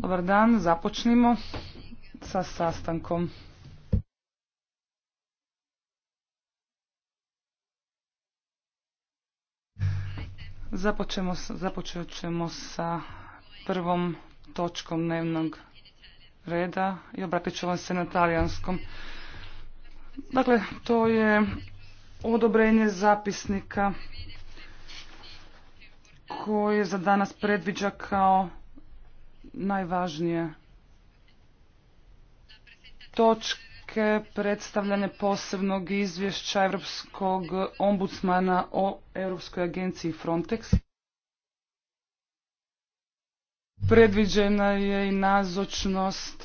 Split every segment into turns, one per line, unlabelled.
Dobar dan, započnimo sa sastankom. Započemo, započet ćemo sa prvom točkom dnevnog reda i obratit ću vam se na talijanskom. Dakle, to je odobrenje zapisnika koje za danas predviđa kao najvažnije točke predstavljanje posebnog izvješća Europskog ombudsmana o Europskoj agenciji Frontex. Predviđena je i nazočnost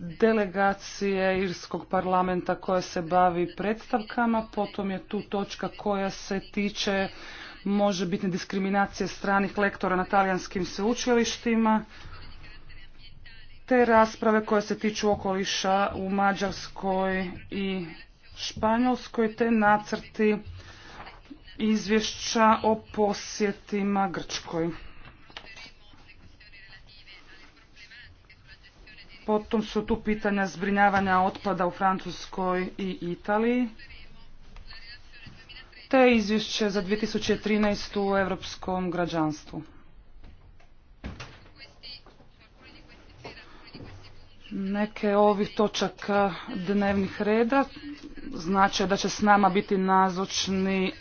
delegacije Irskog parlamenta koja se bavi predstavkama, potom je tu točka koja se tiče može biti diskriminacije stranih lektora na talijanskim sveučilištima, te rasprave koje se tiču okoliša u Mađarskoj i Španjolskoj, te nacrti izvješća o posjetima Grčkoj. Potom su tu pitanja zbrinjavanja otpada u Francuskoj i Italiji. Te izvješće za 2013. u europskom građanstvu. Neke ovih točaka dnevnih reda znače da će s nama biti nazočni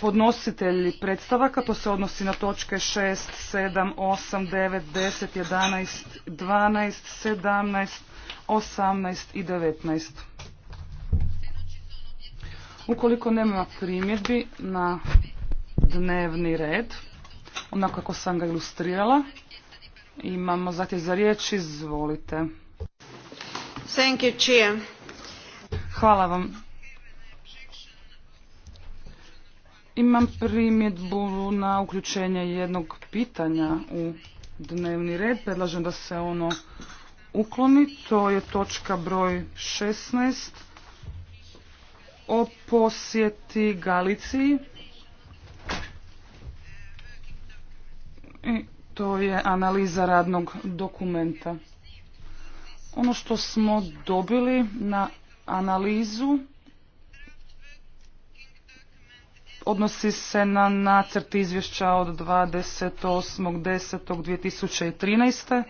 podnositelji predstavaka, to se odnosi na točke 6, 7, 8, 9, 10, 11, 12, 17, 18 i 19. Ukoliko nema primjedbi na dnevni red, onako kako sam ga ilustrirala, imamo zatje za riječ, izvolite. Thank you, Hvala vam Imam primjedbu na uključenje jednog pitanja u dnevni red. Predlažem da se ono ukloni. To je točka broj 16 o posjeti Galiciji. I to je analiza radnog dokumenta. Ono što smo dobili na analizu odnosi se na nacrt izvješća od 28.10.2013.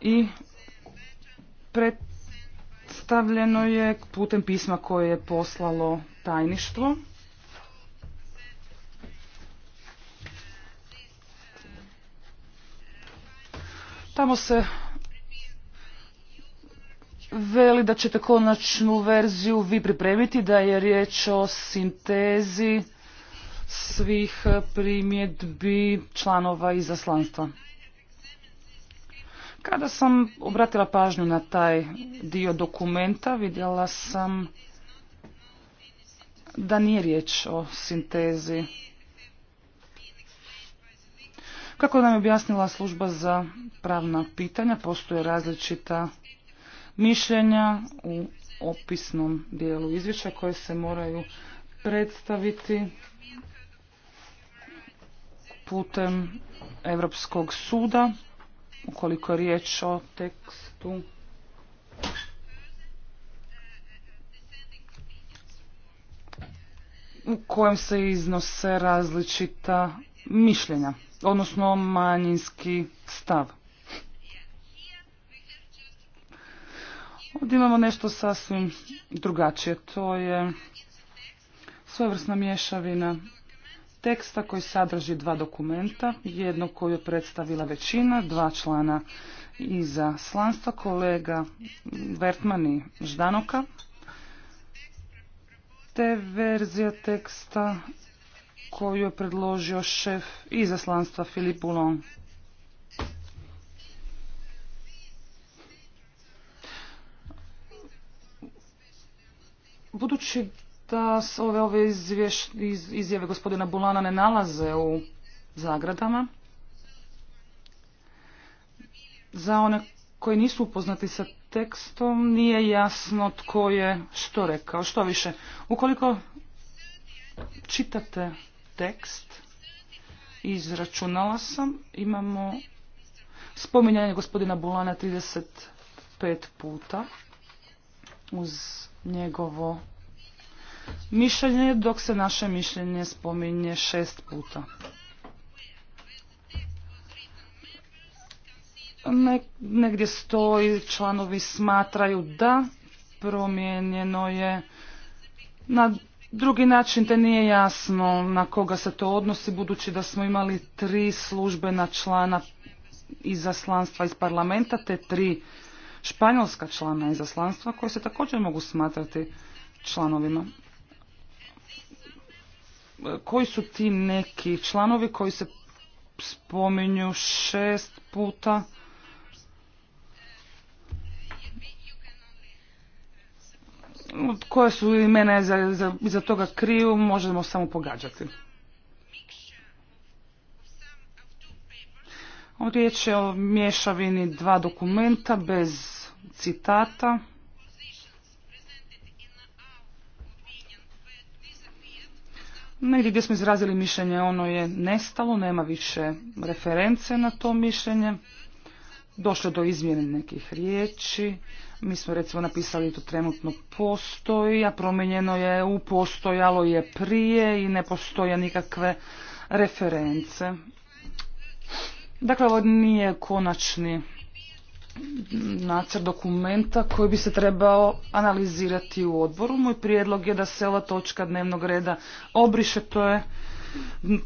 i predstavljeno je putem pisma koje je poslalo tajništvo. Tamo se veli da ćete konačnu verziju vi pripremiti, da je riječ o sintezi svih primjedbi članova izaslanstva. Kada sam obratila pažnju na taj dio dokumenta, vidjela sam da nije riječ o sintezi. Kako nam je objasnila služba za pravna pitanja, postoje različita mišljenja u opisnom dijelu izvješća koje se moraju predstaviti putem Europskog suda, ukoliko je riječ o tekstu u kojem se iznose različita mišljenja, odnosno manjinski stav. Ovdje imamo nešto sasvim drugačije. To je svojevrsna mješavina teksta koji sadrži dva dokumenta, jedno koju je predstavila većina, dva člana iza slanstva, kolega Vertman i Ždanoka, te verzija teksta koju je predložio šef izaslanstva Filip Boulon. Budući da se ove, ove izjave gospodina Bulana ne nalaze u zagradama, za one koji nisu upoznati sa tekstom nije jasno tko je što rekao. Što više, ukoliko čitate tekst, izračunala sam, imamo spominjanje gospodina Bulana 35 puta uz njegovo mišljenje, dok se naše mišljenje spominje šest puta. Negdje stoji, članovi smatraju da promijenjeno je na drugi način, te nije jasno na koga se to odnosi, budući da smo imali tri službena člana izaslanstva iz parlamenta, te tri španjolska člana izaslanstva koje se također mogu smatrati članovima. Koji su ti neki članovi koji se spominju šest puta? Koje su imena za toga kriju, možemo samo pogađati. Riječ je o mješavini dva dokumenta bez citata. Negdje gdje smo izrazili mišljenje, ono je nestalo, nema više reference na to mišljenje. Došlo do izmjene nekih riječi. Mi smo recimo napisali to trenutno postoji, a promijenjeno je u postojalo je prije i ne postoje nikakve reference. Dakle, ovo nije konačni nacrt dokumenta koji bi se trebao analizirati u odboru. Moj prijedlog je da se ova točka dnevnog reda obriše, to je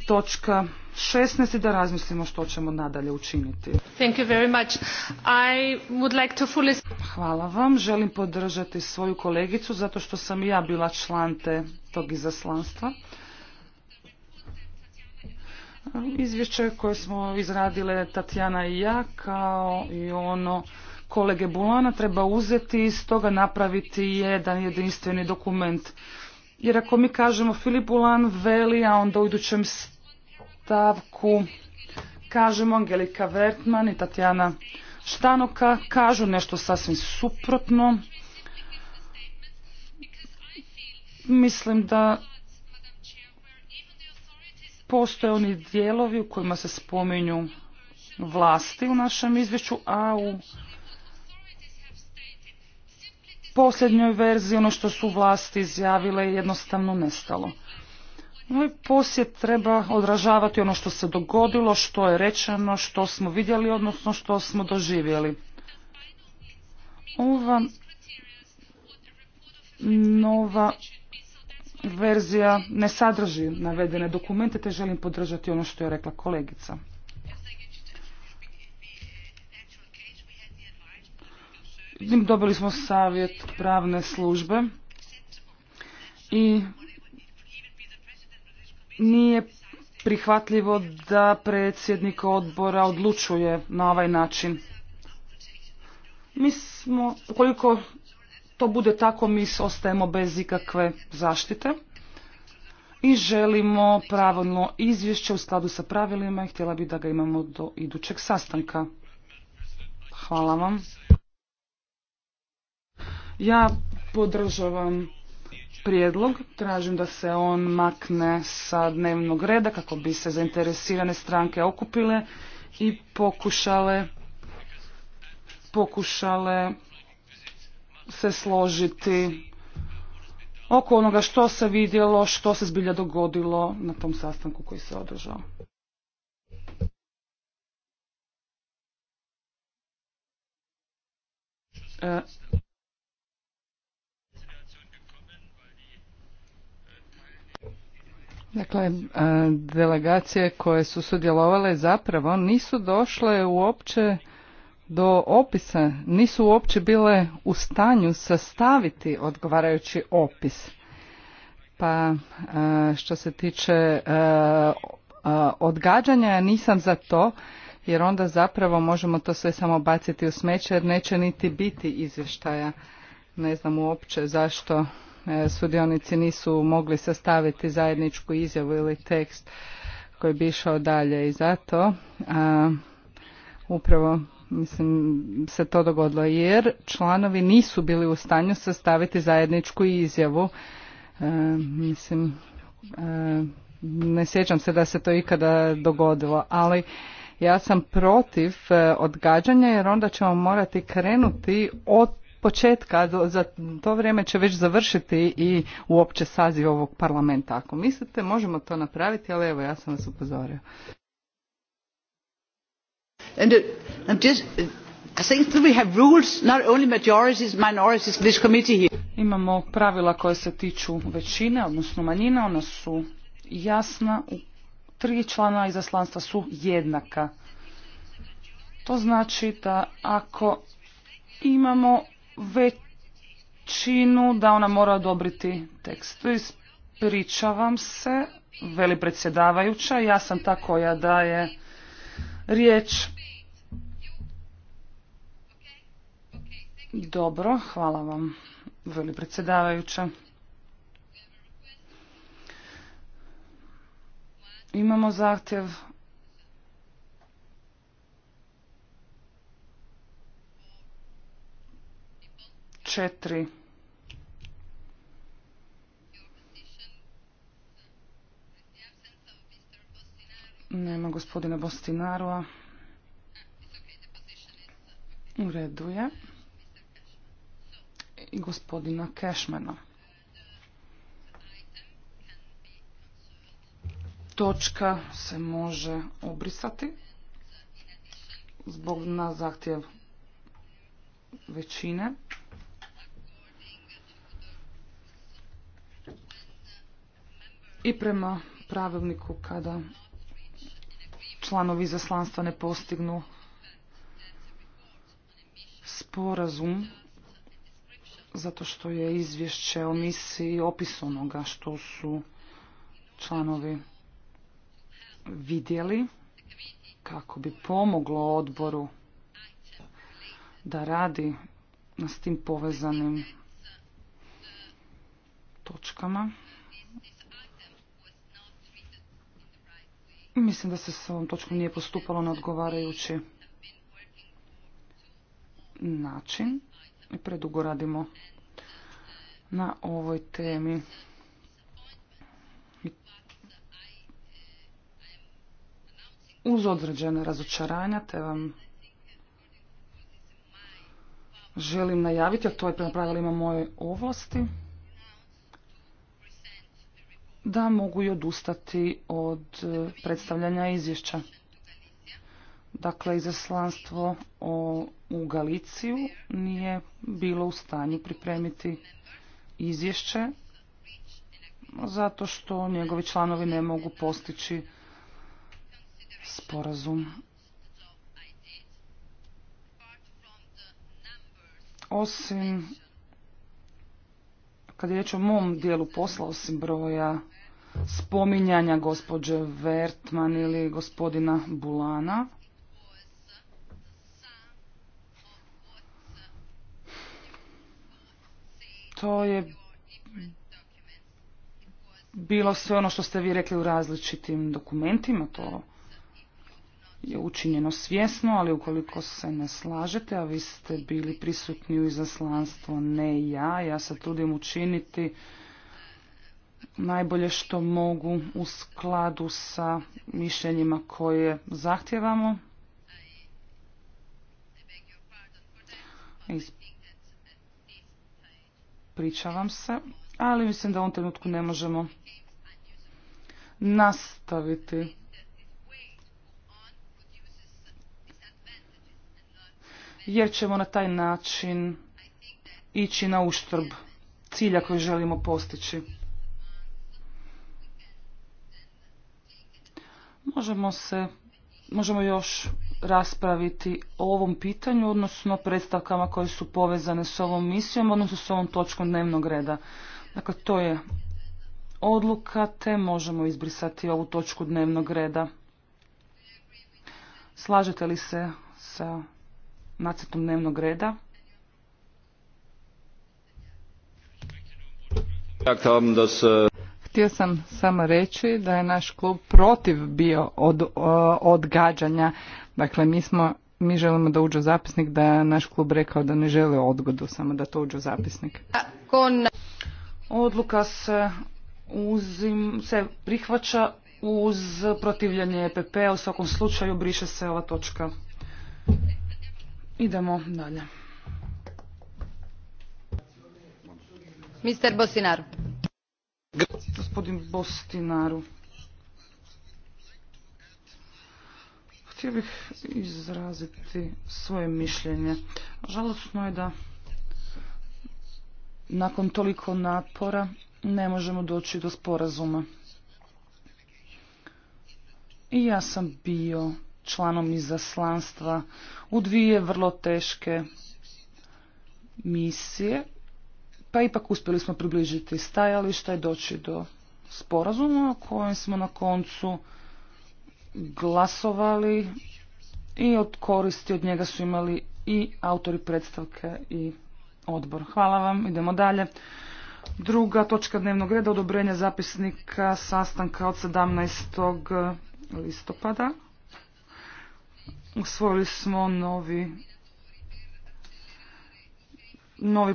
točka 16 i da razmislimo što ćemo nadalje učiniti.
I to Hvala vam.
Želim podržati svoju kolegicu zato što sam i ja bila član te tog izaslanstva. Izvješće koje smo izradile Tatjana i ja kao i ono kolege Bulana treba uzeti i stoga napraviti jedan jedinstveni dokument. Jer ako mi kažemo Filip Bulan veli, a onda u idućem stavku kažemo Angelika Vertman i Tatjana Štanoka kažu nešto sasvim suprotno. Mislim da postoje oni dijelovi u kojima se spominju vlasti u našem izvješću, a u posljednjoj verziji ono što su vlasti izjavile jednostavno nestalo. Ovaj posjet treba odražavati ono što se dogodilo, što je rečeno, što smo vidjeli, odnosno što smo doživjeli. Ova nova verzija ne sadrži navedene dokumente, te želim podržati ono što je rekla kolegica. Dobili smo savjet pravne službe i nije prihvatljivo da predsjednik odbora odlučuje na ovaj način. Mi smo, koliko bude tako, mi ostajemo bez ikakve zaštite i želimo pravilno izvješće u skladu sa pravilima i htjela bi da ga imamo do idućeg sastanka. Hvala vam. Ja podržavam prijedlog, tražim da se on makne sa dnevnog reda kako bi se zainteresirane stranke okupile i pokušale pokušale se složiti oko onoga što se vidjelo, što se zbilja dogodilo na tom sastanku koji se održao. E,
dakle, e, delegacije koje su sudjelovale zapravo nisu došle uopće do opisa nisu uopće bile u stanju sastaviti odgovarajući opis. Pa e, što se tiče e, e, odgađanja, nisam za to jer onda zapravo možemo to sve samo baciti u smeće jer neće niti biti izvještaja. Ne znam uopće zašto sudionici nisu mogli sastaviti zajedničku izjavu ili tekst koji bi išao dalje i zato upravo mislim, se to dogodilo jer članovi nisu bili u stanju sastaviti zajedničku izjavu. E, mislim, e, ne sjećam se da se to ikada dogodilo, ali ja sam protiv e, odgađanja jer onda ćemo morati krenuti od početka, za to vrijeme će već završiti i uopće saziv ovog parlamenta. Ako mislite, možemo to napraviti, ali evo ja sam vas upozorio.
Imamo pravila koja se tiču većine, odnosno manjina, ona su jasna. Tri člana izaslanstva su jednaka. To znači da ako imamo većinu, da ona mora odobriti tekst. Ispričavam se, veli predsjedavajuća, ja sam ta koja je riječ? Dobro, hvala vam, veli predsjedavajuća. Imamo zahtjev četiri gospodina Bostinarova. U redu je. I gospodina Kešmena. Točka se može obrisati zbog na zahtjev većine. I prema pravilniku kada članovi izaslanstva ne postignu sporazum zato što je izvješće o misiji opis onoga što su članovi vidjeli kako bi pomoglo odboru da radi s tim povezanim točkama. Mislim da se s ovom točkom nije postupalo na odgovarajući način. I predugo radimo na ovoj temi. Uz određene razočaranja te vam želim najaviti, a to je prema pravilima moje ovlasti da mogu i odustati od e, predstavljanja izvješća. Dakle, izaslanstvo u Galiciju nije bilo u stanju pripremiti izvješće zato što njegovi članovi ne mogu postići sporazum. Osim, kad je riječ o mom dijelu posla, osim broja spominjanja gospođe Vertman ili gospodina Bulana. To je bilo sve ono što ste vi rekli u različitim dokumentima, to je učinjeno svjesno, ali ukoliko se ne slažete, a vi ste bili prisutni u izaslanstvo, ne ja, ja se trudim učiniti najbolje što mogu u skladu sa mišljenjima koje zahtjevamo. Pričavam se, ali mislim da u ovom trenutku ne možemo nastaviti. Jer ćemo na taj način ići na uštrb cilja koji želimo postići. Možemo se, možemo još raspraviti o ovom pitanju, odnosno predstavkama koje su povezane s ovom misijom, odnosno s ovom točkom dnevnog reda. Dakle, to je odluka, te možemo izbrisati ovu točku dnevnog reda. Slažete li se sa nacrtom dnevnog reda?
Htio sam samo reći da je naš klub protiv bio od, odgađanja. Dakle, mi smo mi želimo da uđe zapisnik da je naš klub rekao da ne želi odgodu, samo da to uđe zapisnik.
Odluka se, uzim, se prihvaća uz protivljanje EPP, u svakom slučaju briše se ova točka. Idemo dalje. Mr. Bosinaru. Gospodin Bostinaru. Htio bih izraziti svoje mišljenje. Žalostno je da nakon toliko napora ne možemo doći do sporazuma. I ja sam bio članom izaslanstva u dvije vrlo teške misije pa ipak uspjeli smo približiti stajališta i doći do sporazuma o kojem smo na koncu glasovali i od koristi od njega su imali i autori predstavke i odbor. Hvala vam, idemo dalje. Druga točka dnevnog reda, odobrenje zapisnika sastanka od 17. listopada. Usvojili smo novi novi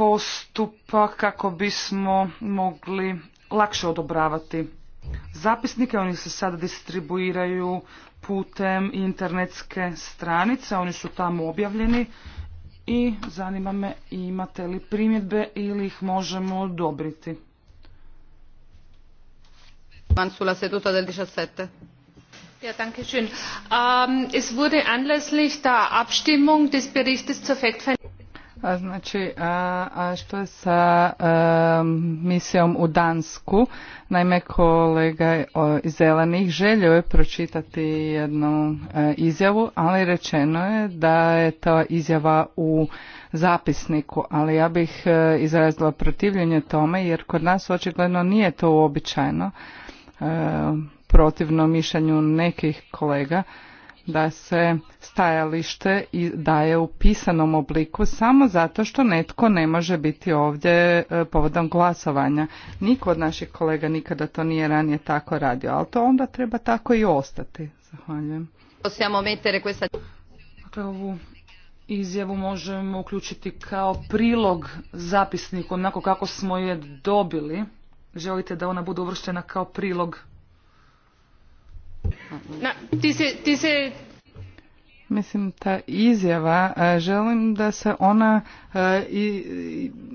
postupak kako bismo mogli lakše odobravati zapisnike. Oni se sada distribuiraju putem internetske stranice, oni su tamo objavljeni i zanima me imate li primjedbe ili ih možemo odobriti.
Mansula seduta del 17.
Ja, danke schön. Um, es wurde anlässlich der Abstimmung des Berichtes zur
a znači, a, što je sa misijom u Dansku? Naime, kolega iz Zelenih želio je pročitati jednu e, izjavu, ali rečeno je da je ta izjava u zapisniku, ali ja bih e, izrazila protivljenje tome jer kod nas očigledno nije to uobičajeno e, protivno mišljenju nekih kolega da se stajalište daje u pisanom obliku samo zato što netko ne može biti ovdje e, povodom glasovanja. Niko od naših kolega nikada to nije ranije tako radio, ali to onda treba tako i ostati. Zahvaljujem.
Dakle, ovu izjavu možemo uključiti kao prilog zapisniku, onako kako smo je dobili. Želite da ona bude uvrštena kao
prilog ti se, Mislim, ta izjava, e, želim da se ona e,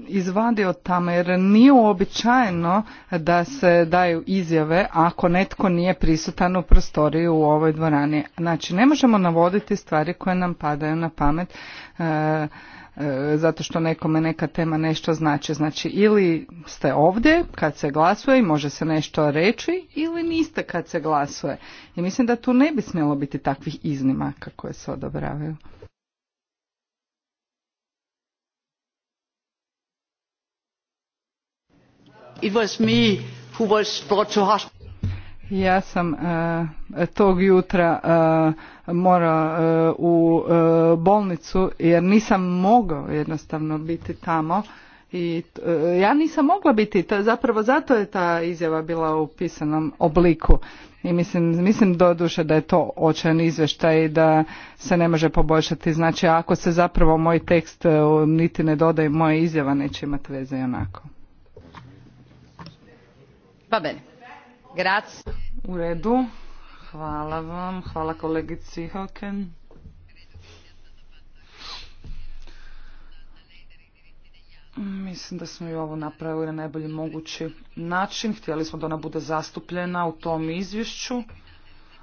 izvadi od tamo, jer nije uobičajeno da se daju izjave ako netko nije prisutan u prostoriju u ovoj dvorani. Znači, ne možemo navoditi stvari koje nam padaju na pamet e, E, zato što nekome neka tema nešto znači. Znači ili ste ovdje kad se glasuje i može se nešto reći ili niste kad se glasuje. I mislim da tu ne bi smjelo biti takvih iznimaka koje se odobravaju. It was me who was brought to Ja sam e, tog jutra e, mora e, u e, bolnicu jer nisam mogao jednostavno biti tamo i e, ja nisam mogla biti zapravo zato je ta izjava bila u pisanom obliku i mislim, mislim doduše da je to očajan izvještaj i da se ne može poboljšati znači ako se zapravo moj tekst niti ne dodaje moja izjava neće imati veze i onako
u redu Hvala vam. Hvala kolegici Hoken. Mislim da smo i ovo napravili na najbolji mogući način. Htjeli smo da ona bude zastupljena u tom izvješću,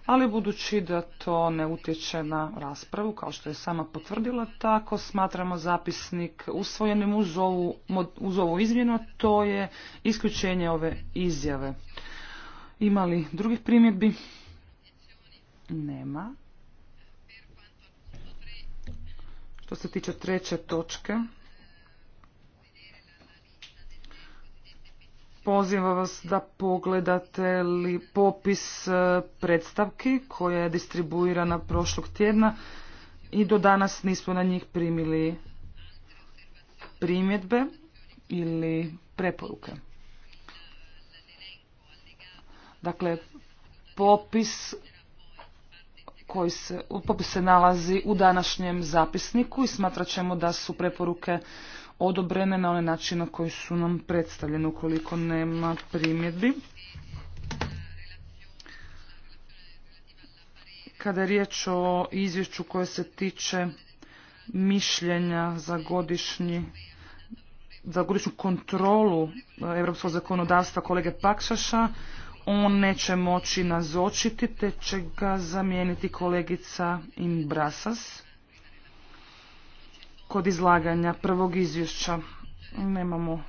ali budući da to ne utječe na raspravu, kao što je sama potvrdila, tako smatramo zapisnik usvojenim uz ovu, uz ovu izmjenu, to je isključenje ove izjave. Imali drugih primjedbi? nema. Što se tiče treće točke, pozivam vas da pogledate li popis e, predstavki koja je distribuirana prošlog tjedna i do danas nismo na njih primili primjedbe ili preporuke. Dakle, popis koji se, popis se nalazi u današnjem zapisniku i smatrat ćemo da su preporuke odobrene na onaj način na koji su nam predstavljene ukoliko nema primjedbi. Kada je riječ o izvješću koje se tiče mišljenja za godišnji za godišnju kontrolu europskog eh, zakonodavstva kolege Pakšaša, on neće moći nazočiti, te će ga zamijeniti kolegica Imbrasas kod izlaganja prvog izvješća. Nemamo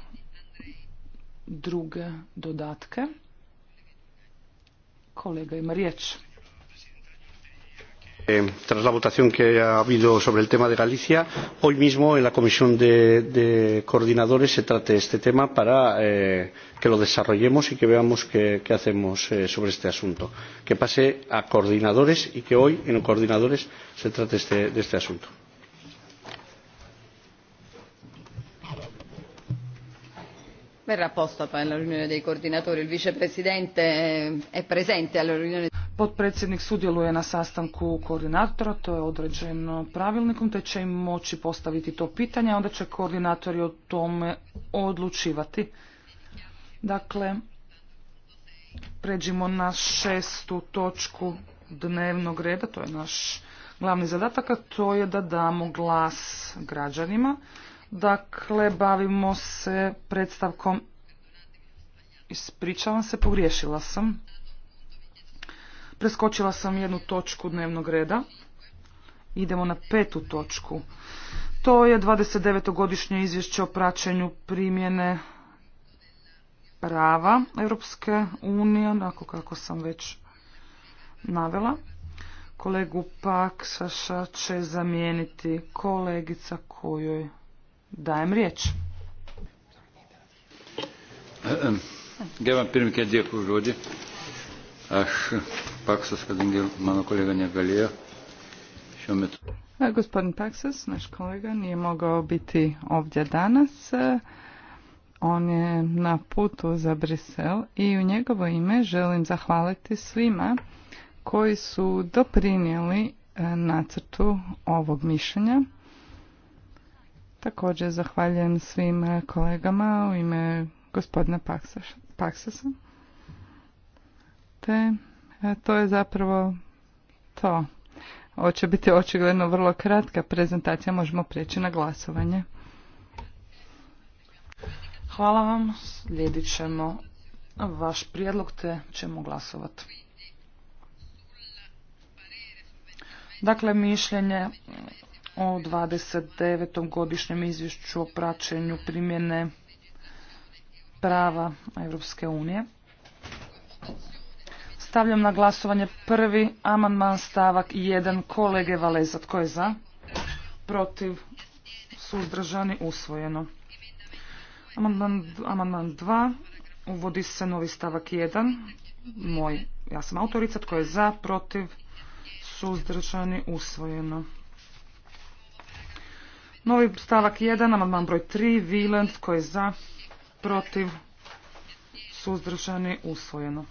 druge dodatke. Kolega ima riječ.
Eh, tras la votación que ha habido sobre el tema de Galicia, hoy mismo en la Comisión de, Coordinadores se trate este tema para eh, que lo desarrollemos y que veamos qué, hacemos eh, sobre este asunto. Que pase a coordinadores y que hoy en coordinadores se trate este, de este asunto.
verrà per la riunione dei coordinatori il vicepresidente
è presente alla riunione Potpredsjednik sudjeluje na sastanku koordinatora, to je određeno pravilnikom, te će im moći postaviti to pitanje, onda će koordinatori o tome odlučivati. Dakle, pređimo na šestu točku dnevnog reda, to je naš glavni zadatak, a to je da damo glas građanima. Dakle, bavimo se predstavkom, ispričavam se, pogriješila sam. Preskočila sam jednu točku dnevnog reda. Idemo na petu točku. To je 29-godišnje izvješće o praćenju primjene prava Europske unije, onako kako sam već navela. Kolegu Paksaša će zamijeniti kolegica kojoj dajem riječ.
rođe. Aš Paksas,
e, Gospodin Paksas, naš kolega, nije mogao biti ovdje danas. E, on je na putu za Brisel i u njegovo ime želim zahvaliti svima koji su doprinijeli e, nacrtu ovog mišljenja. Također zahvaljujem svim kolegama u ime gospodina Paksasa. E, to je zapravo to. Ovo će biti očigledno vrlo kratka prezentacija, možemo prijeći na glasovanje.
Hvala vam, slijedit ćemo vaš prijedlog te ćemo glasovati. Dakle, mišljenje o 29. godišnjem izvješću o praćenju primjene prava Europske unije. Stavljam na glasovanje prvi amandman stavak 1 kolege Valeza. Tko je za? Protiv? Suzdržani? Usvojeno. Amandman 2. Uvodi se novi stavak 1. Moj, ja sam autorica. Tko je za? Protiv? Suzdržani? Usvojeno. Novi stavak 1. Amandman broj 3. Viland. Tko je za? Protiv? Suzdržani? Usvojeno.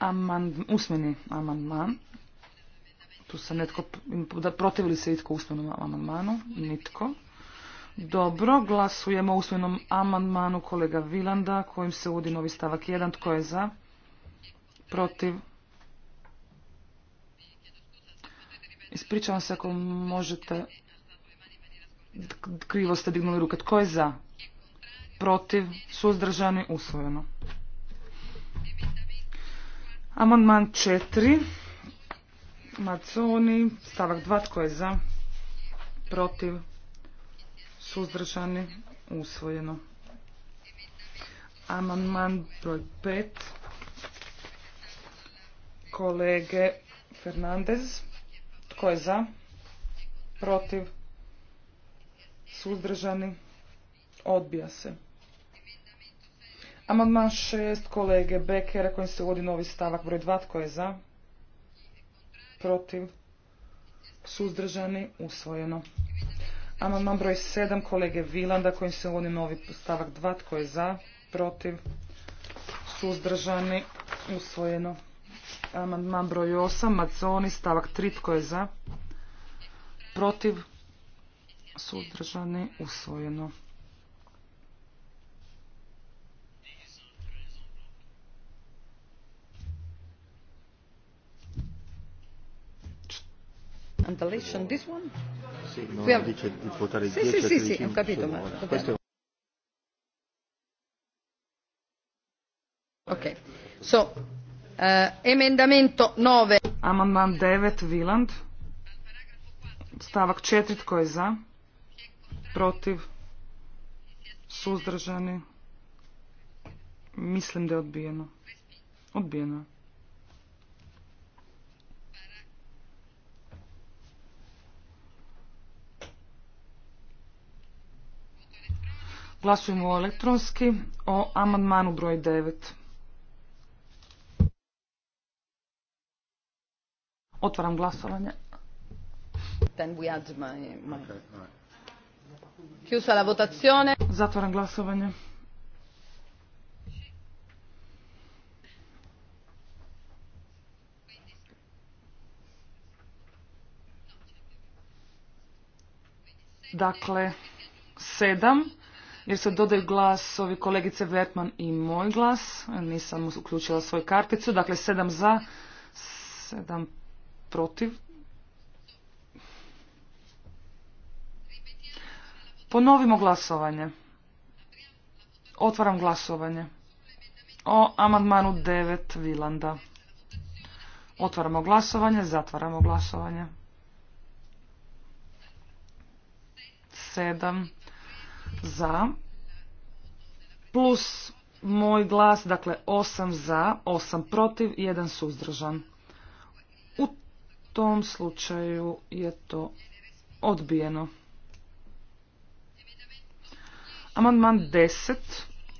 Usmjeni usmeni amandman. Tu se netko, da protivili se itko usmenom amandmanu? Nitko. Dobro, glasujemo o usmenom amandmanu kolega Vilanda, kojim se uvodi novi stavak 1. Tko je za? Protiv? Ispričavam se ako možete... Krivo ste dignuli ruke. Tko je za? Protiv? Suzdržani? Usvojeno. Amandman četiri, Maconi, stavak dva, Tko je za? Protiv? Suzdržani? Usvojeno. Amandman broj pet, Kolege Fernandez. Tko je za? Protiv? Suzdržani? Odbija se. Amandman šest kolege Bekera kojim se uvodi novi stavak broj 2. Tko je za? Protiv? Suzdržani? Usvojeno. Amandman broj 7 kolege Vilanda kojim se uvodi novi stavak 2. Tko je za? Protiv? Suzdržani? Usvojeno. Amandman broj 8 Maconi stavak 3. Tko je za? Protiv? Suzdržani? Usvojeno.
and deletion this one? Sì, no, dice di votare sì, 10 sì, sì, sì, e ho capito, ma questo
Ok. So, uh, emendamento 9. Amandman 9, Viland. Stavak 4, tko je za? Protiv? Suzdržani? Mislim da je odbijeno. Odbijeno je. Glasujemo elektronski o amandmanu broj 9. Otvaram glasovanje. Zatvaram glasovanje. Dakle, sedam jer se dodaju glasovi kolegice Vertman i moj glas. Nisam uključila svoju karticu. Dakle, sedam za, sedam protiv. Ponovimo glasovanje. Otvaram glasovanje. O amandmanu devet Vilanda. Otvaramo glasovanje, zatvaramo glasovanje. Sedam za, plus moj glas, dakle 8 za, 8 protiv, 1 suzdržan. U tom slučaju je to odbijeno. Amandman 10.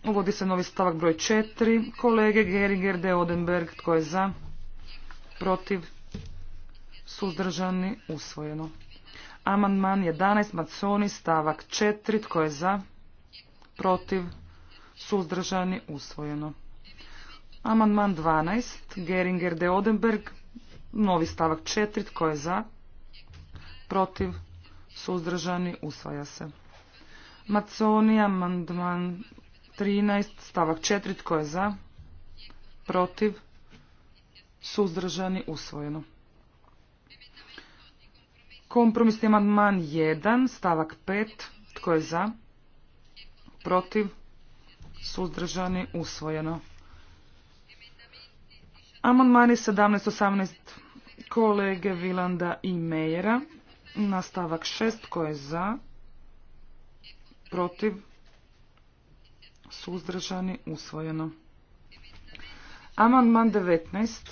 Uvodi se novi stavak broj 4. Kolege Geringer de Odenberg. Tko je za? Protiv? Suzdržani? Usvojeno. Amandman 11, Maconi, stavak 4, tko je za, protiv, suzdržani, usvojeno. Amandman 12, Geringer de Odenberg, novi stavak 4, tko je za, protiv, suzdržani, usvaja se. Maconi, amandman 13, stavak 4, tko je za, protiv, suzdržani, usvojeno. Kompromisni amandman 1, stavak 5. Tko je za? Protiv? Suzdržani? Usvojeno. Amandmani 17, 18 kolege Vilanda i Mejera na stavak 6. Tko je za? Protiv? Suzdržani? Usvojeno. Amandman 19.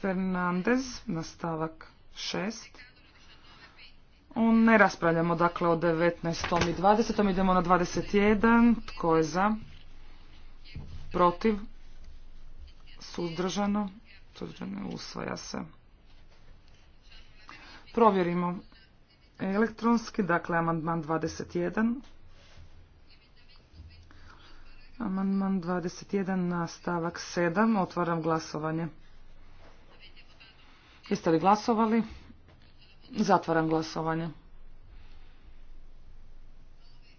Fernandez na stavak 6. Ne raspravljamo dakle o 19. i 20. Idemo na 21. Tko je za? Protiv? Suzdržano? Suzdržano usvaja se. Provjerimo elektronski, dakle amandman 21. Amandman 21 na stavak 7. Otvaram glasovanje. Jeste li glasovali? Zatvaram glasovanje.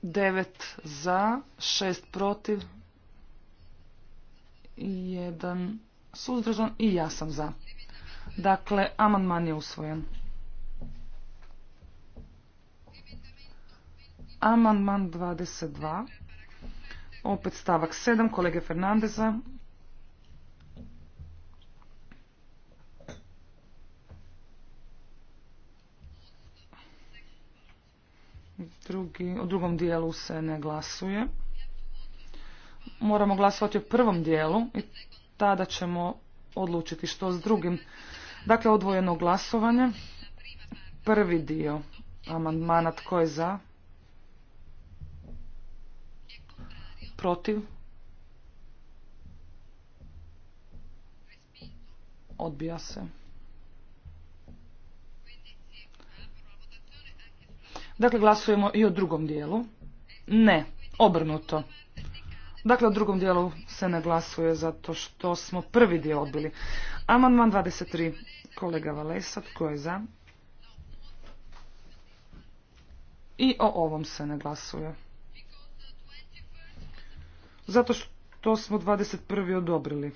9 za, 6 protiv, 1 suzdržan i ja sam za. Dakle, amandman je usvojen. Amandman 22, opet stavak 7, kolege Fernandeza, Drugi, u drugom dijelu se ne glasuje. Moramo glasovati u prvom dijelu i tada ćemo odlučiti što s drugim. Dakle, odvojeno glasovanje. Prvi dio amandmana tko je za? Protiv? Odbija se. Dakle, glasujemo i o drugom dijelu. Ne, obrnuto. Dakle, o drugom dijelu se ne glasuje zato što smo prvi dio odbili. Amandman 23. Kolega Valesa, tko je za? I o ovom se ne glasuje. Zato što smo 21. odobrili.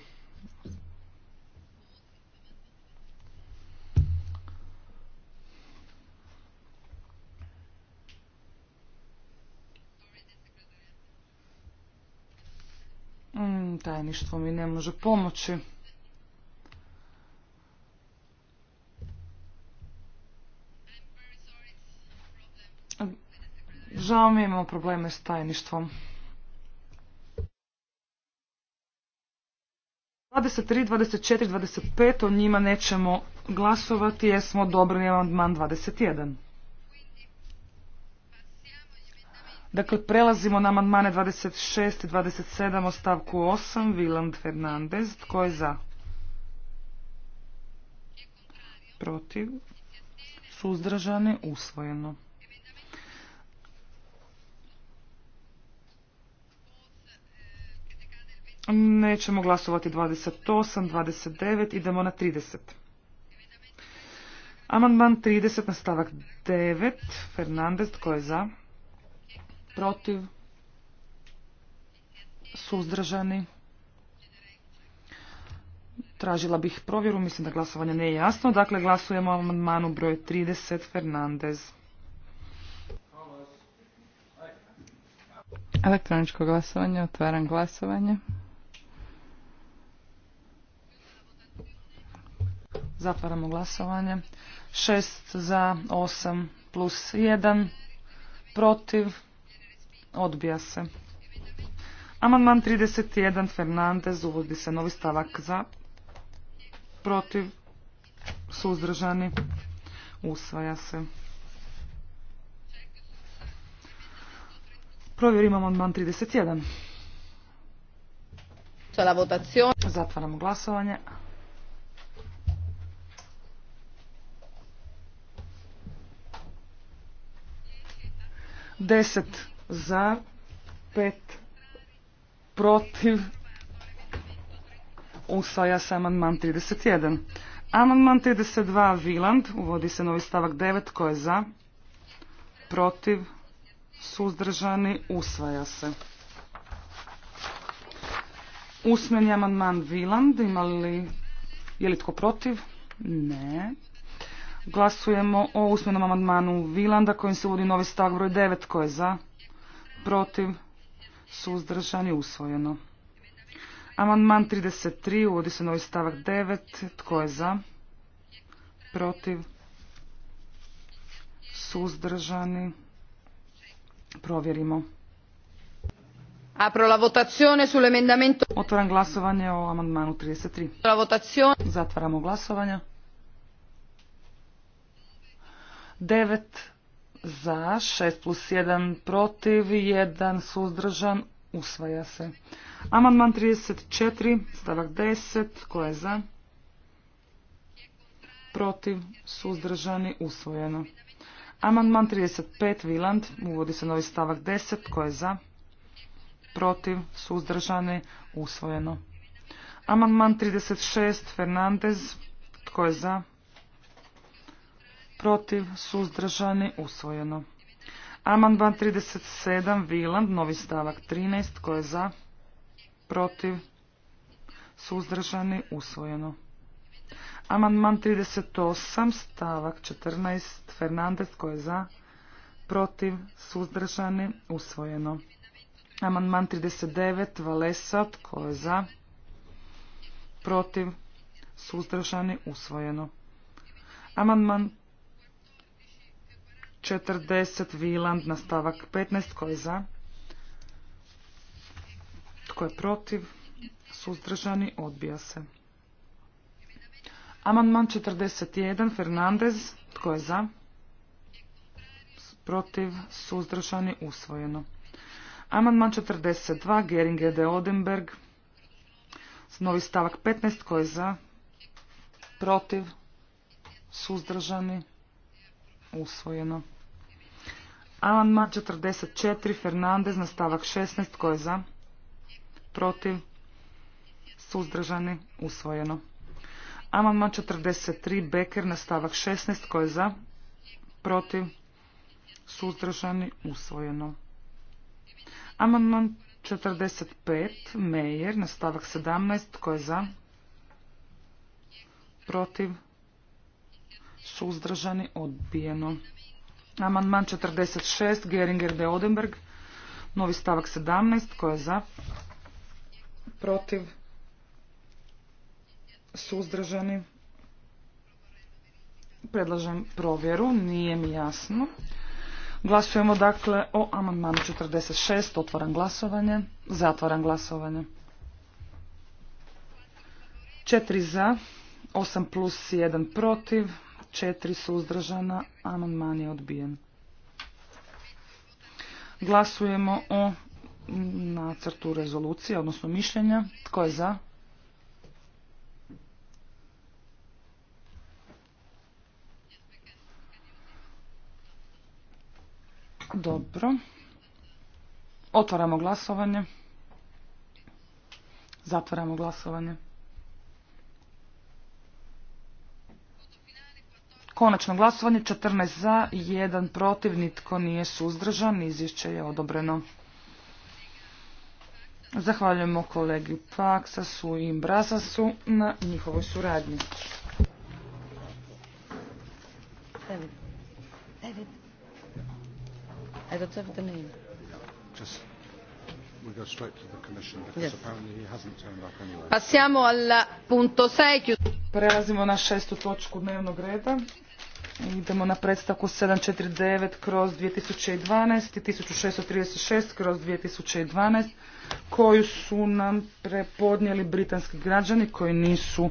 Tajništvo mi ne može pomoći. Žao mi je, imamo probleme s tajništvom. 23, 24, 25, o njima nećemo glasovati jer smo odobrili amandman 21. Dakle, prelazimo na amandmane 26 i 27 o stavku 8, Viland Fernandez. Tko je za? Protiv? Suzdržane, Usvojeno. Nećemo glasovati 28, 29, idemo na 30. Amandman 30 na stavak 9, Fernandez, tko je za? protiv, suzdržani. Tražila bih provjeru, mislim da glasovanje nije jasno. Dakle, glasujemo o amandmanu broj 30 Fernandez.
Elektroničko glasovanje, otvaram glasovanje. Zatvaramo glasovanje.
6 za, 8 plus 1, protiv, Odbija se. Amandman 31. Fernandez. Uvodi se novi stavak za. Protiv. Suzdržani. Usvaja se. Provjerimo amandman 31. Zatvaramo glasovanje. Deset za, pet, protiv. Usvaja se amandman 31. Amandman 32 Viland. Uvodi se novi stavak 9. Ko je za? Protiv? Suzdržani? Usvaja se. Usmeni amandman Viland. Ima li... Je li tko protiv? Ne. Glasujemo o usmenom amandmanu Vilanda kojim se uvodi novi stavak broj 9. Ko je za? protiv, suzdržani, usvojeno. Amandman 33, uvodi se novi stavak 9, tko je za, protiv, suzdržani, provjerimo. Apro la votazione sull'emendamento. Otvaram glasovanje o amandmanu 33. La votazione. Zatvaramo glasovanje. 9 za, 6 plus 1 protiv, 1 suzdržan, usvaja se. Amandman 34, stavak 10, ko je za? Protiv, suzdržani, usvojeno. Amandman 35, Viland, uvodi se novi stavak 10, ko je za? Protiv, suzdržani, usvojeno. Amandman 36, Fernandez, tko je za? protiv, suzdržani, usvojeno. Amandman 37, Viland, novi stavak 13, tko je za, protiv, suzdržani, usvojeno. Amandman 38, stavak 14, Fernandez, tko je za, protiv, suzdržani, usvojeno. Amandman 39, Valesat, tko je za, protiv, suzdržani, usvojeno. Amandman 40 Viland na stavak 15. Tko je za? Tko je protiv? Suzdržani odbija se. Amandman 41 Fernandez. Tko je za? Protiv? Suzdržani usvojeno. Amandman 42 Geringe de Odenberg. Novi stavak 15. Tko je za? Protiv? Suzdržani usvojeno. Amandman 44, Fernandez na stavak 16, koje je za? Protiv? Suzdržani? Usvojeno. Amandman 43, Becker, na stavak 16, koje je za? Protiv? Suzdržani? Usvojeno. Amandman 45, Mejer na stavak 17, koje je za? Protiv? Suzdržani? Odbijeno. Amandman 46, Geringer de Odenberg. Novi stavak 17, koja je za, protiv, suzdržani. Predlažem provjeru, nije mi jasno. Glasujemo dakle o amandmanu 46, otvoran glasovanje, zatvoran glasovanje. 4 za, 8 plus 1 protiv, 4 suzdržana, amandman je odbijen. Glasujemo o nacrtu rezolucije, odnosno mišljenja. Tko je za? Dobro. Otvaramo glasovanje. Zatvaramo glasovanje. Konačno glasovanje 14 za, 1 protiv, nitko nije suzdržan, izvješće je odobreno. Zahvaljujemo kolegi Paksasu i Brasasu na njihovoj suradnji.
David. David. I don't have the name.
Just we go straight to the commission because yes. apparently he hasn't turned up anyway. Passiamo
al punto 6. Prelazimo na šestu točku dnevnog reda. Idemo na predstavku 749 kroz 2012 i 1636 kroz 2012 koju su nam prepodnijeli britanski građani koji nisu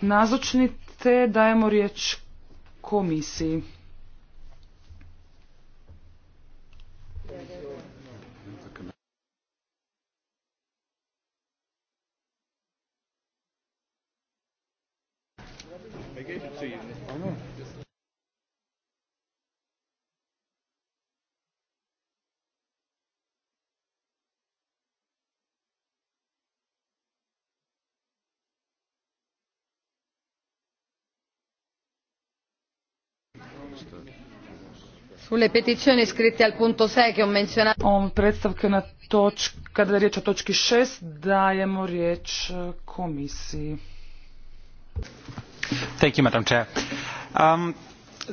nazočni te dajemo riječ komisiji.
Sulle petizioni scritte al punto 6 che ho menzionato.
On predstavke na toč, kada je riječ o točki 6 dajemo riječ komisiji.
Thank you, Madam Chair. Um,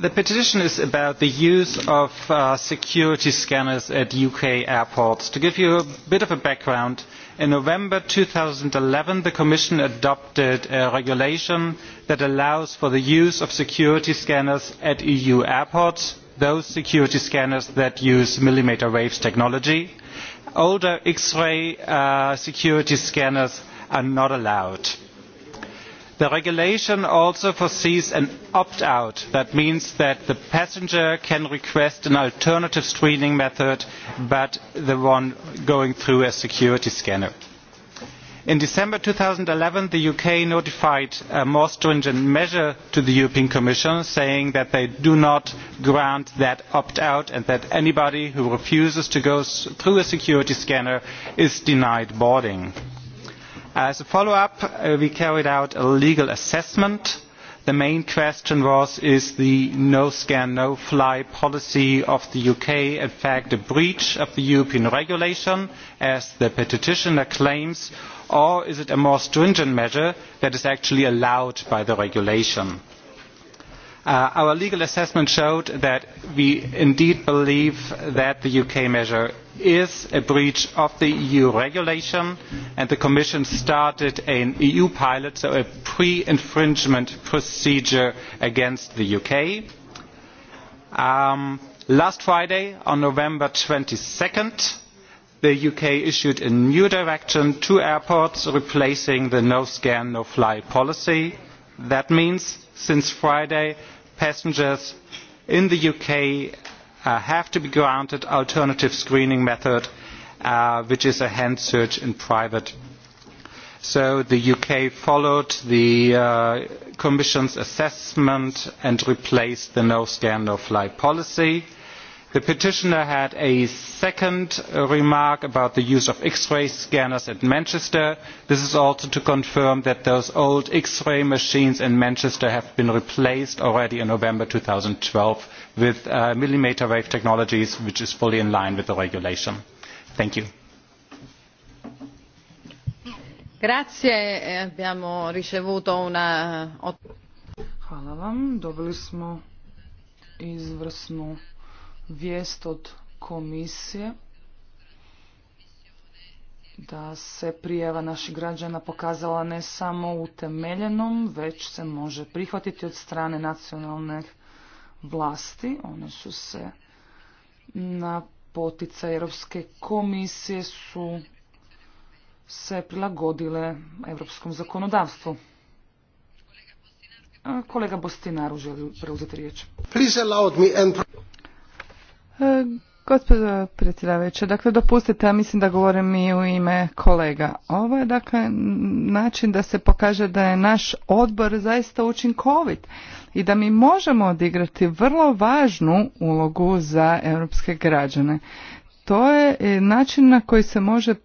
the petition is about the use of uh, security scanners at UK airports. To give you a bit of a background, in november 2011 the commission adopted a regulation that allows for the use of security scanners at eu airports those security scanners that use millimeter wave technology. older x ray uh, security scanners are not allowed. the regulation also foresees an opt out that means that the passenger can request an alternative screening method but the one going through a security scanner in december two thousand and eleven the uk notified a uh, more stringent measure to the european commission saying that they do not grant that opt out and that anybody who refuses to go through a security scanner is denied boarding. as a follow up uh, we carried out a legal assessment. the main question was is the no scan no fly policy of the uk in fact a breach of the european regulation as the petitioner claims or is it a more stringent measure that is actually allowed by the regulation? Uh, our legal assessment showed that we indeed believe that the UK measure is a breach of the EU regulation and the Commission started an EU pilot, so a pre-infringement procedure against the UK. Um, last Friday, on November 22nd, the uk issued a new direction to airports replacing the no scan no fly policy. that means since friday passengers in the uk uh, have to be granted alternative screening method uh, which is a hand search in private. so the uk followed the uh, commission's assessment and replaced the no scan no fly policy. The petitioner had a second remark about the use of X-ray scanners at Manchester. This is also to confirm that those old X-ray machines in Manchester have been replaced already in November 2012 with uh, millimeter wave technologies, which is fully in line with the regulation. Thank you.
Eh, vijest od komisije da se prijava naših građana pokazala ne samo utemeljenom, već se može prihvatiti od strane nacionalne vlasti. One su se na potica Europske komisije su se prilagodile europskom zakonodavstvu. Kolega Bostinaru želi preuzeti riječ.
E, Gospodo predsjedavajuća, dakle dopustite, ja mislim da govorim i u ime kolega. Ovo je dakle način da se pokaže da je naš odbor zaista učinkovit i da mi možemo odigrati vrlo važnu ulogu za europske građane. To je e, način na koji se može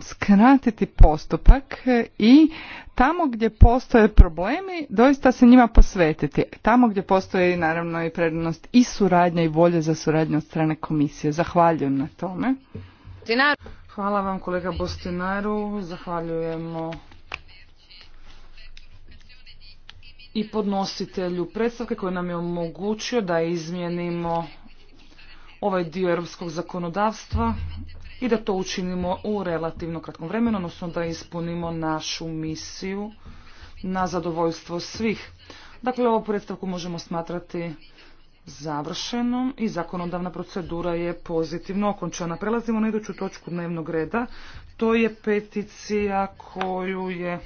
skratiti postupak i tamo gdje postoje problemi doista se njima posvetiti. Tamo gdje postoje naravno i prednost i suradnja i volje za suradnju od strane komisije. Zahvaljujem na tome.
Hvala vam kolega Bostinaru, zahvaljujemo i podnositelju predstavke koji nam je omogućio da izmijenimo ovaj dio europskog zakonodavstva i da to učinimo u relativno kratkom vremenu, odnosno da ispunimo našu misiju na zadovoljstvo svih. Dakle, ovu predstavku možemo smatrati završenom i zakonodavna procedura je pozitivno okončana. Prelazimo na iduću točku dnevnog reda. To je peticija koju je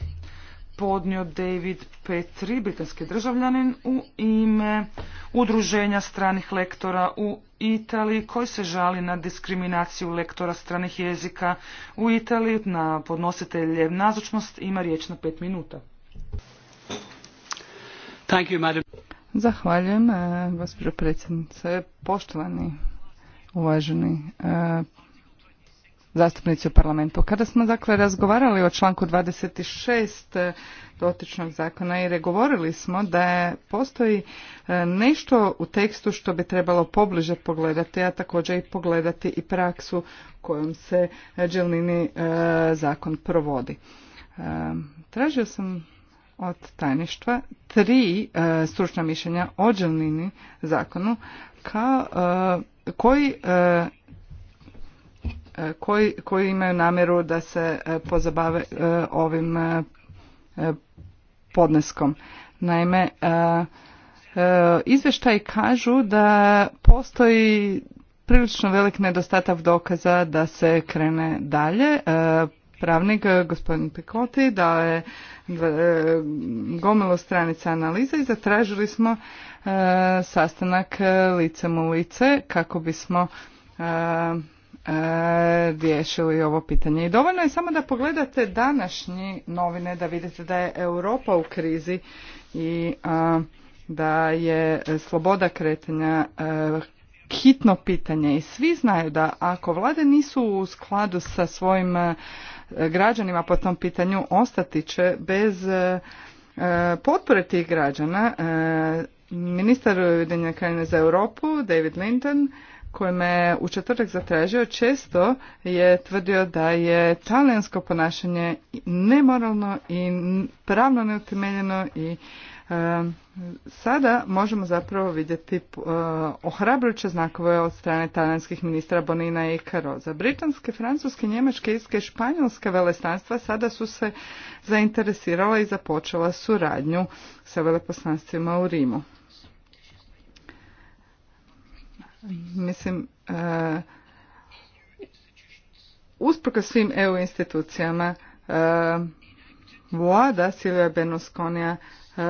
podnio David Petri, britanski državljanin, u ime Udruženja stranih lektora u Italiji koji se žali na diskriminaciju lektora stranih jezika u Italiji. Na podnositelje nazočnost ima riječ na pet
minuta. Thank you, madam. Zahvaljujem, e, gospođo predsjednice. Poštovani uvaženi e, zastupnici u parlamentu. Kada smo dakle razgovarali o članku 26 eh, dotičnog zakona i regovorili smo da postoji eh, nešto u tekstu što bi trebalo pobliže pogledati, a također i pogledati i praksu kojom se Đelnini eh, zakon provodi. Tražio sam od tajništva tri stručna mišljenja o Đelnini zakonu kao koji E, koji, koji imaju namjeru da se e, pozabave e, ovim podneskom. Naime, izvještaji kažu da postoji prilično velik nedostatak dokaza da se krene dalje. Pravnik gospodin Pekoti dao je gomilo stranica analiza i zatražili smo sastanak licem u lice kako bismo E, riješili ovo pitanje. I dovoljno je samo da pogledate današnji novine da vidite da je Europa u krizi i da je sloboda kretanja e, hitno pitanje i svi znaju da ako vlade nisu u skladu sa svojim e, građanima po tom pitanju ostati će bez potpore tih građana. Ministar Ujedinjene za Europu David Linton koji me u četvrtak zatražio, često je tvrdio da je talijansko ponašanje nemoralno i pravno neutemeljeno i e, sada možemo zapravo vidjeti e, ohrabrujuće znakove od strane talijanskih ministra Bonina i Karoza. Britanske, francuske, njemačke, iske i španjolske velestanstva sada su se zainteresirala i započela suradnju sa veleposlanstvima u Rimu. Mislim, uh, eh, usprko svim EU institucijama, uh, vlada Benusconija uh,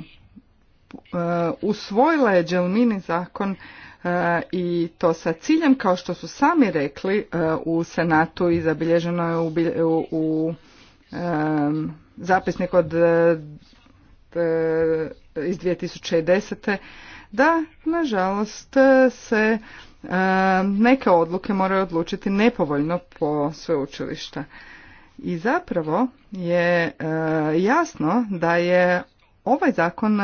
eh, usvojila je Đelmini zakon i to sa ciljem, kao što su sami rekli u Senatu i zabilježeno je u, u, u zapisnik od iz 2010 da nažalost e, se e, neke odluke moraju odlučiti nepovoljno po sveučilišta. I zapravo je e, jasno da je ovaj zakon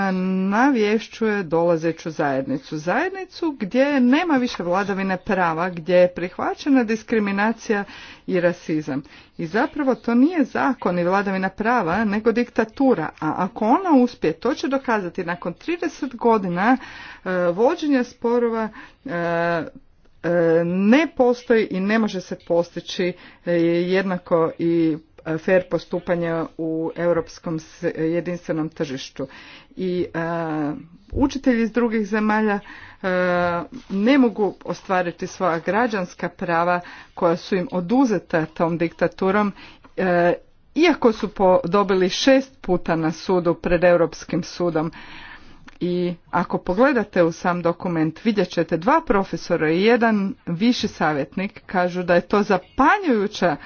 navješćuje dolazeću zajednicu. Zajednicu gdje nema više vladavine prava, gdje je prihvaćena diskriminacija i rasizam. I zapravo to nije zakon i vladavina prava, nego diktatura. A ako ona uspije, to će dokazati nakon 30 godina e, vođenja sporova e, e, ne postoji i ne može se postići e, jednako i fer postupanja u europskom jedinstvenom tržištu. I e, učitelji iz drugih zemalja e, ne mogu ostvariti svoja građanska prava koja su im oduzeta tom diktaturom e, iako su dobili šest puta na sudu pred Europskim sudom. I ako pogledate u sam dokument, vidjet ćete dva profesora i jedan viši savjetnik kažu da je to zapanjujuća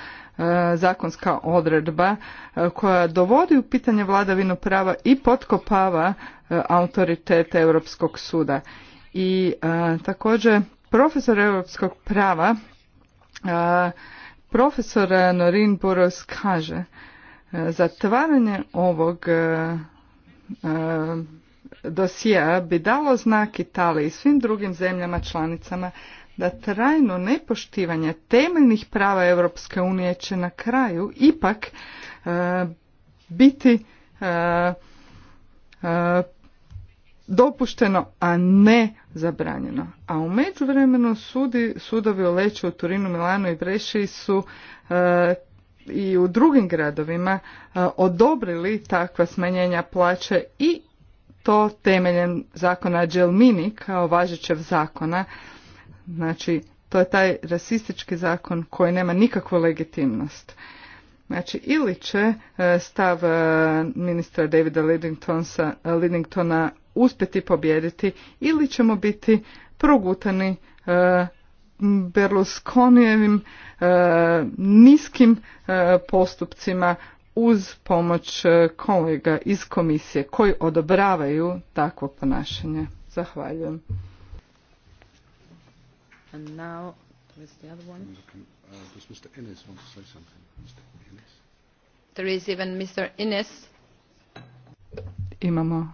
E, zakonska odredba e, koja dovodi u pitanje vladavinu prava i potkopava e, autoritet Europskog suda. I također profesor Europskog prava profesor Norin Boros kaže zatvaranje ovog dosija bi dalo znak Italiji i svim drugim zemljama članicama da trajno nepoštivanje temeljnih prava Europske unije će na kraju ipak e, biti e, e, dopušteno, a ne zabranjeno. A u međuvremenu sudi, sudovi u Leću, u Turinu, Milanu i Breši su i u drugim gradovima odobrili takva smanjenja plaće i to temeljem zakona Gelmini kao važećeg zakona Znači, to je taj rasistički zakon koji nema nikakvu legitimnost. Znači, ili će e, stav e, ministra Davida Lidingtona e, uspjeti pobijediti, ili ćemo biti progutani Berlusconijevim niskim postupcima uz pomoć kolega iz komisije koji odobravaju takvo ponašanje. Zahvaljujem.
And now, where's the other one? Um, uh,
does Mr. Innes want to say something? Mr. Innes?
There is even Mr. Innes.
Imamo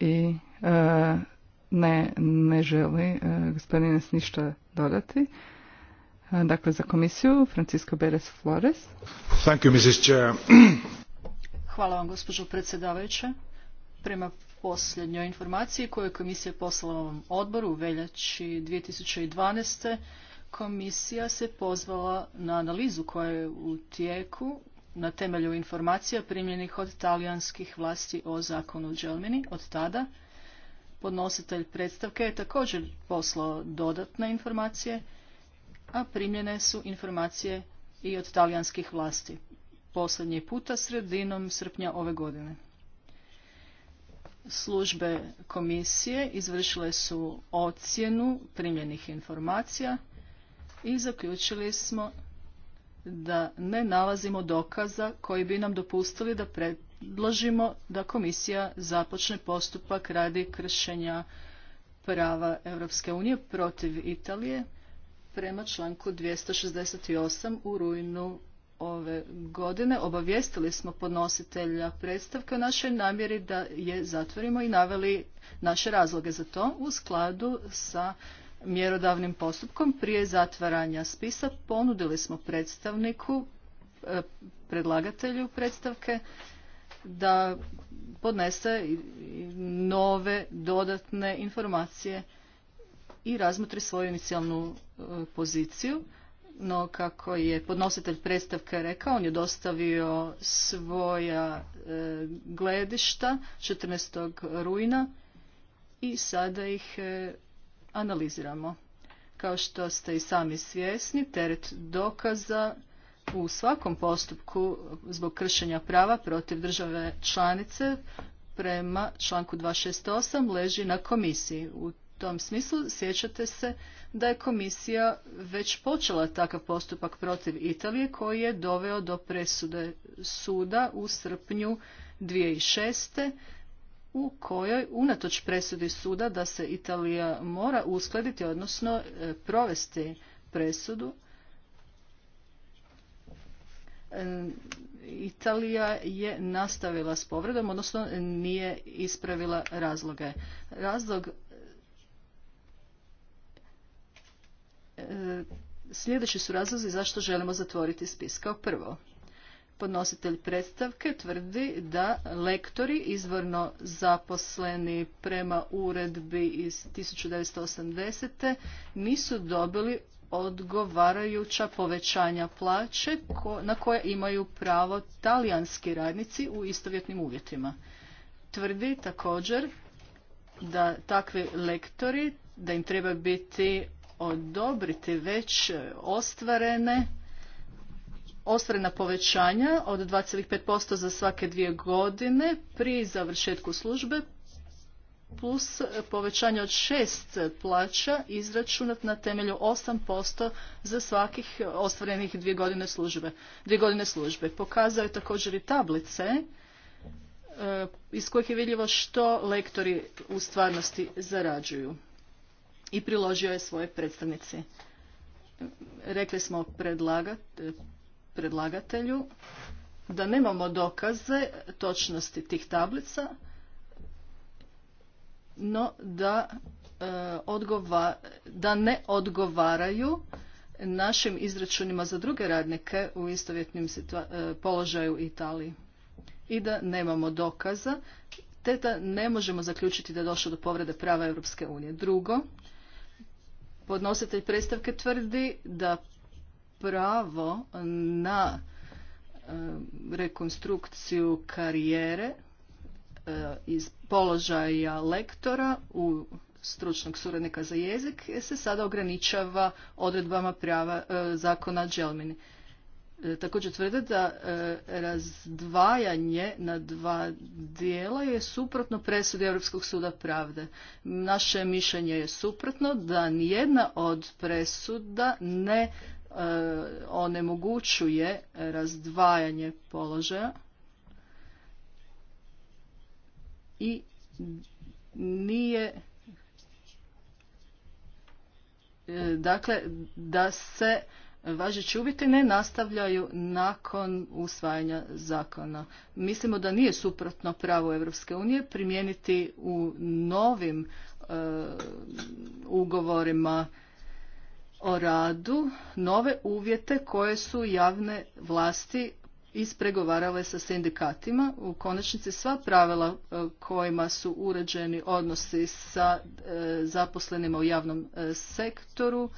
i uh, ne, ne želi uh, gospodin Innes ništa dodati. E, dakle, za komisiju, Francisco Beres Flores.
Thank you, Mrs. Chair.
Hvala vam, gospođo predsjedavajuća. Prema posljednjoj informaciji koju je komisija poslala ovom odboru u veljači 2012. Komisija se pozvala na analizu koja je u tijeku na temelju informacija primljenih od talijanskih vlasti o zakonu u Od tada podnositelj predstavke je također poslao dodatne informacije, a primljene su informacije i od talijanskih vlasti. Posljednji puta sredinom srpnja ove godine. Službe komisije izvršile su ocjenu primljenih informacija i zaključili smo da ne nalazimo dokaza koji bi nam dopustili da predložimo da komisija započne postupak radi kršenja prava Europske unije protiv Italije prema članku 268 u rujnu ove godine obavijestili smo podnositelja predstavke o našoj namjeri da je zatvorimo i naveli naše razloge za to u skladu sa mjerodavnim postupkom prije zatvaranja spisa ponudili smo predstavniku e, predlagatelju predstavke da podnese nove dodatne informacije i razmotri svoju inicijalnu e, poziciju no kako je podnositelj predstavke rekao, on je dostavio svoja e, gledišta 14. rujna i sada ih e, analiziramo. Kao što ste i sami svjesni, teret dokaza u svakom postupku zbog kršenja prava protiv države članice prema članku 268 leži na komisiji. U tom smislu sjećate se da je komisija već počela takav postupak protiv Italije koji je doveo do presude suda u srpnju 2006 u kojoj unatoč presudi suda da se Italija mora uskladiti, odnosno e, provesti presudu. E, Italija je nastavila s povredom, odnosno nije ispravila razloge. Razlog E, sljedeći su razlozi zašto želimo zatvoriti spis. Kao prvo, podnositelj predstavke tvrdi da lektori izvorno zaposleni prema uredbi iz 1980. nisu dobili odgovarajuća povećanja plaće na koje imaju pravo talijanski radnici u istovjetnim uvjetima. Tvrdi također da takvi lektori da im treba biti odobriti već ostvarene ostvarena povećanja od 2,5% za svake dvije godine pri završetku službe plus povećanje od šest plaća izračunat na temelju 8% za svakih ostvarenih dvije godine službe. Dvije godine službe. Pokazao je također i tablice e, iz kojih je vidljivo što lektori u stvarnosti zarađuju i priložio je svoje predstavnici. Rekli smo predlagatelju da nemamo dokaze točnosti tih tablica, no da, e, odgova, da ne odgovaraju našim izračunima za druge radnike u istovjetnim e, položaju u Italiji i da nemamo dokaza te da ne možemo zaključiti da je došlo do povrede prava Europske unije. Drugo, Podnositelj predstavke tvrdi da pravo na eh, rekonstrukciju karijere eh, iz položaja lektora u stručnog suradnika za jezik se sada ograničava odredbama prava eh, zakona Dželmini. E, također tvrde da e, razdvajanje na dva dijela je suprotno presudi Europskog suda pravde. Naše mišljenje je suprotno da nijedna od presuda ne e, onemogućuje razdvajanje položaja i nije dakle da se važeći uvjeti ne nastavljaju nakon usvajanja zakona. Mislimo da nije suprotno pravo Europske unije primijeniti u novim e, ugovorima o radu nove uvjete koje su javne vlasti ispregovarale sa sindikatima. U konačnici sva pravila e, kojima su uređeni odnosi sa e, zaposlenima u javnom sektoru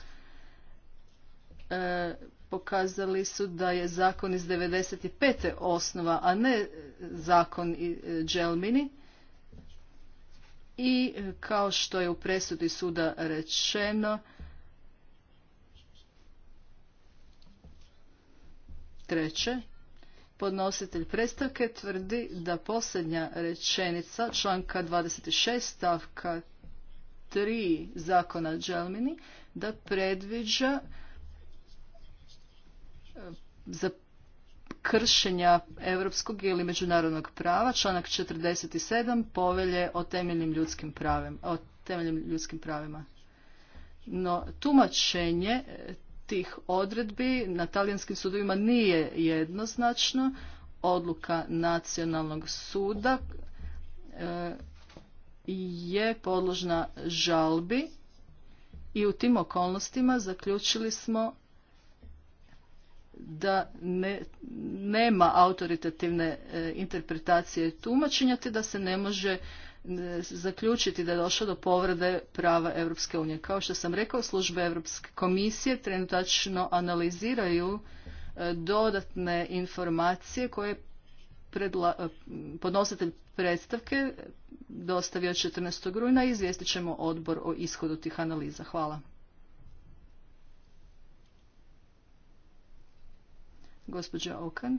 E, pokazali su da je zakon iz 95. osnova, a ne zakon Dželmini. I e, e, kao što je u presudi suda rečeno, treće, podnositelj predstavke tvrdi da posljednja rečenica članka 26 stavka 3 zakona Dželmini da predviđa za kršenja europskog ili međunarodnog prava, članak 47 povelje o temeljnim ljudskim pravima, o temeljnim ljudskim pravima. No tumačenje e, tih odredbi na talijanskim sudovima nije jednoznačno. Odluka nacionalnog suda e, je podložna žalbi i u tim okolnostima zaključili smo da nema autoritativne e, interpretacije tumačenja te da se ne može e, zaključiti da je došlo do povrede prava Europske unije. Kao što sam rekao, službe Europske komisije trenutačno analiziraju e, dodatne informacije koje podnositelj predstavke dostavio 14. rujna i izvijestit ćemo odbor o ishodu tih analiza. Hvala. Gospođa Okan.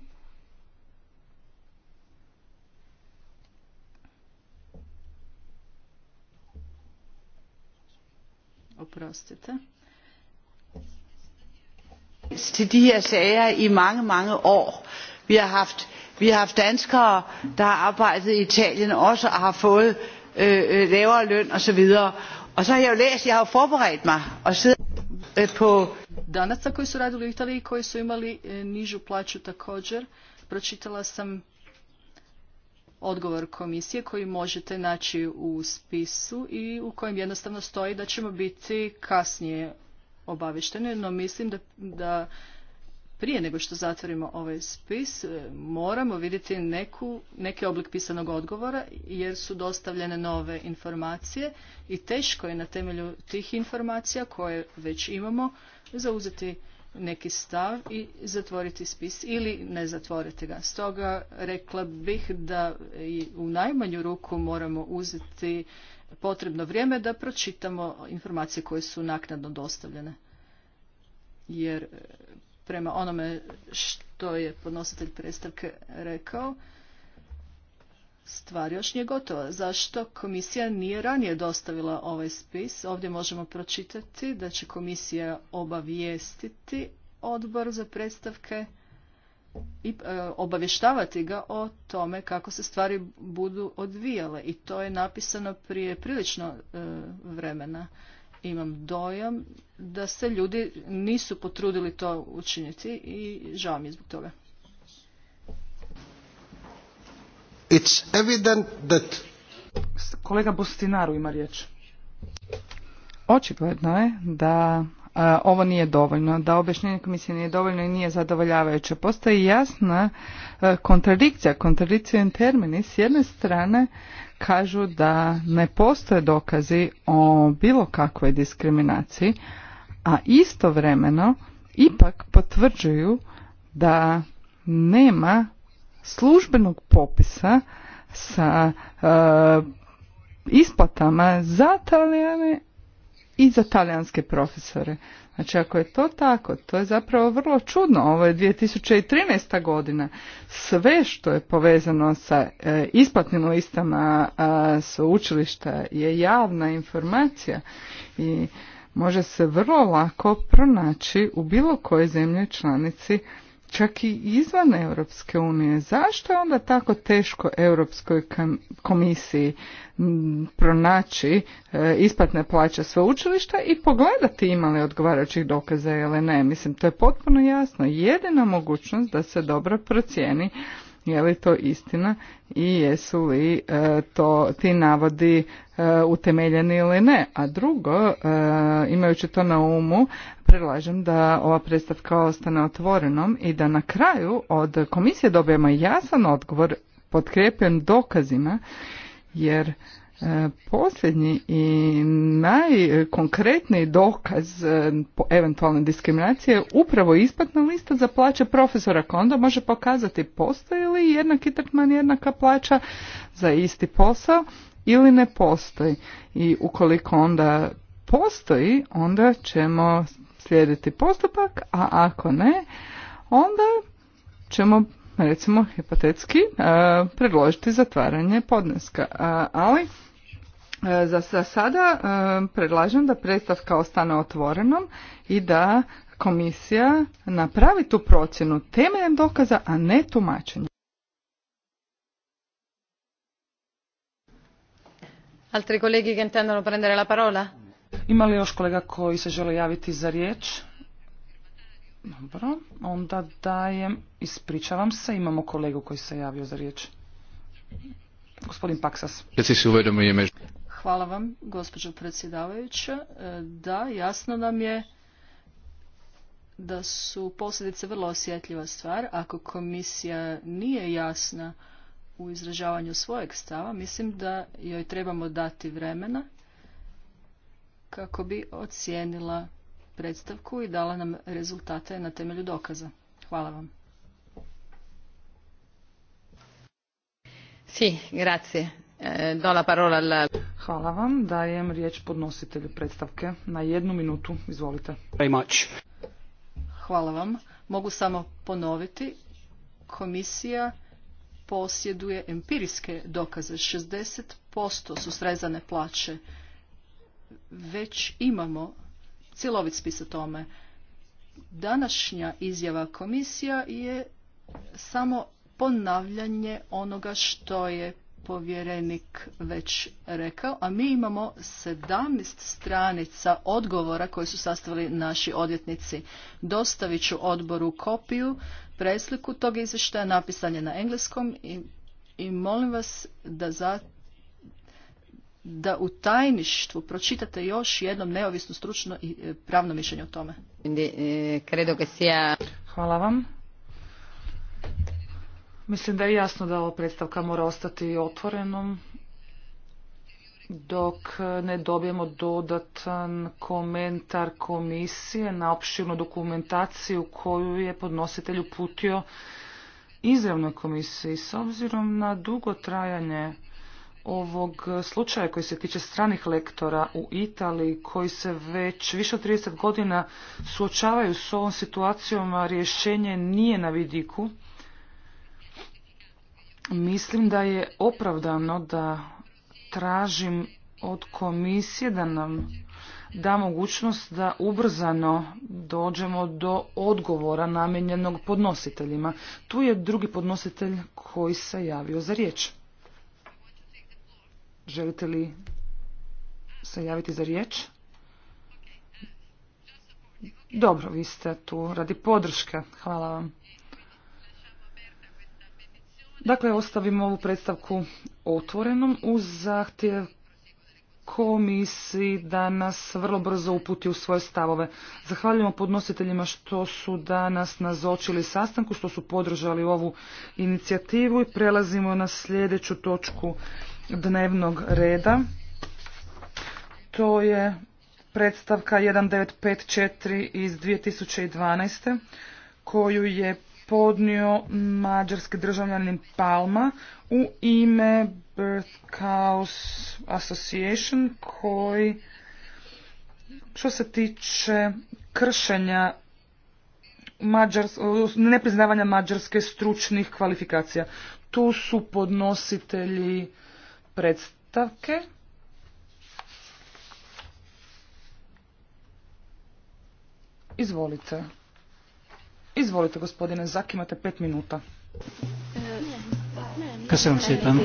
Oprostite. Til
de her sager i mange, mange år.
Vi har haft, vi har haft danskere, der har arbejdet i Italien også og har fået øh, øh lavere løn osv. Og så
har jeg jo læst, jeg har jo forberedt mig og siddet øh, på
danaca koji su radili u Italiji i koji su imali e, nižu plaću također. Pročitala sam odgovor komisije koji možete naći u spisu i u kojem jednostavno stoji da ćemo biti kasnije obavešteni, no mislim da, da prije nego što zatvorimo ovaj spis e, moramo vidjeti neku, neki oblik pisanog odgovora jer su dostavljene nove informacije i teško je na temelju tih informacija koje već imamo zauzeti neki stav i zatvoriti spis ili ne zatvoriti ga. Stoga rekla bih da i u najmanju ruku moramo uzeti potrebno vrijeme da pročitamo informacije koje su naknadno dostavljene. Jer prema onome što je podnositelj predstavke rekao, stvar još nije gotova. Zašto komisija nije ranije dostavila ovaj spis? Ovdje možemo pročitati da će komisija obavijestiti odbor za predstavke i e, obavještavati ga o tome kako se stvari budu odvijale. I to je napisano prije prilično e, vremena. Imam dojam da se ljudi nisu potrudili to učiniti i žao mi je zbog toga.
It's evident that...
Kolega Bustinaru ima riječ. Očigledno je da ovo nije dovoljno, da objašnjenje komisije nije dovoljno i nije zadovoljavajuće. Postoji jasna a, kontradikcija, kontradikcija in termini. S jedne strane kažu da ne postoje dokazi o bilo kakvoj diskriminaciji, a istovremeno ipak potvrđuju da nema službenog popisa sa e, isplatama za talijane i za talijanske profesore. Znači ako je to tako, to je zapravo vrlo čudno. Ovo je 2013. godina. Sve što je povezano sa e, isplatnim listama e, sveučilišta je javna informacija i može se vrlo lako pronaći u bilo kojoj zemlji članici čak i izvan Europske unije. Zašto je onda tako teško Europskoj komisiji pronaći e, isplatne plaće sveučilišta i pogledati imali odgovarajućih dokaza ili ne? Mislim, to je potpuno jasno. Jedina mogućnost da se dobro procijeni je li to istina i jesu li e, to ti navodi e, utemeljeni ili ne? A drugo, e, imajući to na umu, predlažem da ova predstavka ostane otvorenom i da na kraju od komisije dobijemo jasan odgovor potkrijepljen dokazima jer E, posljednji i najkonkretniji dokaz e, eventualne diskriminacije je upravo ispatna lista za plaće profesora konda onda može pokazati postoji li jednaki tretman jednaka plaća za isti posao ili ne postoji. I ukoliko onda postoji, onda ćemo slijediti postupak, a ako ne, onda ćemo recimo hipotetski e, predložiti zatvaranje podneska. Ali E, za, sada e, predlažem da predstavka ostane otvorenom i da komisija napravi tu procjenu temeljem dokaza, a ne tumačenja.
Altri kolegi che intendono prendere la parola?
Ima li još kolega koji se žele javiti za riječ? Dobro, onda dajem, ispričavam se, imamo kolegu koji se javio za riječ. Gospodin Paksas.
Hvala vam, gospođo predsjedavajuća. E, da, jasno nam je da su posljedice vrlo osjetljiva stvar. Ako komisija nije jasna u izražavanju svojeg stava, mislim da joj trebamo dati vremena kako bi ocijenila predstavku i dala nam rezultate na temelju dokaza. Hvala vam.
Sì, grazie. Eh, Hvala vam. Dajem riječ podnositelju
predstavke na
jednu minutu. Izvolite.
Hvala vam. Mogu samo ponoviti. Komisija posjeduje empirijske dokaze. 60% su srezane plaće. Već imamo cjelovit spis o tome. Današnja izjava komisija je samo ponavljanje onoga što je povjerenik već rekao, a mi imamo 17 stranica odgovora koje su sastavili naši odvjetnici. Dostavit ću odboru kopiju, presliku tog izvještaja, napisan je na engleskom i, i molim vas da za da u tajništvu pročitate još jednom neovisno stručno i e, pravno mišljenje o tome. Eh,
Hvala vam. Mislim da je jasno da ova predstavka mora ostati otvorenom dok ne dobijemo dodatan komentar komisije na opširnu dokumentaciju koju je podnositelj uputio izravnoj komisiji. S obzirom na dugo trajanje ovog slučaja koji se tiče stranih lektora u Italiji koji se već više od 30 godina suočavaju s ovom situacijom, a rješenje nije na vidiku, Mislim da je opravdano da tražim od komisije da nam da mogućnost da ubrzano dođemo do odgovora namijenjenog podnositeljima. Tu je drugi podnositelj koji se javio za riječ. Želite li se javiti za riječ? Dobro, vi ste tu radi podrške. Hvala vam. Dakle, ostavimo ovu predstavku otvorenom uz zahtjev komisiji da nas vrlo brzo uputi u svoje stavove. Zahvaljujemo podnositeljima što su danas nazočili sastanku, što su podržali ovu inicijativu i prelazimo na sljedeću točku dnevnog reda. To je predstavka 1954 iz 2012. koju je podnio mađarski državljanin Palma u ime Chaos Association koji što se tiče kršenja mađars, nepriznavanja mađarske stručnih kvalifikacija. Tu su podnositelji predstavke. Izvolite. Izvolite gospodine Zak, imate pet minuta.
vam szépen.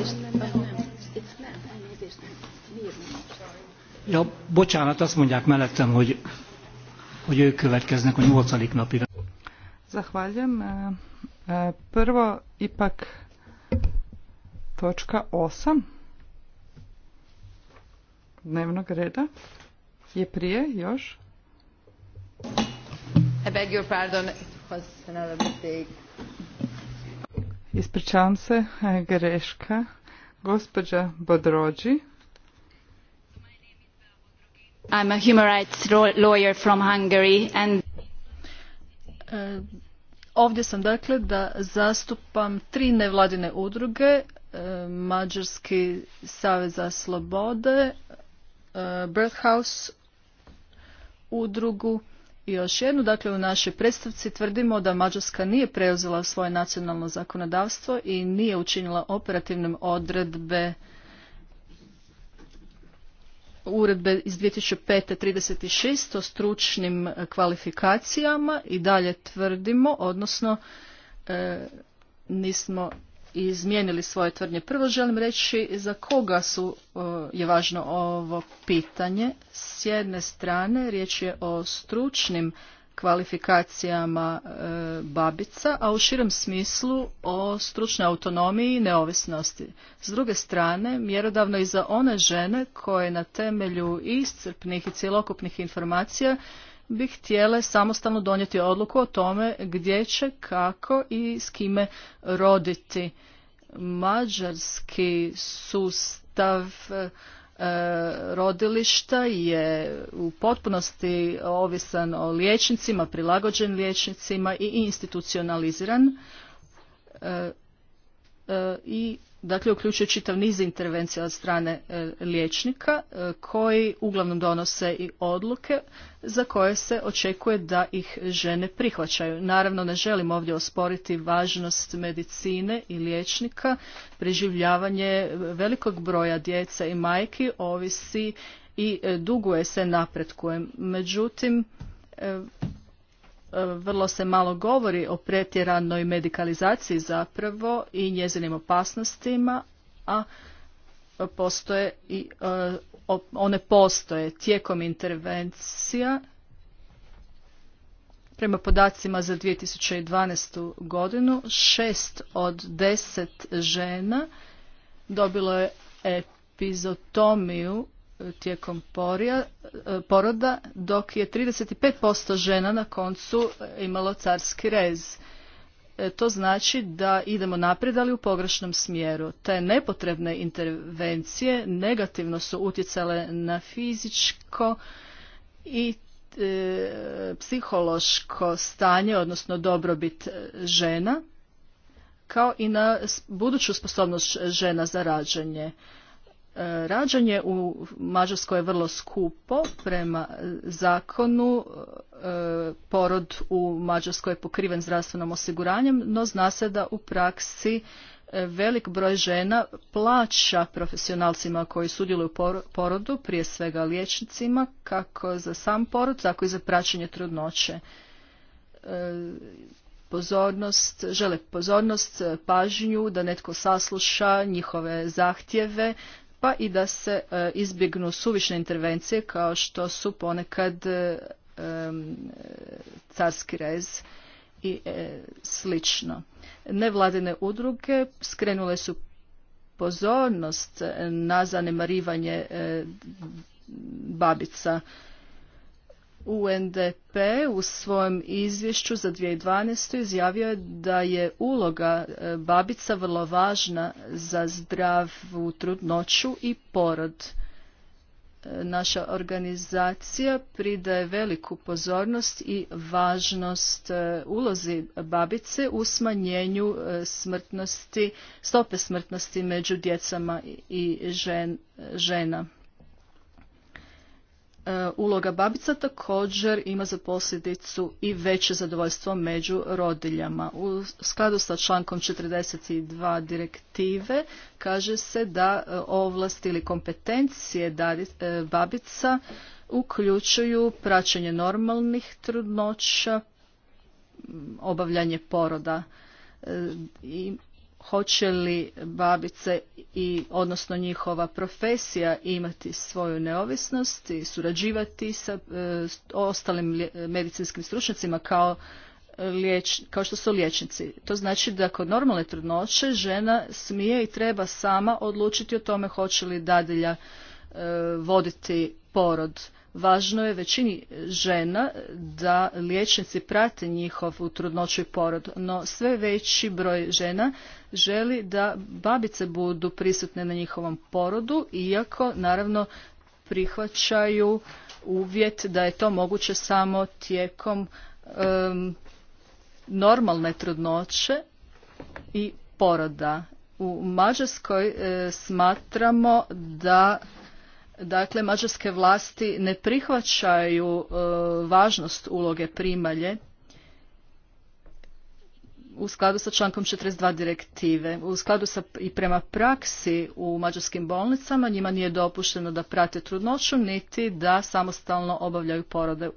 Ja, bocsánat, azt mondják mellettem, hogy, hogy ők következnek a nyolcadik napira.
Zahvaljujem. Prvo, ipak točka osam dnevnog reda je prije još.
I beg your pardon.
Ispričavam se, greška. Gospođa Bodrođi.
I'm a human rights lawyer from Hungary and e, Ovdje sam dakle da zastupam tri nevladine udruge, e, Mađarski savez za slobode, e, Birth House udrugu i još jednu, dakle u našoj predstavci tvrdimo da Mađarska nije preuzela svoje nacionalno zakonodavstvo i nije učinila operativnim odredbe uredbe iz 2005. 36 o stručnim e, kvalifikacijama i dalje tvrdimo, odnosno e, nismo izmijenili svoje tvrdnje. Prvo želim reći za koga su, e, je važno ovo pitanje. S jedne strane riječ je o stručnim kvalifikacijama e, babica, a u širem smislu o stručnoj autonomiji i neovisnosti. S druge strane, mjerodavno i za one žene koje na temelju iscrpnih i cjelokupnih informacija bi htjele samostalno donijeti odluku o tome gdje će, kako i s kime roditi. Mađarski sustav e, rodilišta je u potpunosti ovisan o liječnicima, prilagođen liječnicima i institucionaliziran. E, E, i dakle uključuje čitav niz intervencija od strane e, liječnika e, koji uglavnom donose i odluke za koje se očekuje da ih žene prihvaćaju. Naravno ne želim ovdje osporiti važnost medicine i liječnika. Preživljavanje velikog broja djece i majki ovisi i duguje se napretkujem. Međutim, E, vrlo se malo govori o pretjeranoj medikalizaciji zapravo i njezinim opasnostima, a postoje i e, one postoje tijekom intervencija Prema podacima za 2012. godinu, šest od deset žena dobilo je epizotomiju tijekom e, poroda, dok je 35% žena na koncu imalo carski rez. E, to znači da idemo naprijed, ali u pogrešnom smjeru. Te nepotrebne intervencije negativno su utjecale na fizičko i e, psihološko stanje, odnosno dobrobit žena, kao i na buduću sposobnost žena za rađanje. E, rađanje u Mađarskoj je vrlo skupo prema zakonu. E, porod u Mađarskoj je pokriven zdravstvenom osiguranjem, no zna se da u praksi e, velik broj žena plaća profesionalcima koji sudjeluju u porodu, prije svega liječnicima, kako za sam porod, tako i za praćenje trudnoće. Pozornost, žele pozornost, pažnju, da netko sasluša njihove zahtjeve, pa i da se e, izbjegnu suvišne intervencije kao što su ponekad e, carski rez i e, slično. Nevladine udruge skrenule su pozornost na zanemarivanje babica UNDP u svojem izvješću za 2012. izjavio je da je uloga e, babica vrlo važna za zdravu trudnoću i porod. E, naša organizacija pridaje veliku pozornost i važnost e, ulozi babice u smanjenju smrtnosti, stope smrtnosti među djecama i žena. E, uloga babica također ima za posljedicu i veće zadovoljstvo među rodiljama. U skladu sa člankom 42 direktive kaže se da e, ovlasti ili kompetencije e, babica uključuju praćenje normalnih trudnoća, obavljanje poroda i hoće li babice i odnosno njihova profesija imati svoju neovisnost i surađivati sa e, ostalim medicinskim stručnjacima kao kao što su liječnici. To znači da kod normalne trudnoće žena smije i treba sama odlučiti o tome hoće li dadilja e, voditi porod Važno je većini žena da liječnici prate njihov u trudnoću i porod, no sve veći broj žena želi da babice budu prisutne na njihovom porodu, iako naravno prihvaćaju uvjet da je to moguće samo tijekom normalne trudnoće i poroda. U Mađarskoj e, smatramo da Dakle, mađarske vlasti ne prihvaćaju e, važnost uloge primalje u skladu sa člankom 42 direktive. U skladu sa i prema praksi u mađarskim bolnicama njima nije dopušteno da prate trudnoću niti da samostalno obavljaju porode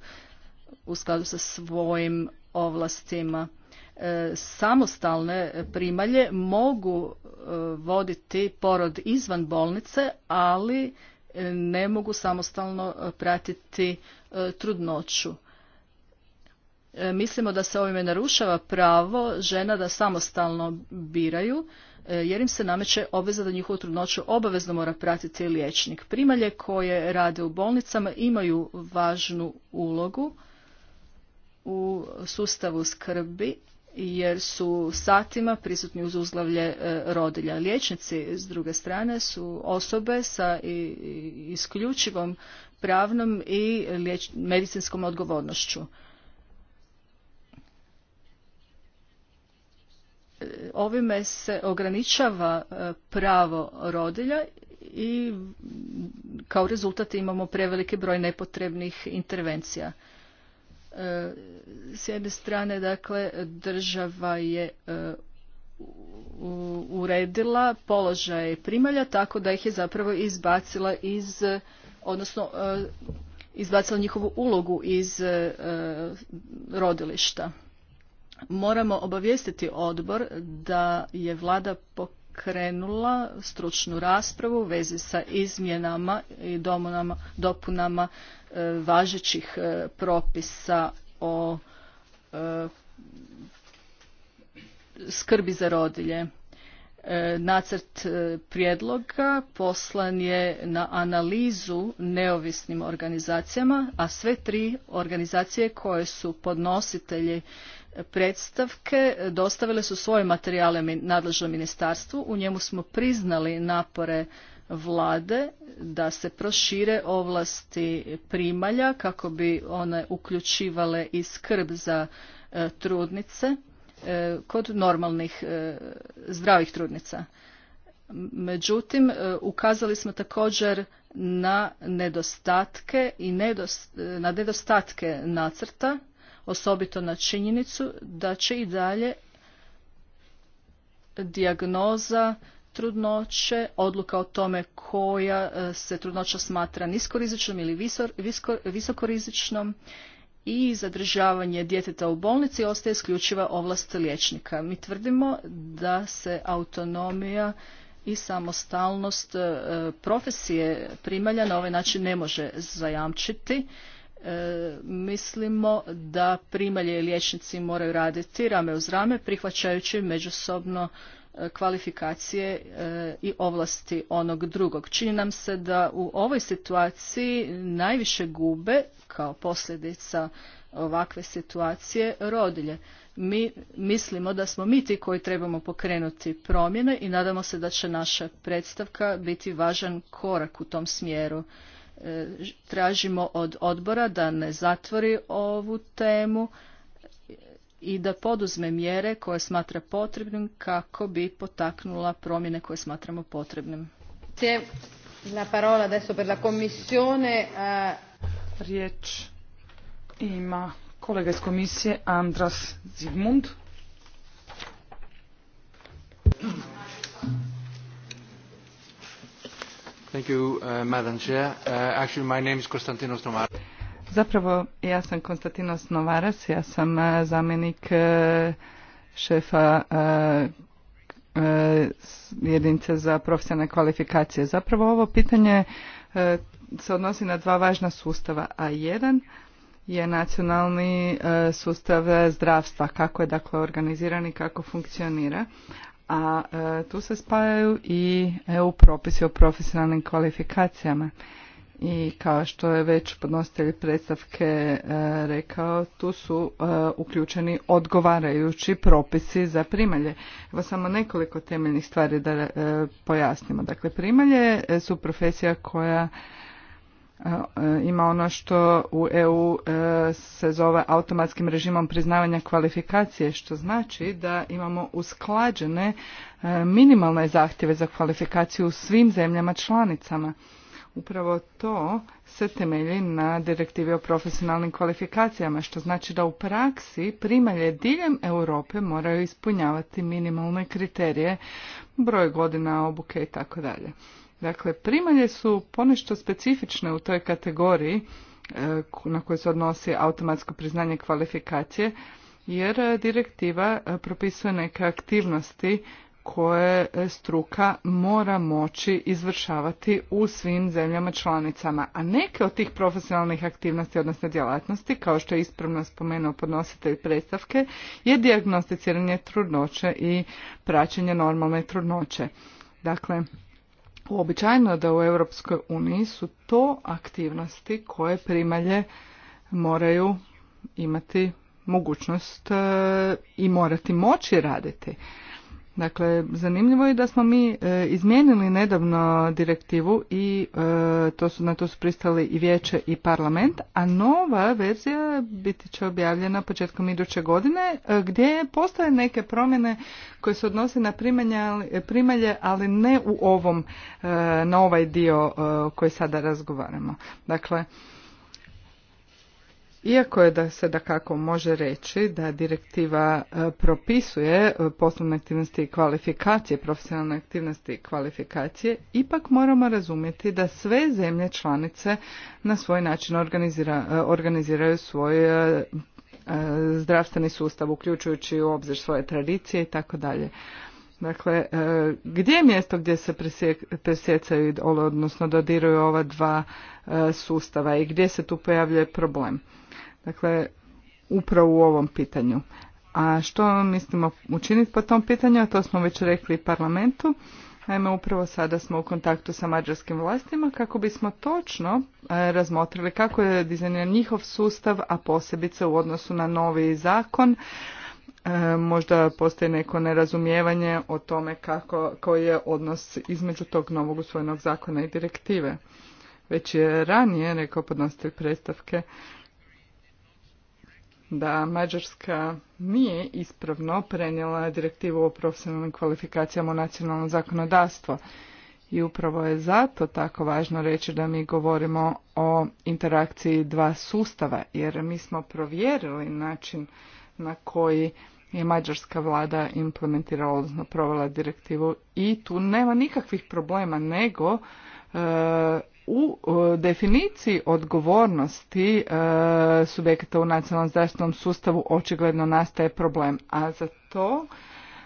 u skladu sa svojim ovlastima. E, samostalne primalje mogu e, voditi porod izvan bolnice, ali ne mogu samostalno e, pratiti e, trudnoću. E, mislimo da se ovime narušava pravo žena da samostalno biraju jer im se nameće obveza da njihovu trudnoću obavezno mora pratiti liječnik. Primalje koje rade u bolnicama imaju važnu ulogu u sustavu skrbi jer su satima prisutni uz uzglavlje e, rodilja. Liječnici, s druge strane, su osobe sa isključivom pravnom i medicinskom odgovornošću. E, ovime se ograničava e, pravo rodilja i kao rezultat imamo preveliki broj nepotrebnih intervencija. S jedne strane, dakle, država je e, uredila položaje primalja tako da ih je zapravo izbacila iz, odnosno e, izbacila njihovu ulogu iz e, rodilišta. Moramo obavijestiti odbor da je vlada pokazala krenula stručnu raspravu u vezi sa izmjenama i dopunama e, važećih e, propisa o e, skrbi za rodilje. Nacrt prijedloga poslan je na analizu neovisnim organizacijama, a sve tri organizacije koje su podnositelji predstavke dostavile su svoje materijale nadležnom ministarstvu. U njemu smo priznali napore vlade da se prošire ovlasti primalja kako bi one uključivale i skrb za e, trudnice e, kod normalnih e, zdravih trudnica. Međutim, ukazali smo također na nedostatke i na nedostatke nacrta osobito na činjenicu da će i dalje dijagnoza trudnoće, odluka o tome koja e, se trudnoća smatra niskorizičnom ili visokorizičnom i zadržavanje djeteta u bolnici ostaje isključiva ovlast liječnika. Mi tvrdimo da se autonomija i samostalnost e, profesije primalja na ovaj način ne može zajamčiti E, mislimo da primalje i liječnici moraju raditi rame uz rame prihvaćajući međusobno e, kvalifikacije e, i ovlasti onog drugog. Čini nam se da u ovoj situaciji najviše gube kao posljedica ovakve situacije rodilje. Mi mislimo da smo mi ti koji trebamo pokrenuti promjene i nadamo se da će naša predstavka biti važan korak u tom smjeru. E, tražimo od odbora da ne zatvori ovu temu i da poduzme mjere koje smatra potrebnim kako bi potaknula promjene koje smatramo potrebnim. La parola adesso per la commissione. Eh,
Riječ ima kolega iz komisije Andras Zigmund.
Uh, uh,
Zapravo, ja sam Konstantinos Novaras, ja sam uh, zamjenik šefa jedinice za profesionalne kvalifikacije. Zapravo, ovo pitanje se odnosi na dva važna sustava, a jedan je nacionalni sustav zdravstva, kako je dakle organiziran i kako funkcionira a e, tu se spajaju i EU propisi o profesionalnim kvalifikacijama. I kao što je već podnositelj predstavke e, rekao, tu su e, uključeni odgovarajući propisi za primalje. Evo samo nekoliko temeljnih stvari da pojasnimo. Dakle, primalje su profesija koja E, ima ono što u EU e, se zove automatskim režimom priznavanja kvalifikacije, što znači da imamo usklađene e, minimalne zahtjeve za kvalifikaciju u svim zemljama članicama. Upravo to se temelji na direktivi o profesionalnim kvalifikacijama, što znači da u praksi primalje diljem Europe moraju ispunjavati minimalne kriterije, broj godina obuke i tako dalje. Dakle, primalje su ponešto specifične u toj kategoriji e, na koje se odnosi automatsko priznanje kvalifikacije, jer e, direktiva e, propisuje neke aktivnosti koje struka mora moći izvršavati u svim zemljama članicama. A neke od tih profesionalnih aktivnosti, odnosno djelatnosti, kao što je ispravno spomenuo podnositelj predstavke, je dijagnosticiranje trudnoće i praćenje normalne trudnoće. Dakle, uobičajeno da u Europskoj uniji su to aktivnosti koje primalje moraju imati mogućnost e, i morati moći raditi. Dakle, zanimljivo je da smo mi e, izmijenili nedavno direktivu i e, to su, na to su pristali i vijeće i parlament, a nova verzija biti će objavljena početkom iduće godine e, gdje postoje neke promjene koje se odnose na primalje, primalje ali ne u ovom, e, na ovaj dio koji sada razgovaramo. Dakle, iako je da se da kako može reći da direktiva e, propisuje e, poslovne aktivnosti i kvalifikacije, profesionalne aktivnosti i kvalifikacije, ipak moramo razumjeti da sve zemlje članice na svoj način e, organiziraju svoj zdravstveni sustav, uključujući u obzir svoje tradicije i tako dalje. Dakle, gdje je mjesto gdje se presjecaju, odnosno dodiruju ova dva sustava i gdje se tu pojavljuje problem? Dakle, upravo u ovom pitanju. A što mislimo učiniti po tom pitanju, to smo već rekli parlamentu. Naime, upravo sada smo u kontaktu sa mađarskim vlastima kako bismo točno e, razmotrili kako je dizajniran njihov sustav, a posebice u odnosu na novi zakon. E, možda postoji neko nerazumijevanje o tome kako, koji je odnos između tog novog usvojenog zakona i direktive. Već je ranije, rekao podnositelj predstavke, da Mađarska nije ispravno prenijela direktivu o profesionalnim kvalifikacijama u nacionalno zakonodavstvo. I upravo je zato tako važno reći da mi govorimo o interakciji dva sustava, jer mi smo provjerili način na koji je mađarska vlada implementirala, odnosno provela direktivu i tu nema nikakvih problema, nego e, u e, definiciji odgovornosti e, subjekata u nacionalnom zdravstvenom sustavu očigledno nastaje problem, a za to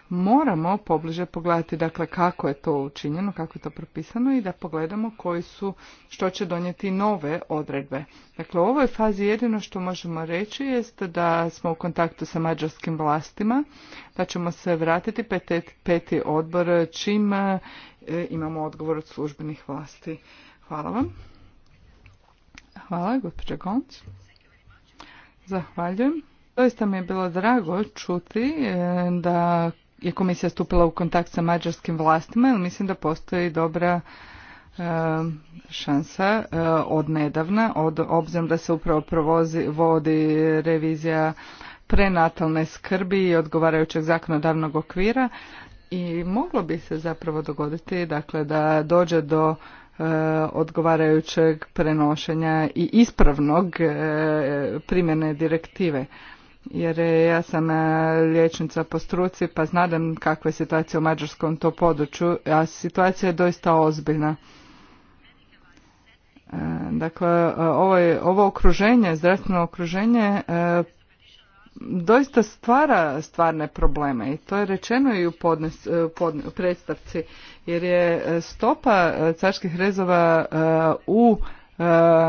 moramo pobliže pogledati dakle kako je to učinjeno, kako je to propisano i da pogledamo koji su, što će donijeti nove odredbe. Dakle, u ovoj fazi jedino što možemo reći jest da smo u kontaktu sa mađarskim vlastima, da ćemo se vratiti peti, peti odbor čim e, imamo odgovor od službenih vlasti. Hvala vam. Hvala, gospođa Gonc. Zahvaljujem. Doista mi je bilo drago čuti e, da je komisija stupila u kontakt sa mađarskim vlastima, jer mislim da postoji dobra e, šansa e, od nedavna, od, obzirom da se upravo provozi, vodi revizija prenatalne skrbi i odgovarajućeg zakonodavnog okvira i moglo bi se zapravo dogoditi dakle, da dođe do E, odgovarajućeg prenošenja i ispravnog e, primjene direktive jer ja sam e, liječnica po struci pa znam kakva je situacija u mađarskom to području, a situacija je doista ozbiljna. Dakle, ovo, ovo okruženje, zdravstveno okruženje doista stvara stvarne probleme i to je rečeno i u podnes, predstavci jer je e, stopa e, carskih rezova e, u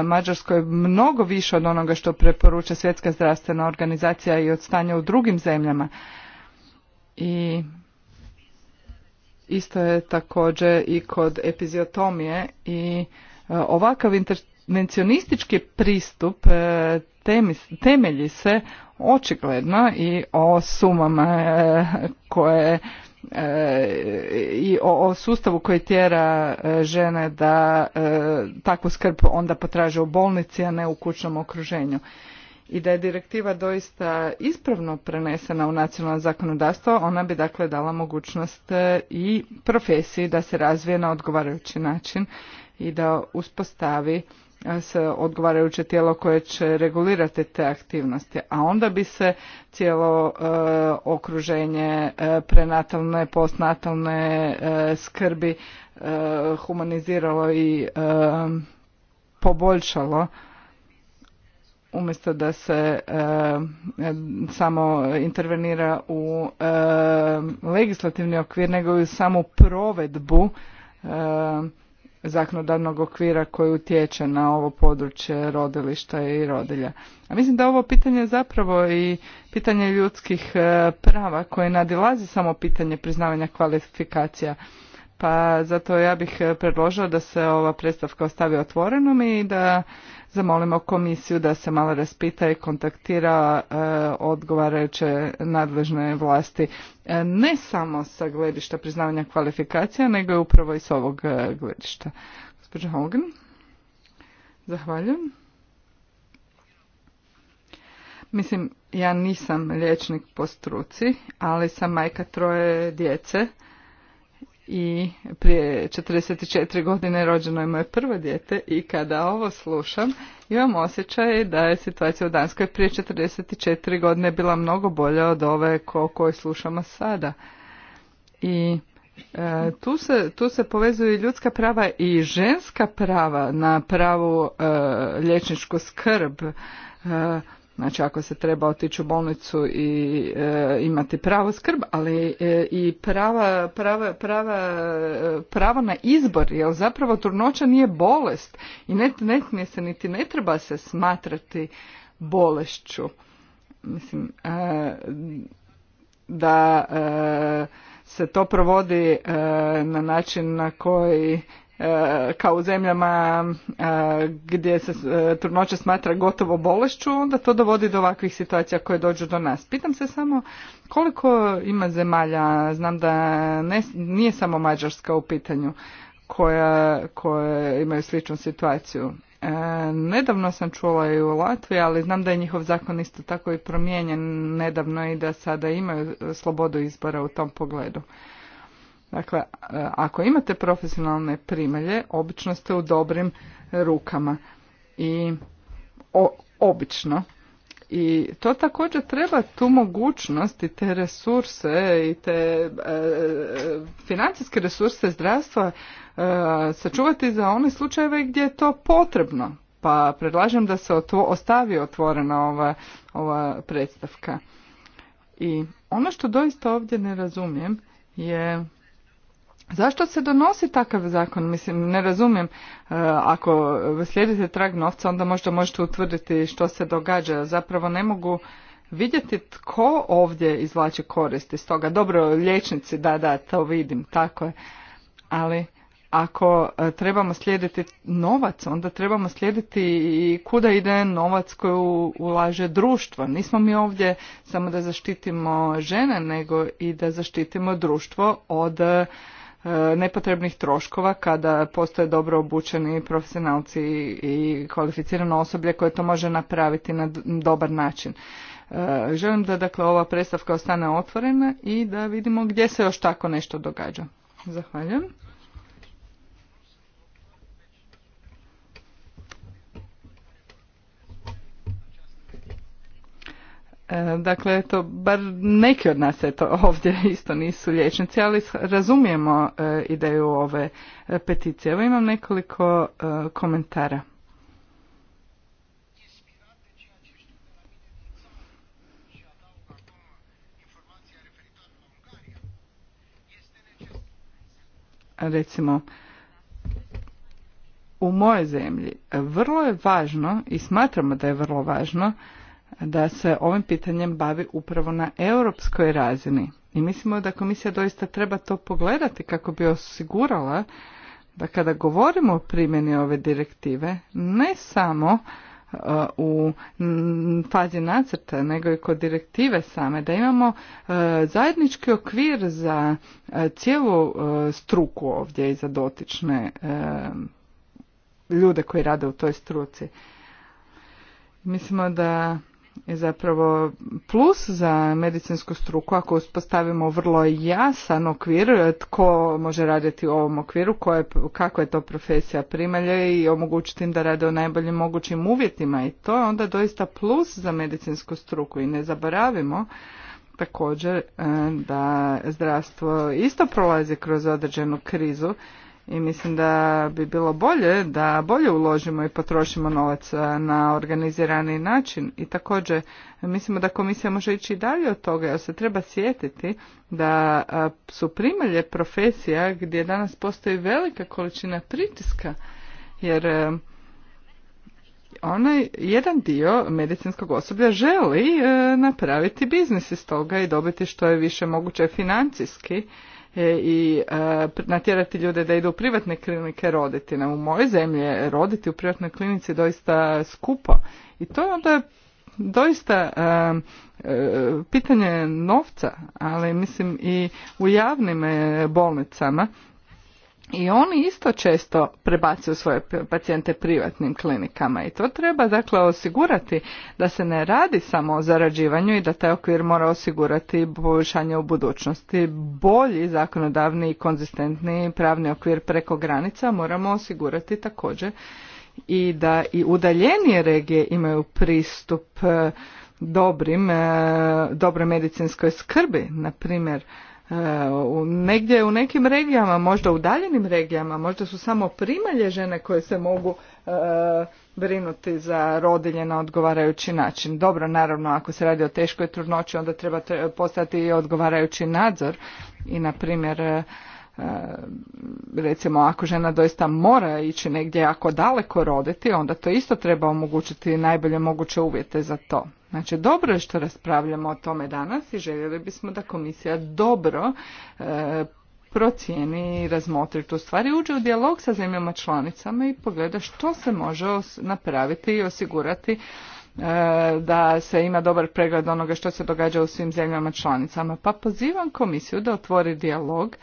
Mađarskoj mnogo više od onoga što preporuča svjetska zdravstvena organizacija i od stanja u drugim zemljama. I isto je također i kod epiziotomije i ovakav inter Mencionistički pristup e, temelji se očigledno i o sumama e, koje e, i o sustavu koji tjera žene da takvu skrb onda potraže u bolnici, a ne u kućnom okruženju i da je direktiva doista ispravno prenesena u nacionalno zakonodavstvo, ona bi dakle dala mogućnost i profesiji da se razvije na odgovarajući način i da uspostavi se odgovarajuće tijelo koje će regulirati te aktivnosti, a onda bi se cijelo e, okruženje e, prenatalne, postnatalne e, skrbi humaniziralo i poboljšalo umjesto da se samo intervenira u legislativni okvir nego i u samu provedbu zakonodavnog okvira koji utječe na ovo područje rodilišta i rodilja. A mislim da ovo pitanje zapravo i pitanje ljudskih e, prava koje nadilazi samo pitanje priznavanja kvalifikacija pa zato ja bih e, predložila da se ova predstavka ostavi otvorenom i da zamolimo komisiju da se malo raspita i kontaktira e, odgovarajuće nadležne vlasti e, ne samo sa gledišta priznavanja kvalifikacija nego i upravo i s ovog gledišta. Gospođa Hogan, zahvaljujem. Mislim, ja nisam liječnik po struci, ali sam majka troje djece i prije 44 godine rođeno je moje prvo dijete i kada ovo slušam imam osjećaj da je situacija u Danskoj prije 44 godine bila mnogo bolja od ove ko koju slušamo sada. I e, tu, se, tu se povezuju ljudska prava i ženska prava na pravu e, liječničku skrb. E, Znači ako se treba otići u bolnicu i e, imati pravo skrb, ali e, i prava, prava, prava, pravo na izbor, jer zapravo trudnoća nije bolest i ne, ne smije se niti ne treba se smatrati bolešću. Mislim, e, da se to provodi na način na koji E, kao u zemljama e, gdje se e, trudnoća smatra gotovo bolešću, onda to dovodi do ovakvih situacija koje dođu do nas. Pitam se samo koliko ima zemalja, znam da nije samo Mađarska u pitanju, koja, koje imaju sličnu situaciju. Nedavno sam čula i u Latviji, ali znam da je njihov zakon isto tako i promijenjen nedavno i da sada imaju slobodu izbora u tom pogledu. Dakle, e, ako imate profesionalne primalje, obično ste u dobrim rukama i obično. I to također treba tu mogućnost i te resurse i te e, financijske resurse zdravstva e, sačuvati za one slučajeve gdje je to potrebno. Pa predlažem da se otvo, ostavi otvorena ova, ova predstavka. I ono što doista ovdje ne razumijem je Zašto se donosi takav zakon? Mislim, ne razumijem. E, ako slijedite trag novca, onda možda možete utvrditi što se događa. Zapravo ne mogu vidjeti tko ovdje izvlači koristi iz toga. Dobro, liječnici, da, da, to vidim, tako je. Ali ako e, trebamo slijediti novac, onda trebamo slijediti i kuda ide novac koji ulaže društvo. Nismo mi ovdje samo da zaštitimo žene, nego i da zaštitimo društvo od E, nepotrebnih troškova kada postoje dobro obučeni profesionalci i kvalificirano osoblje koje to može napraviti na dobar način. E, želim da dakle ova predstavka ostane otvorena i da vidimo gdje se još tako nešto događa. Zahvaljujem. E, dakle, bar neki od nas eto, ovdje isto nisu liječnici, ali razumijemo e, ideju ove e, peticije. Evo imam nekoliko komentara. Recimo, u mojoj zemlji vrlo je važno i smatramo da je vrlo važno da se ovim pitanjem bavi upravo na europskoj razini. I mislimo da komisija doista treba to pogledati kako bi osigurala da kada govorimo o primjeni ove direktive, ne samo uh, u fazi nacrta, nego i kod direktive same, da imamo uh, zajednički okvir za uh, cijelu struku ovdje i za dotične ljude koji rade u toj struci. Mislimo da je zapravo plus za medicinsku struku ako uspostavimo vrlo jasan okvir tko može raditi u ovom okviru, koje, kako je to profesija primalje i omogućiti im da rade u najboljim mogućim uvjetima i to je onda doista plus za medicinsku struku i ne zaboravimo također e, da zdravstvo isto prolazi kroz određenu krizu i mislim da bi bilo bolje da bolje uložimo i potrošimo novac e, na organizirani način i također mislimo da komisija može ići i dalje od toga jer se treba sjetiti da e, su primalje profesija gdje danas postoji velika količina pritiska jer e, onaj jedan dio medicinskog osoblja želi napraviti biznis iz toga i dobiti što je više moguće financijski E, i e, natjerati ljude da idu u privatne klinike roditi. U mojoj zemlji roditi u privatnoj klinici doista skupo i to je onda doista e, pitanje novca, ali mislim i u javnim bolnicama i oni isto često prebacuju svoje pacijente privatnim klinikama i to treba dakle osigurati da se ne radi samo o zarađivanju i da taj okvir mora osigurati poboljšanje u budućnosti. Bolji zakonodavni i konzistentni pravni okvir preko granica moramo osigurati također i da i udaljenije regije imaju pristup e, dobrim, e, dobroj medicinskoj skrbi, na primjer negdje u nekim regijama, možda udaljenim regijama, možda su samo primalje žene koje se mogu e, brinuti za rodilje na odgovarajući način. Dobro, naravno, ako se radi o teškoj trudnoći, onda treba postati i odgovarajući nadzor i, na primjer, e, E, recimo ako žena doista mora ići negdje ako daleko roditi, onda to isto treba omogućiti najbolje moguće uvjete za to. Znači dobro je što raspravljamo o tome danas i željeli bismo da komisija dobro e, procijeni i razmotri tu stvari, uđe u dijalog sa zemljama članicama i pogleda što se može napraviti i osigurati e, da se ima dobar pregled onoga što se događa u svim zemljama članicama. Pa pozivam komisiju da otvori dijalog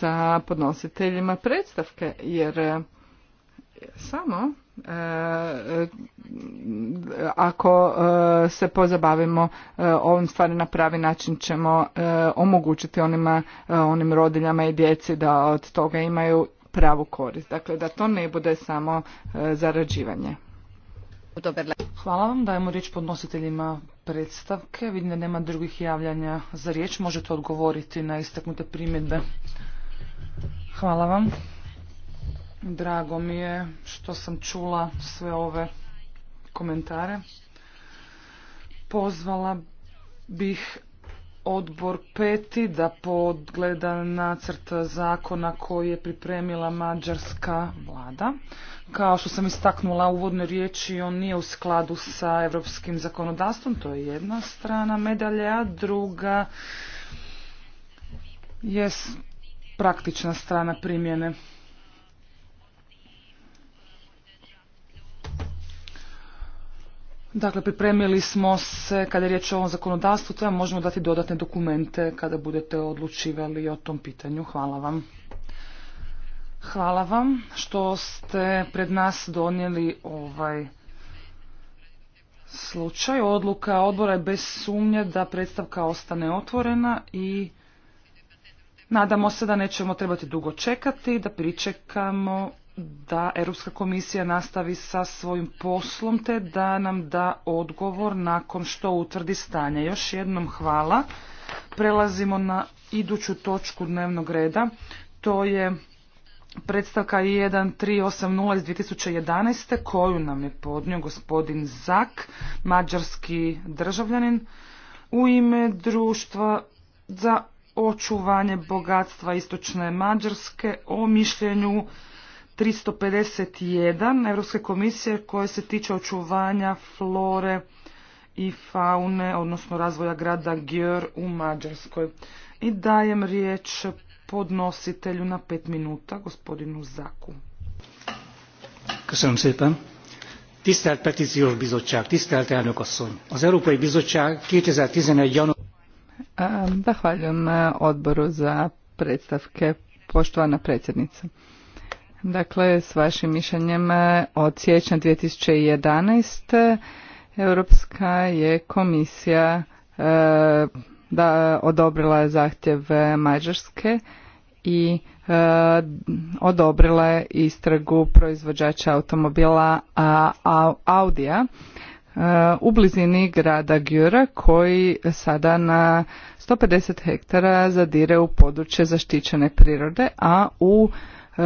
sa podnositeljima predstavke jer samo e, ako e, se pozabavimo e, ovim stvari na pravi način ćemo omogućiti onima onim rodiljama i djeci da od toga imaju pravu korist dakle da to ne bude samo zarađivanje
Hvala vam. Dajemo riječ podnositeljima predstavke. Vidim da nema drugih javljanja za riječ. Možete odgovoriti na istaknute primjedbe. Hvala vam. Drago mi je što sam čula sve ove komentare. Pozvala bih odbor peti da podgleda nacrt zakona koji je pripremila mađarska vlada. Kao što sam istaknula uvodnoj riječi, on nije u skladu sa europskim zakonodavstvom, to je jedna strana medalja, a druga jest praktična strana primjene. Dakle, pripremili smo se, kada je riječ o ovom zakonodavstvu, te vam možemo dati dodatne dokumente kada budete odlučivali o tom pitanju. Hvala vam. Hvala vam što ste pred nas donijeli ovaj slučaj. Odluka odbora je bez sumnje da predstavka ostane otvorena i Nadamo se da nećemo trebati dugo čekati, da pričekamo da Europska komisija nastavi sa svojim poslom te da nam da odgovor nakon što utvrdi stanje. Još jednom hvala. Prelazimo na iduću točku dnevnog reda. To je predstavka 1380 iz 2011. koju nam je podnio gospodin Zak, mađarski državljanin, u ime društva za očuvanje bogatstva istočne Mađarske o mišljenju 351 Europske komisije koje se tiče očuvanja flore i faune, odnosno razvoja grada Gjör u Mađarskoj. I dajem riječ podnositelju na pet minuta, gospodinu Zaku.
Köszönöm szépen. Tisztelt Petíciós Bizottság, tisztelt elnök asszony! Az Európai Bizottság 2011. január
Zahvaljujem e, odboru za predstavke, poštovana predsjednica. Dakle, s vašim mišljenjem e, od siječnja 2011. Europska je komisija e, da odobrila zahtjev Mađarske i odobrila istragu proizvođača automobila a, Audija u blizini grada Gjura koji sada na 150 hektara zadire u područje zaštićene prirode, a u e,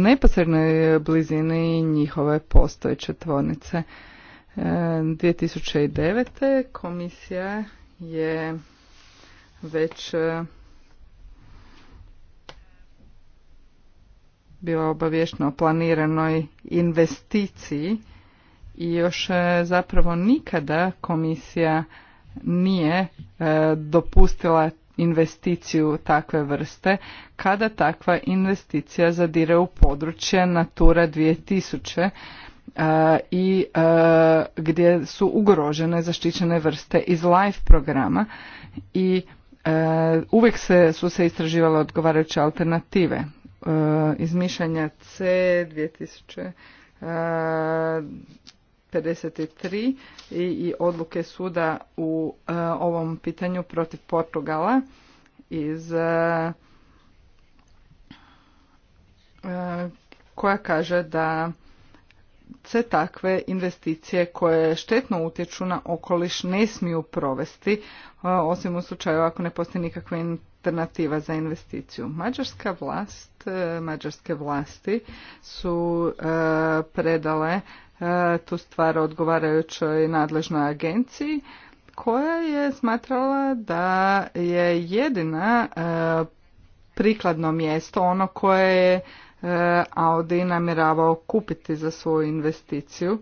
neposrednoj blizini njihove postojeće tvornice. 2009. E, komisija je već e, bila obavješna o planiranoj investiciji i još e, zapravo nikada komisija nije e, dopustila investiciju takve vrste kada takva investicija zadire u područje Natura 2000 e, i gdje su ugrožene zaštićene vrste iz LIFE programa i uvijek se, su se istraživale odgovarajuće alternative. Izmišljanja C 2000 53 i, i odluke suda u e, ovom pitanju protiv Portugala iz e, e, koja kaže da se takve investicije koje štetno utječu na okoliš ne smiju provesti, osim u slučaju ako ne postoji nikakve alternativa za investiciju. Mađarska vlast, e, mađarske vlasti su e, predale e, tu stvar odgovarajućoj nadležnoj agenciji koja je smatrala da je jedina prikladno mjesto ono koje je Audi namjeravao kupiti za svoju investiciju.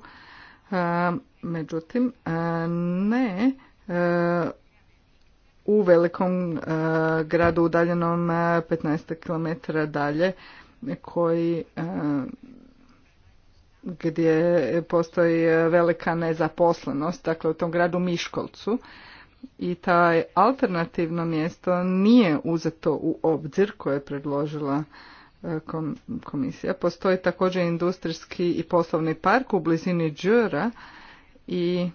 Međutim, ne u velikom e, gradu udaljenom 15 e, km dalje koji e, gdje postoji velika nezaposlenost, dakle u tom gradu Miškolcu. I taj alternativno mjesto nije uzeto u obzir koje je predložila komisija. Postoji također industrijski i poslovni park u blizini Đura i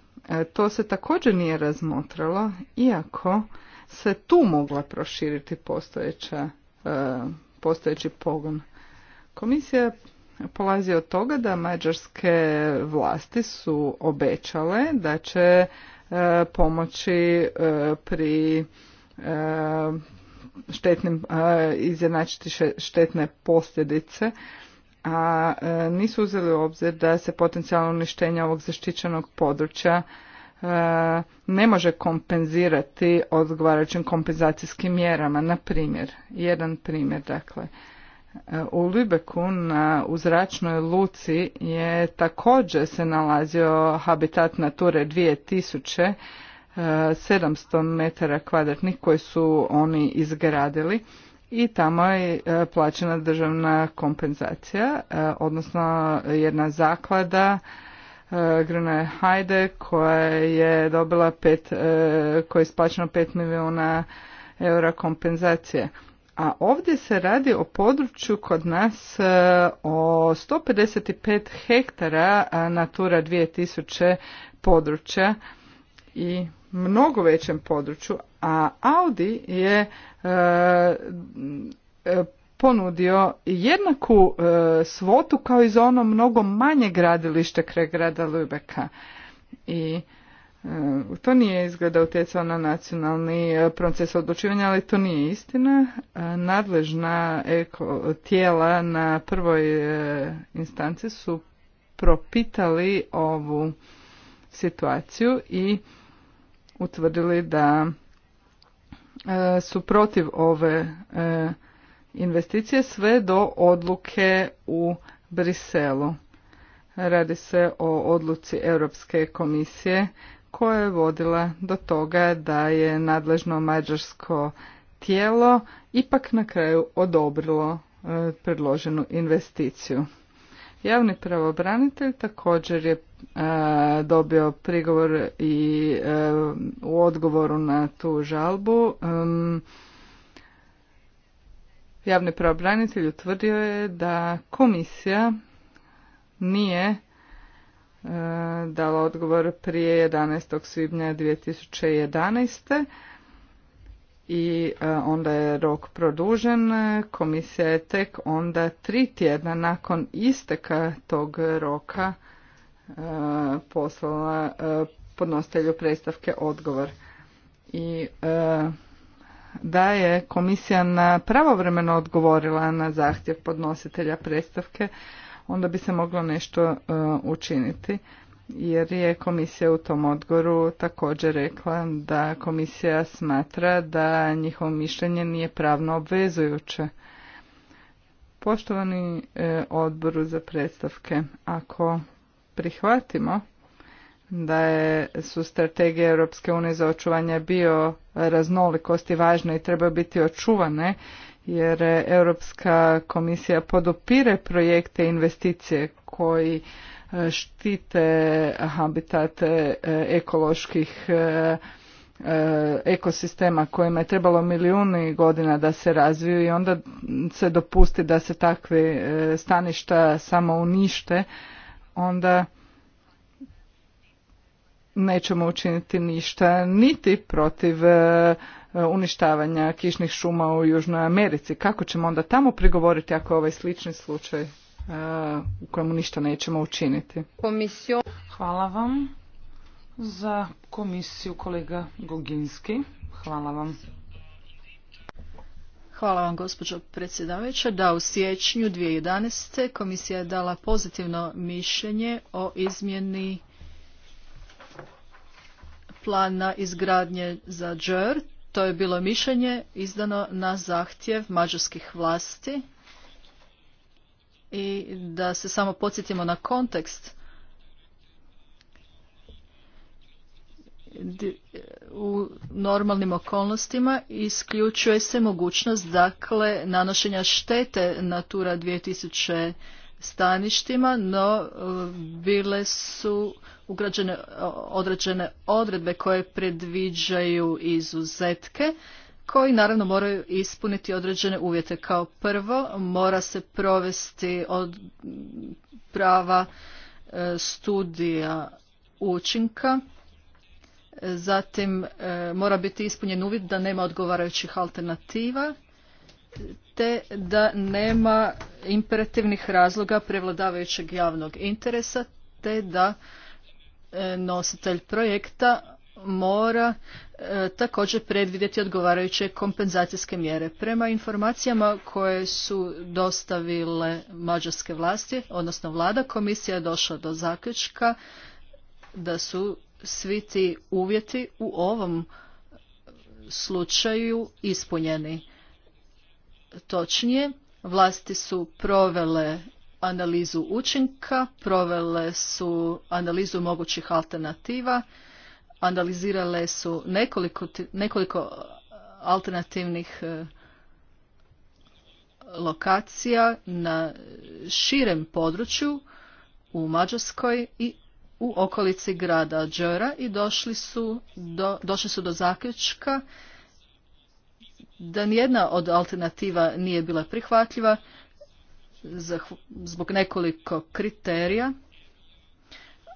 to se također nije razmotralo, iako se tu mogla proširiti postojeća, e, postojeći pogon. Komisija polazi od toga da mađarske vlasti su obećale da će e, pomoći e, pri štetnim, izjednačiti štetne posljedice, a nisu uzeli u obzir da se potencijalno uništenje ovog zaštićenog područja E, ne može kompenzirati odgovarajućim kompenzacijskim mjerama. Na primjer, jedan primjer, dakle, e, u Lübecku na uzračnoj luci je također se nalazio habitat Nature 2000 700 e, metara kvadratnih koji su oni izgradili i tamo je plaćena državna kompenzacija, odnosno jedna zaklada E, Grne Hajde koja je dobila pet, e, koja je isplaćeno 5 milijuna eura kompenzacije. A ovdje se radi o području kod nas e, o 155 hektara Natura 2000 područja i mnogo većem području, a Audi je ponudio jednaku e, svotu kao i za ono mnogo manje gradilište kraj grada Lubeka. I e, to nije izgleda utjecao na nacionalni e, proces odlučivanja, ali to nije istina. nadležna eko, tijela na prvoj instanci su propitali ovu situaciju i utvrdili da su protiv ove investicije sve do odluke u Briselu. Radi se o odluci Europske komisije koja je vodila do toga da je nadležno mađarsko tijelo ipak na kraju odobrilo e, predloženu investiciju. Javni pravobranitelj također je e, dobio prigovor i e, u odgovoru na tu žalbu Javni pravobranitelj utvrdio je da komisija nije e, dala odgovor prije 11. svibnja 2011. I e, onda je rok produžen. Komisija je tek onda tri tjedna nakon isteka tog roka e, poslala podnostelju predstavke odgovor. I da je komisija na pravovremeno odgovorila na zahtjev podnositelja predstavke, onda bi se moglo nešto e, učiniti jer je komisija u tom odgoru također rekla da komisija smatra da njihovo mišljenje nije pravno obvezujuće. Poštovani e, odboru za predstavke, ako prihvatimo da je, su strategije Europske unije za očuvanje bio raznolikosti važne i treba biti očuvane jer Europska komisija podupire projekte i investicije koji e, štite habitate ekoloških e, e, ekosistema kojima je trebalo milijuni godina da se razviju i onda se dopusti da se takve staništa samo unište, onda nećemo učiniti ništa niti protiv e, uništavanja kišnih šuma u Južnoj Americi. Kako ćemo onda tamo prigovoriti ako je ovaj slični slučaj e, u kojemu ništa nećemo učiniti?
Komisiju. Hvala
vam za komisiju kolega Goginski. Hvala vam. Hvala vam gospođo predsjedavajuća. Da, u siječnju 2011. komisija je dala pozitivno mišljenje o izmjeni plana izgradnje za Džer. To je bilo mišljenje izdano na zahtjev mađarskih vlasti. I da se samo podsjetimo na kontekst. U normalnim okolnostima isključuje se mogućnost dakle nanošenja štete Natura 2000 staništima, no e, bile su ugrađene određene odredbe koje predviđaju izuzetke koji naravno moraju ispuniti određene uvjete. Kao prvo mora se provesti od prava e, studija učinka, zatim e, mora biti ispunjen uvid da nema odgovarajućih alternativa te da nema imperativnih razloga prevladavajućeg javnog interesa te da e, nositelj projekta mora e, također predvidjeti odgovarajuće kompenzacijske mjere. Prema informacijama koje su dostavile mađarske vlasti, odnosno vlada, komisija je došla do zaključka da su svi ti uvjeti u ovom slučaju ispunjeni točnije. Vlasti su provele analizu učinka, provele su analizu mogućih alternativa, analizirale su nekoliko, nekoliko uh, alternativnih uh, lokacija na širem području u Mađarskoj i u okolici grada Đora i došli su do, došli su do zaključka da nijedna od alternativa nije bila prihvatljiva zbog nekoliko kriterija,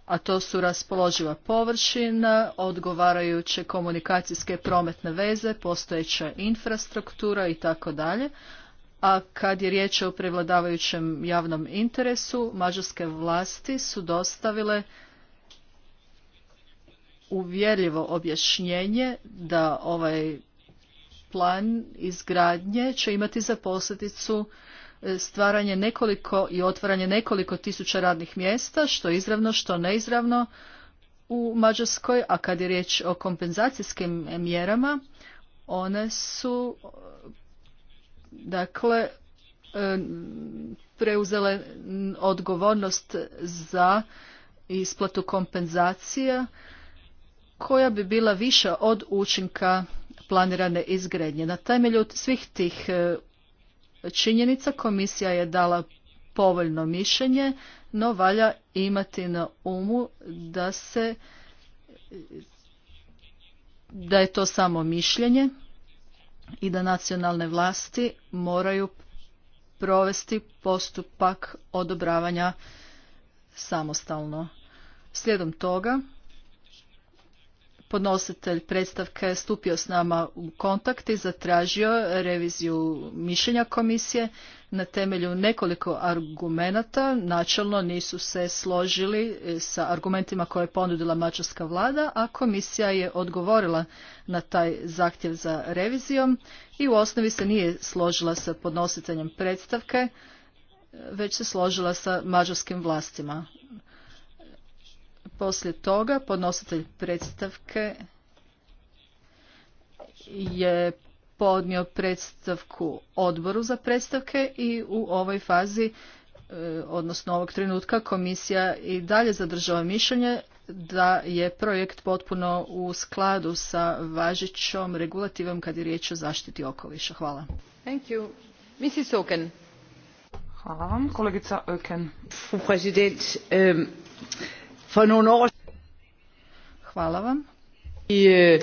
a to su raspoloživa površina, odgovarajuće komunikacijske prometne veze, postojeća infrastruktura i tako dalje. A kad je riječ o prevladavajućem javnom interesu, mađarske vlasti su dostavile uvjerljivo objašnjenje da ovaj plan izgradnje će imati za posljedicu e, stvaranje nekoliko i otvaranje nekoliko tisuća radnih mjesta, što izravno, što neizravno u Mađarskoj, a kad je riječ o kompenzacijskim mjerama, one su dakle e, preuzele odgovornost za isplatu kompenzacija koja bi bila viša od učinka planirane izgrednje. Na temelju svih tih e, činjenica komisija je dala povoljno mišljenje, no valja imati na umu da se da je to samo mišljenje i da nacionalne vlasti moraju provesti postupak odobravanja samostalno. Slijedom toga podnositelj predstavke stupio s nama u kontakt i zatražio reviziju mišljenja komisije na temelju nekoliko argumenata. Načelno nisu se složili e, sa argumentima koje je ponudila mađarska vlada, a komisija je odgovorila na taj zahtjev za revizijom i u osnovi se nije složila sa podnositeljem predstavke, e, već se složila sa mađarskim vlastima. Poslije toga podnositelj predstavke je podnio predstavku odboru za predstavke i u ovoj fazi, e, odnosno ovog trenutka, komisija i dalje zadržava mišljenje da je projekt potpuno u skladu sa važećom regulativom kad je riječ o zaštiti okoliša. Hvala. Thank you. Mrs. Hvala
vam. Kolegica Oken. Hvala vam. E,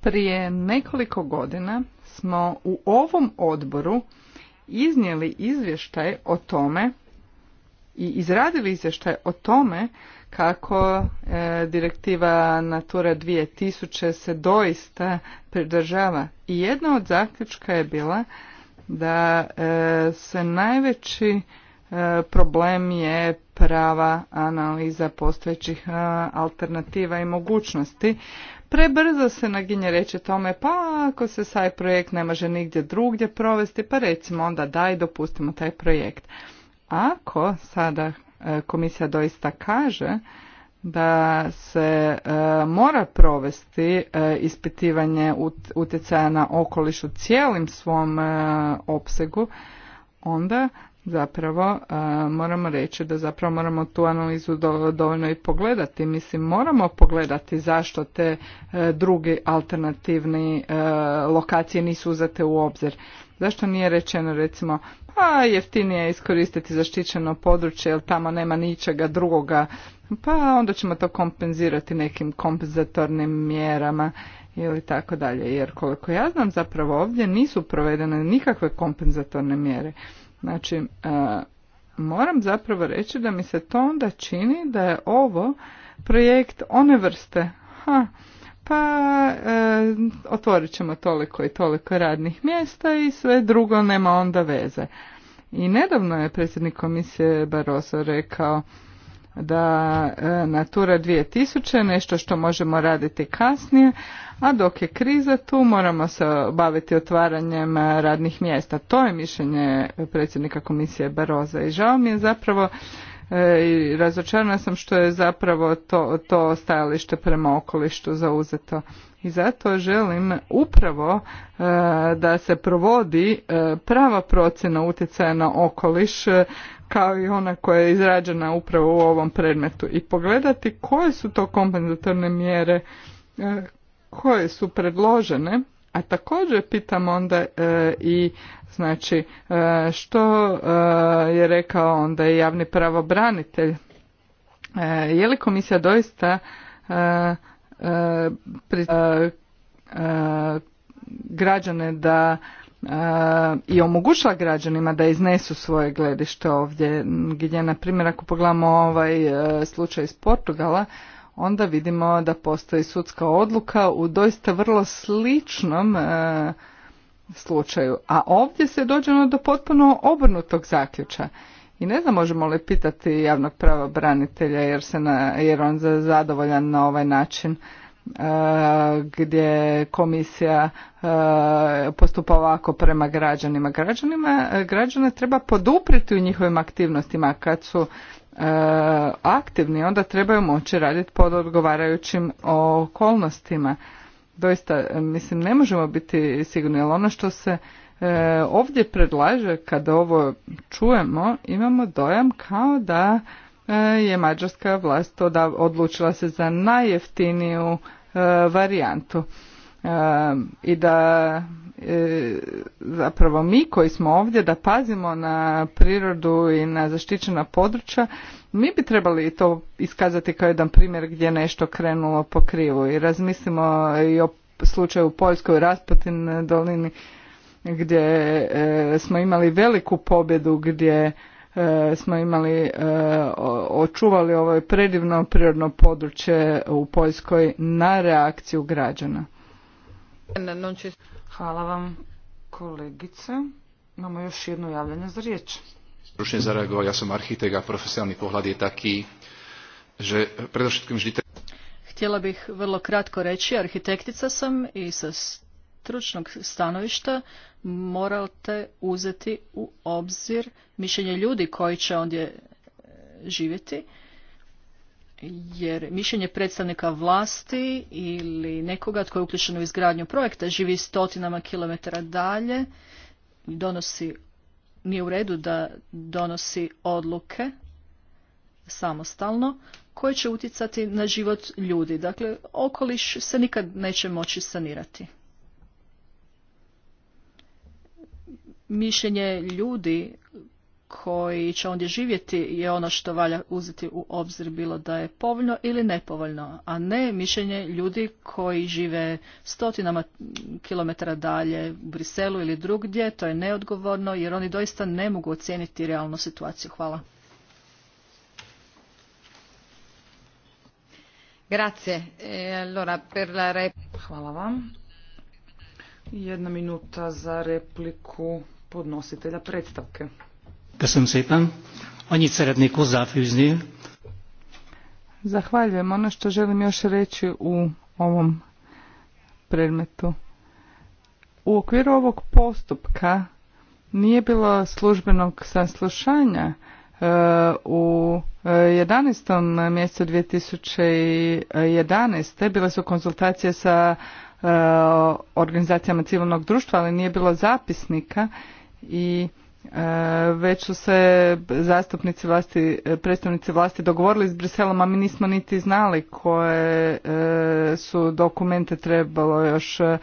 Prije nekoliko godina smo u ovom odboru iznijeli izvještaj o tome i izradili izvještaj o tome kako e, direktiva Natura 2000 se doista pridržava. I jedna od zaključka je bila da e, se najveći E, problem je prava analiza postojećih e, alternativa i mogućnosti. Prebrzo se naginje reći tome, pa ako se saj projekt ne može nigdje drugdje provesti, pa recimo onda daj dopustimo taj projekt. Ako sada e, komisija doista kaže da se mora provesti ispitivanje utjecaja na okoliš u cijelim svom opsegu, onda zapravo e, moramo reći da zapravo moramo tu analizu dovoljno i pogledati. Mislim, moramo pogledati zašto te e, druge alternativne e, lokacije nisu uzete u obzir. Zašto nije rečeno recimo pa jeftinije iskoristiti zaštićeno područje jer tamo nema ničega drugoga pa onda ćemo to kompenzirati nekim kompenzatornim mjerama ili tako dalje. Jer koliko ja znam zapravo ovdje nisu provedene nikakve kompenzatorne mjere. Znači, e, moram zapravo reći da mi se to onda čini da je ovo projekt one vrste. Ha, pa e, otvorit ćemo toliko i toliko radnih mjesta i sve drugo nema onda veze. I nedavno je predsjednik komisije Barroso rekao da e, Natura 2000 nešto što možemo raditi kasnije, a dok je kriza tu moramo se baviti otvaranjem e, radnih mjesta. To je mišljenje predsjednika komisije Baroza i žao mi je zapravo e, i razočarana sam što je zapravo to, to stajalište prema okolištu zauzeto. I zato želim upravo da se provodi prava procjena utjecaja na okoliš kao i ona koja je izrađena upravo u ovom predmetu i pogledati koje su to kompenzatorne mjere e, koje su predložene, a također pitam onda e, i znači e, što je rekao onda i javni pravobranitelj. Je li komisija doista građane da i omogućila građanima da iznesu svoje gledište ovdje gdje na primjer ako pogledamo ovaj e, slučaj iz Portugala onda vidimo da postoji sudska odluka u doista vrlo sličnom e, slučaju a ovdje se dođeno do potpuno obrnutog zaključa i ne znam možemo li pitati javnog pravobranitelja jer se na, jer on zadovoljan na ovaj način Eh, gdje komisija eh, postupa ovako prema građanima. Građanima, građane treba poduprijeti u njihovim aktivnostima kad su eh, aktivni, onda trebaju moći raditi pod odgovarajućim okolnostima. Doista, mislim, ne možemo biti sigurni, ali ono što se ovdje predlaže kada ovo čujemo, imamo dojam kao da je mađarska vlast odlučila se za najjeftiniju E, varijantu. E, I da e, zapravo mi koji smo ovdje da pazimo na prirodu i na zaštićena područja, mi bi trebali to iskazati kao jedan primjer gdje je nešto krenulo po krivu i razmislimo i o slučaju u Poljskoj Rasputin dolini gdje smo imali veliku pobjedu gdje E, smo imali, e, očuvali ovo predivno prirodno područje u Poljskoj na reakciju građana.
Hvala vam kolegice. Imamo još jedno javljanje za riječ.
ja sam arhitekt, profesionalni pohlad je taki, že predošetkom Htjela bih vrlo kratko reći, arhitektica sam i sa stručnog stanovišta morate uzeti u obzir mišljenje ljudi koji će ondje e, živjeti jer mišljenje predstavnika vlasti ili nekoga tko je uključen u izgradnju projekta živi stotinama kilometara dalje i donosi nije u redu da donosi odluke samostalno koje će utjecati na život ljudi. Dakle, okoliš se nikad neće moći sanirati. mišljenje ljudi koji će ondje živjeti je ono što valja uzeti u obzir bilo da je povoljno ili nepovoljno, a ne mišljenje ljudi koji žive stotinama kilometara dalje u Briselu ili drugdje, to je neodgovorno jer oni doista ne mogu ocijeniti realnu situaciju. Hvala. Grazie. E, allora, per la Hvala vam.
Jedna minuta za repliku podnositelja predstavke.
Köszönöm szépen. Annyit szeretnék hozzáfűzni.
Zahvaljujem. Ono što želim još reći u ovom predmetu. U okviru ovog postupka nije bilo službenog saslušanja e, u 11. E, mjesecu 2011. bile su konzultacije sa e, organizacijama civilnog društva, ali nije bilo zapisnika i e, već su se zastupnici vlasti, predstavnici vlasti dogovorili s Briselom, a mi nismo niti znali koje e, su dokumente trebalo još, e,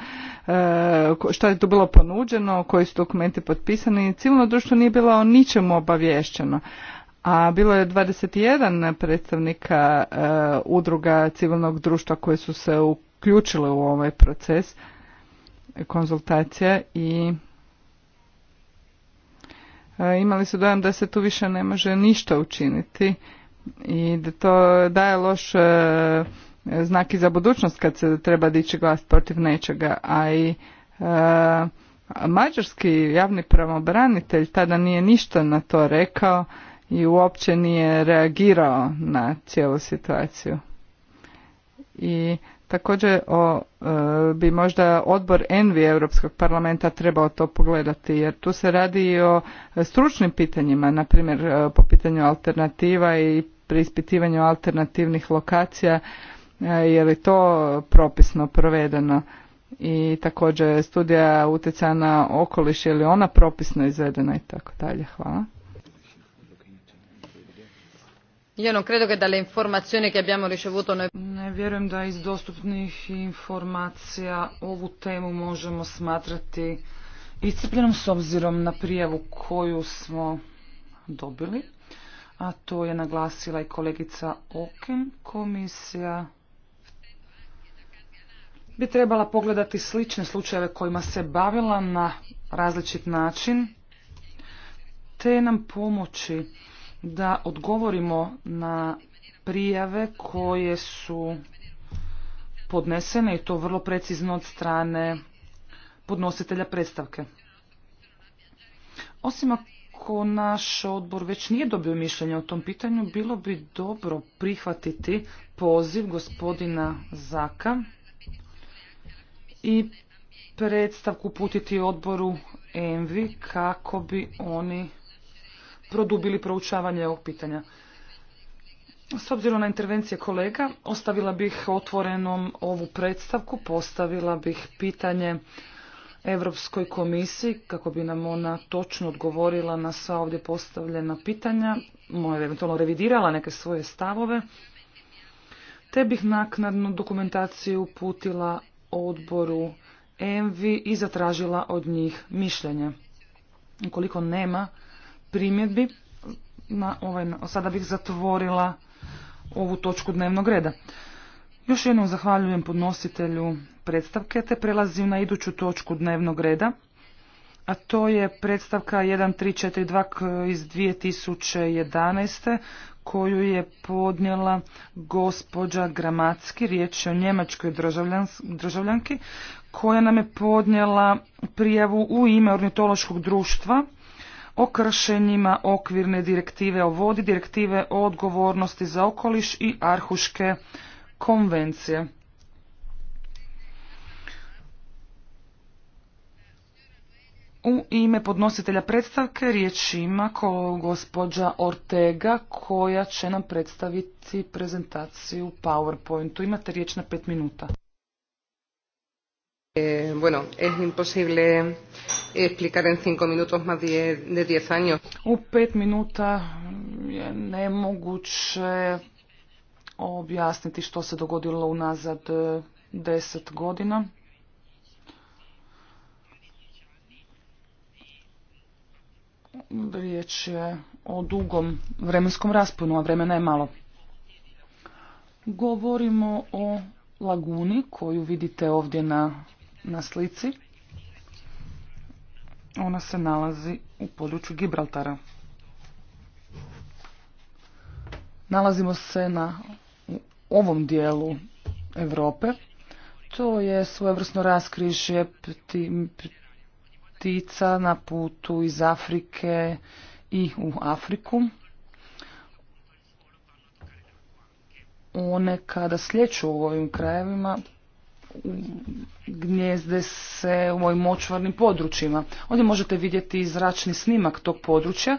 što je tu bilo ponuđeno, koji su dokumenti potpisani. Civilno društvo nije bilo o ničemu obaviješteno A bilo je 21 predstavnika udruga civilnog društva koje su se uključile u ovaj proces konzultacija i imali su dojam da se tu više ne može ništa učiniti i da to daje loš e, znak i za budućnost kad se treba dići glas protiv nečega, a i e, mađarski javni pravobranitelj tada nije ništa na to rekao i uopće nije reagirao na cijelu situaciju. I Također o, e, bi možda odbor Envi Europskog parlamenta trebao to pogledati jer tu se radi i o stručnim pitanjima, na primjer e, po pitanju alternativa i preispitivanju alternativnih lokacija, e, je li to propisno provedeno i također studija utjecaja na okoliš je li ona propisno izvedena i tako dalje. Hvala
non credo che dalle informazioni che abbiamo ricevuto noi...
Ne vjerujem da iz dostupnih informacija ovu temu možemo smatrati iscrpljenom s obzirom na prijavu koju smo dobili, a to je naglasila i kolegica Oken. Komisija bi trebala pogledati slične slučajeve kojima se bavila na različit način, te nam pomoći da odgovorimo na prijave koje su podnesene i to vrlo precizno od strane podnositelja predstavke. Osim ako naš odbor već nije dobio mišljenje o tom pitanju, bilo bi dobro prihvatiti poziv gospodina Zaka i predstavku putiti odboru ENVI kako bi oni produbili proučavanje ovog pitanja. S obzirom na intervencije kolega, ostavila bih otvorenom ovu predstavku, postavila bih pitanje Europskoj komisiji kako bi nam ona točno odgovorila na sva ovdje postavljena pitanja, moja eventualno revidirala neke svoje stavove, te bih naknadnu dokumentaciju uputila odboru ENVI i zatražila od njih mišljenje. Ukoliko nema primjedbi. Na ovaj, sada bih zatvorila ovu točku dnevnog reda. Još jednom zahvaljujem podnositelju predstavke te prelazim na iduću točku dnevnog reda, a to je predstavka 1342 iz 2011. koju je podnijela gospođa Gramatski, riječ je o njemačkoj državljanki, koja nam je podnijela prijavu u ime ornitološkog društva o kršenjima okvirne direktive o vodi, direktive o odgovornosti za okoliš i arhuške konvencije. U ime podnositelja predstavke riječ ima gospođa Ortega koja će nam predstaviti prezentaciju u PowerPointu. Imate riječ na pet minuta.
Eh, bueno,
es imposible explicar en cinco minutos más de años. U pet minuta je nemoguće objasniti što se dogodilo unazad e, deset godina. Riječ je o dugom vremenskom rasponu, a vremena je malo. Govorimo o laguni koju vidite ovdje na na slici. Ona se nalazi u području Gibraltara. Nalazimo se na ovom dijelu Europe. To je svojevrsno raskrižje ptica na putu iz Afrike i u Afriku. One kada slijeću u ovim krajevima gnjezde se u ovim močvarnim područjima. Ovdje možete vidjeti zračni snimak tog područja.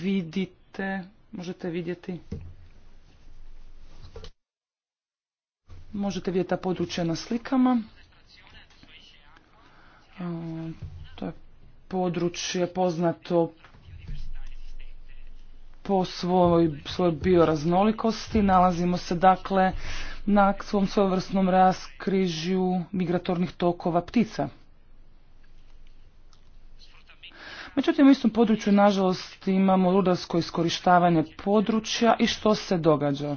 Vidite, možete vidjeti Možete vidjeti ta područja na slikama. E, to je područje poznato po svojoj bioraznolikosti. Nalazimo se dakle na svom svojevrsnom raskrižju migratornih tokova ptica. Međutim, u istom području, nažalost, imamo rudarsko iskorištavanje područja i što se događa?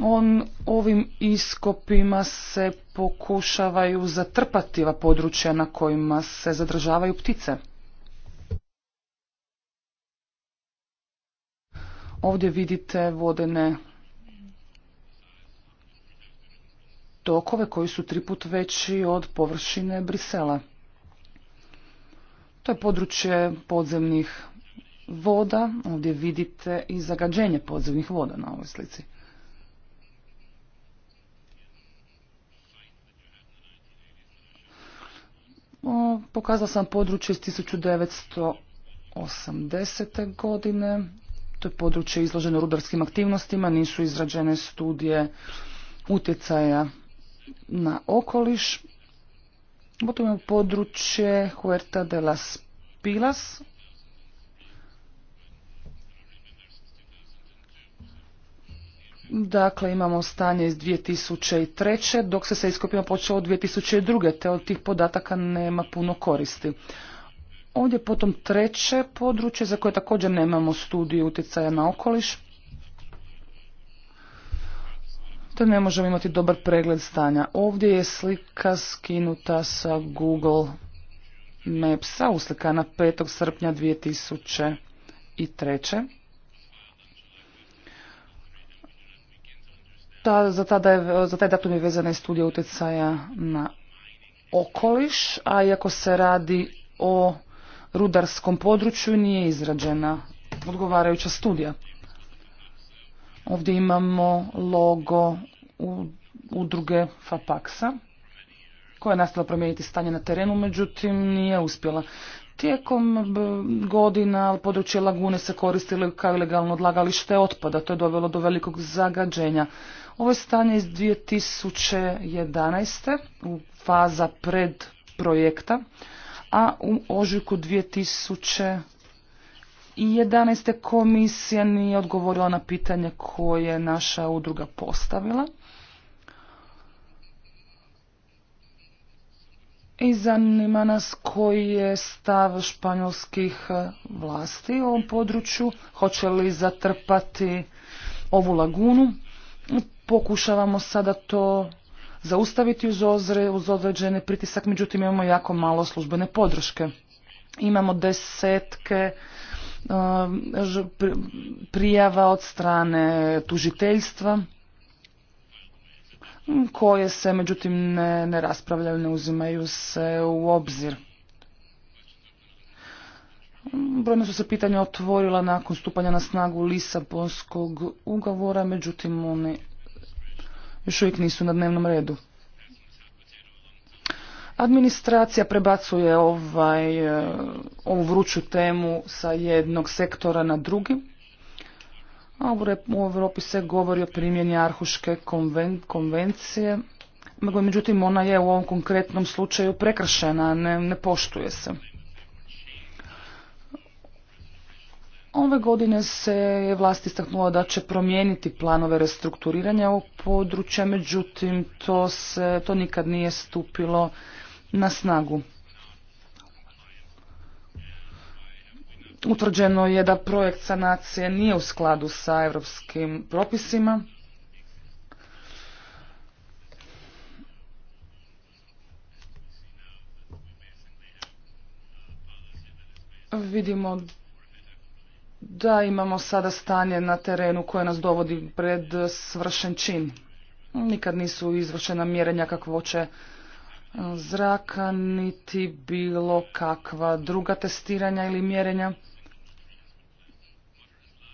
On ovim iskopima se pokušavaju zatrpati područja na kojima se zadržavaju ptice. Ovdje vidite vodene tokove koji su tri put veći od površine Brisela. To je područje podzemnih voda. Ovdje vidite i zagađenje podzemnih voda na ovoj slici. Pokazao sam područje iz 1980. godine. To je područje izloženo rudarskim aktivnostima, nisu izrađene studije utjecaja na okoliš. Potom imamo područje Huerta de las Pilas. Dakle, imamo stanje iz 2003. dok se sa iskopima počelo od 2002. te od tih podataka nema puno koristi. Ovdje potom treće područje za koje također nemamo studiju utjecaja na okoliš. To ne možemo imati dobar pregled stanja. Ovdje je slika skinuta sa Google Mapsa, uslikana 5. srpnja 2003. Ta, za, je, za taj datum je vezana i studija utjecaja na okoliš, a iako se radi o rudarskom području nije izrađena odgovarajuća studija. Ovdje imamo logo udruge FAPAXA koja je nastala promijeniti stanje na terenu, međutim nije uspjela. Tijekom godina područje lagune se koristilo kao ilegalno odlagalište otpada, to je dovelo do velikog zagađenja. Ovo je stanje iz 2011. u faza pred projekta a u ožujku 2011. i komisija nije odgovorila na pitanje koje je naša udruga postavila. I zanima nas koji je stav španjolskih vlasti u ovom području, hoće li zatrpati ovu lagunu. Pokušavamo sada to zaustaviti uz, ozre, uz određeni pritisak, međutim imamo jako malo službene podrške. Imamo desetke um, prijava od strane tužiteljstva koje se međutim ne, ne raspravljaju, ne uzimaju se u obzir. Brojno su se pitanje otvorila nakon stupanja na snagu Lisabonskog ugovora, međutim oni još uvijek nisu na dnevnom redu. Administracija prebacuje ovaj, e, ovu vruću temu sa jednog sektora na drugi. A u Europi se govori o primjeni Arhuške konven, konvencije. Međutim, ona je u ovom konkretnom slučaju prekršena, ne, ne poštuje se. Ove godine se je vlast istaknula da će promijeniti planove restrukturiranja ovog područja, međutim to, se, to nikad nije stupilo na snagu. Utvrđeno je da projekt sanacije nije u skladu sa europskim propisima. Vidimo da imamo sada stanje na terenu koje nas dovodi pred svršen čin. Nikad nisu izvršena mjerenja kakvoće zraka, niti bilo kakva druga testiranja ili mjerenja.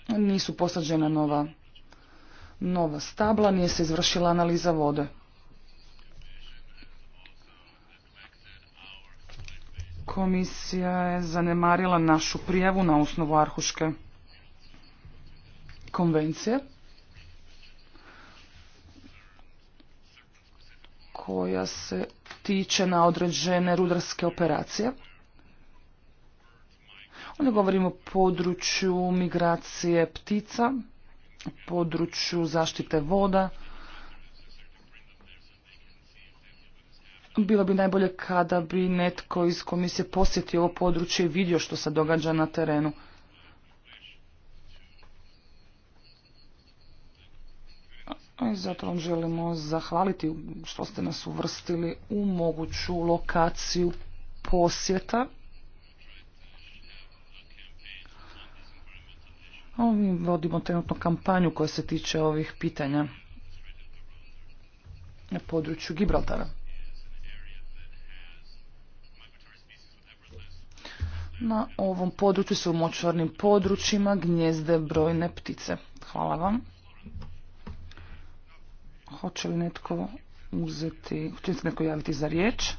Nisu posađena nova, nova stabla, nije se izvršila analiza vode. Komisija je zanemarila našu prijavu na osnovu Arhuške konvencije koja se tiče na određene rudarske operacije. Ovdje govorimo o području migracije ptica, području zaštite voda, Bilo bi najbolje kada bi netko iz komisije posjetio ovo područje i vidio što se događa na terenu. I zato vam želimo zahvaliti što ste nas uvrstili u moguću lokaciju posjeta. Mi vodimo trenutno kampanju koja se tiče ovih pitanja na području Gibraltara. Na ovom području su u močvarnim područjima gnjezde brojne ptice. Hvala vam. Hoće li netko uzeti, hoće li netko javiti za riječ?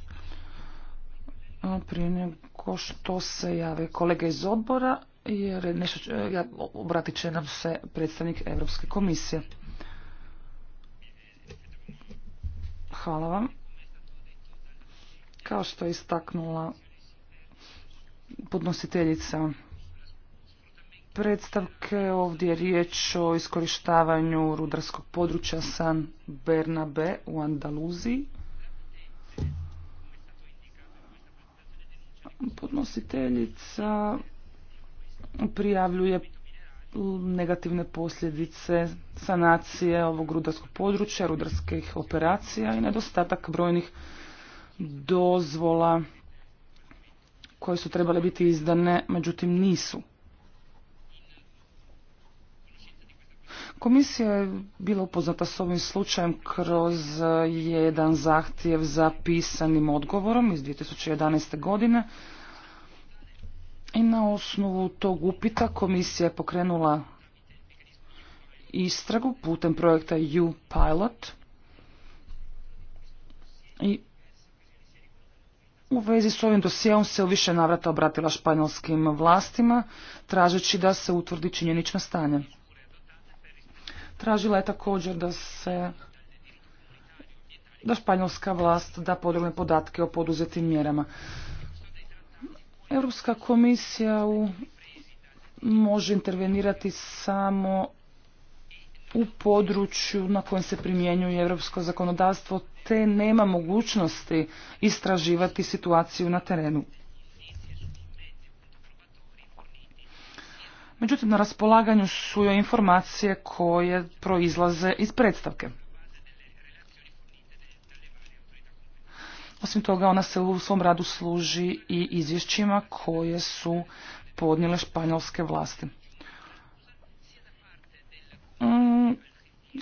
Prije nego što se jave kolega iz odbora, jer nešto ja, obratit će nam se predstavnik Europske komisije. Hvala vam. Kao što je istaknula podnositeljica predstavke. Ovdje je riječ o iskorištavanju rudarskog područja San Bernabe u Andaluziji. Podnositeljica prijavljuje negativne posljedice sanacije ovog rudarskog područja, rudarskih operacija i nedostatak brojnih dozvola koje su trebale biti izdane, međutim nisu. Komisija je bila upoznata s ovim slučajem kroz jedan zahtjev za pisanim odgovorom iz 2011. godine i na osnovu tog upita komisija je pokrenula istragu putem projekta U-Pilot i u vezi s ovim dosijeom se u više navrata obratila španjolskim vlastima, tražeći da se utvrdi činjenično stanje. Tražila je također da se da španjolska vlast da podrobne podatke o poduzetim mjerama. Europska komisija u, može intervenirati samo u području na kojem se primjenjuje europsko zakonodavstvo te nema mogućnosti istraživati situaciju na terenu. Međutim, na raspolaganju su joj informacije koje proizlaze iz predstavke. Osim toga, ona se u svom radu služi i izvješćima koje su podnijele španjolske vlasti.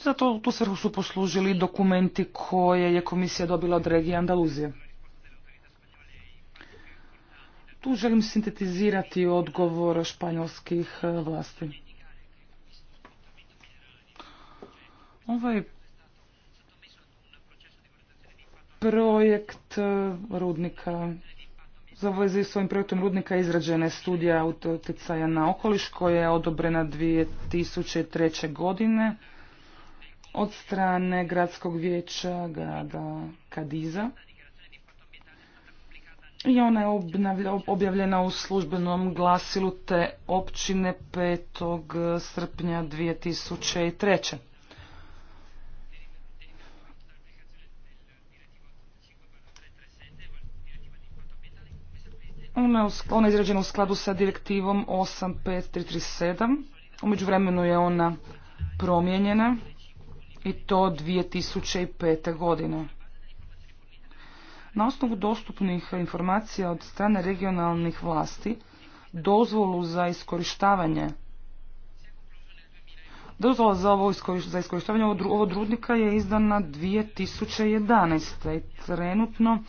Zato tu svrhu su poslužili dokumenti koje je komisija dobila od regije Andaluzije. Tu želim sintetizirati odgovor španjolskih e, vlasti. Ovaj projekt e, rudnika za vezi s ovim projektom rudnika izrađena je studija utjecaja na okoliš koja je odobrena 2003. godine od strane gradskog vijeća grada Kadiza i ona je objavljena u službenom glasilu te općine 5. srpnja 2003. Ona je izrađena u skladu sa direktivom 85337. Umeđu vremenu je ona promijenjena i to 2005. godine. Na osnovu dostupnih informacija od strane regionalnih vlasti, dozvolu za iskorištavanje Dozvola za ovo za iskorištavanje ovog rudnika je izdana 2011. i trenutno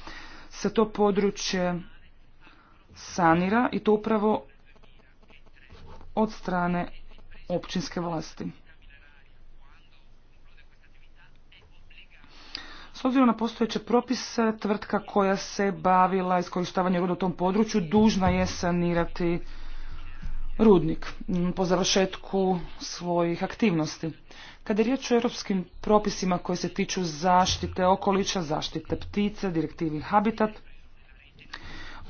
se to područje sanira i to upravo od strane općinske vlasti. obzirom na postojeće propise, tvrtka koja se bavila iskorištavanjem ruda u tom području dužna je sanirati rudnik po završetku svojih aktivnosti. Kada je riječ o europskim propisima koji se tiču zaštite okoliša, zaštite ptice, direktivi Habitat,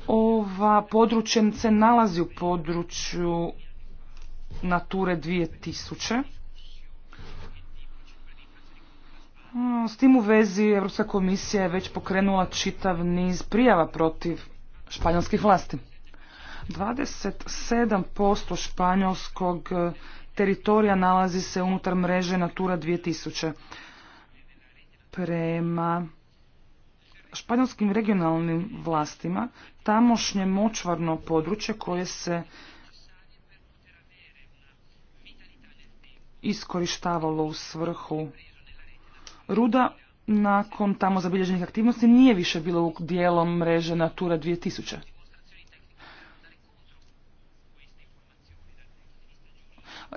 ova područje se nalazi u području Nature 2000, Mm, s tim u vezi Europska komisija je već pokrenula čitav niz prijava protiv španjolskih vlasti. 27% španjolskog e, teritorija nalazi se unutar mreže Natura 2000. Prema španjolskim regionalnim vlastima tamošnje močvarno područje koje se iskorištavalo u svrhu ruda nakon tamo zabilježenih aktivnosti nije više bilo u dijelom mreže Natura 2000.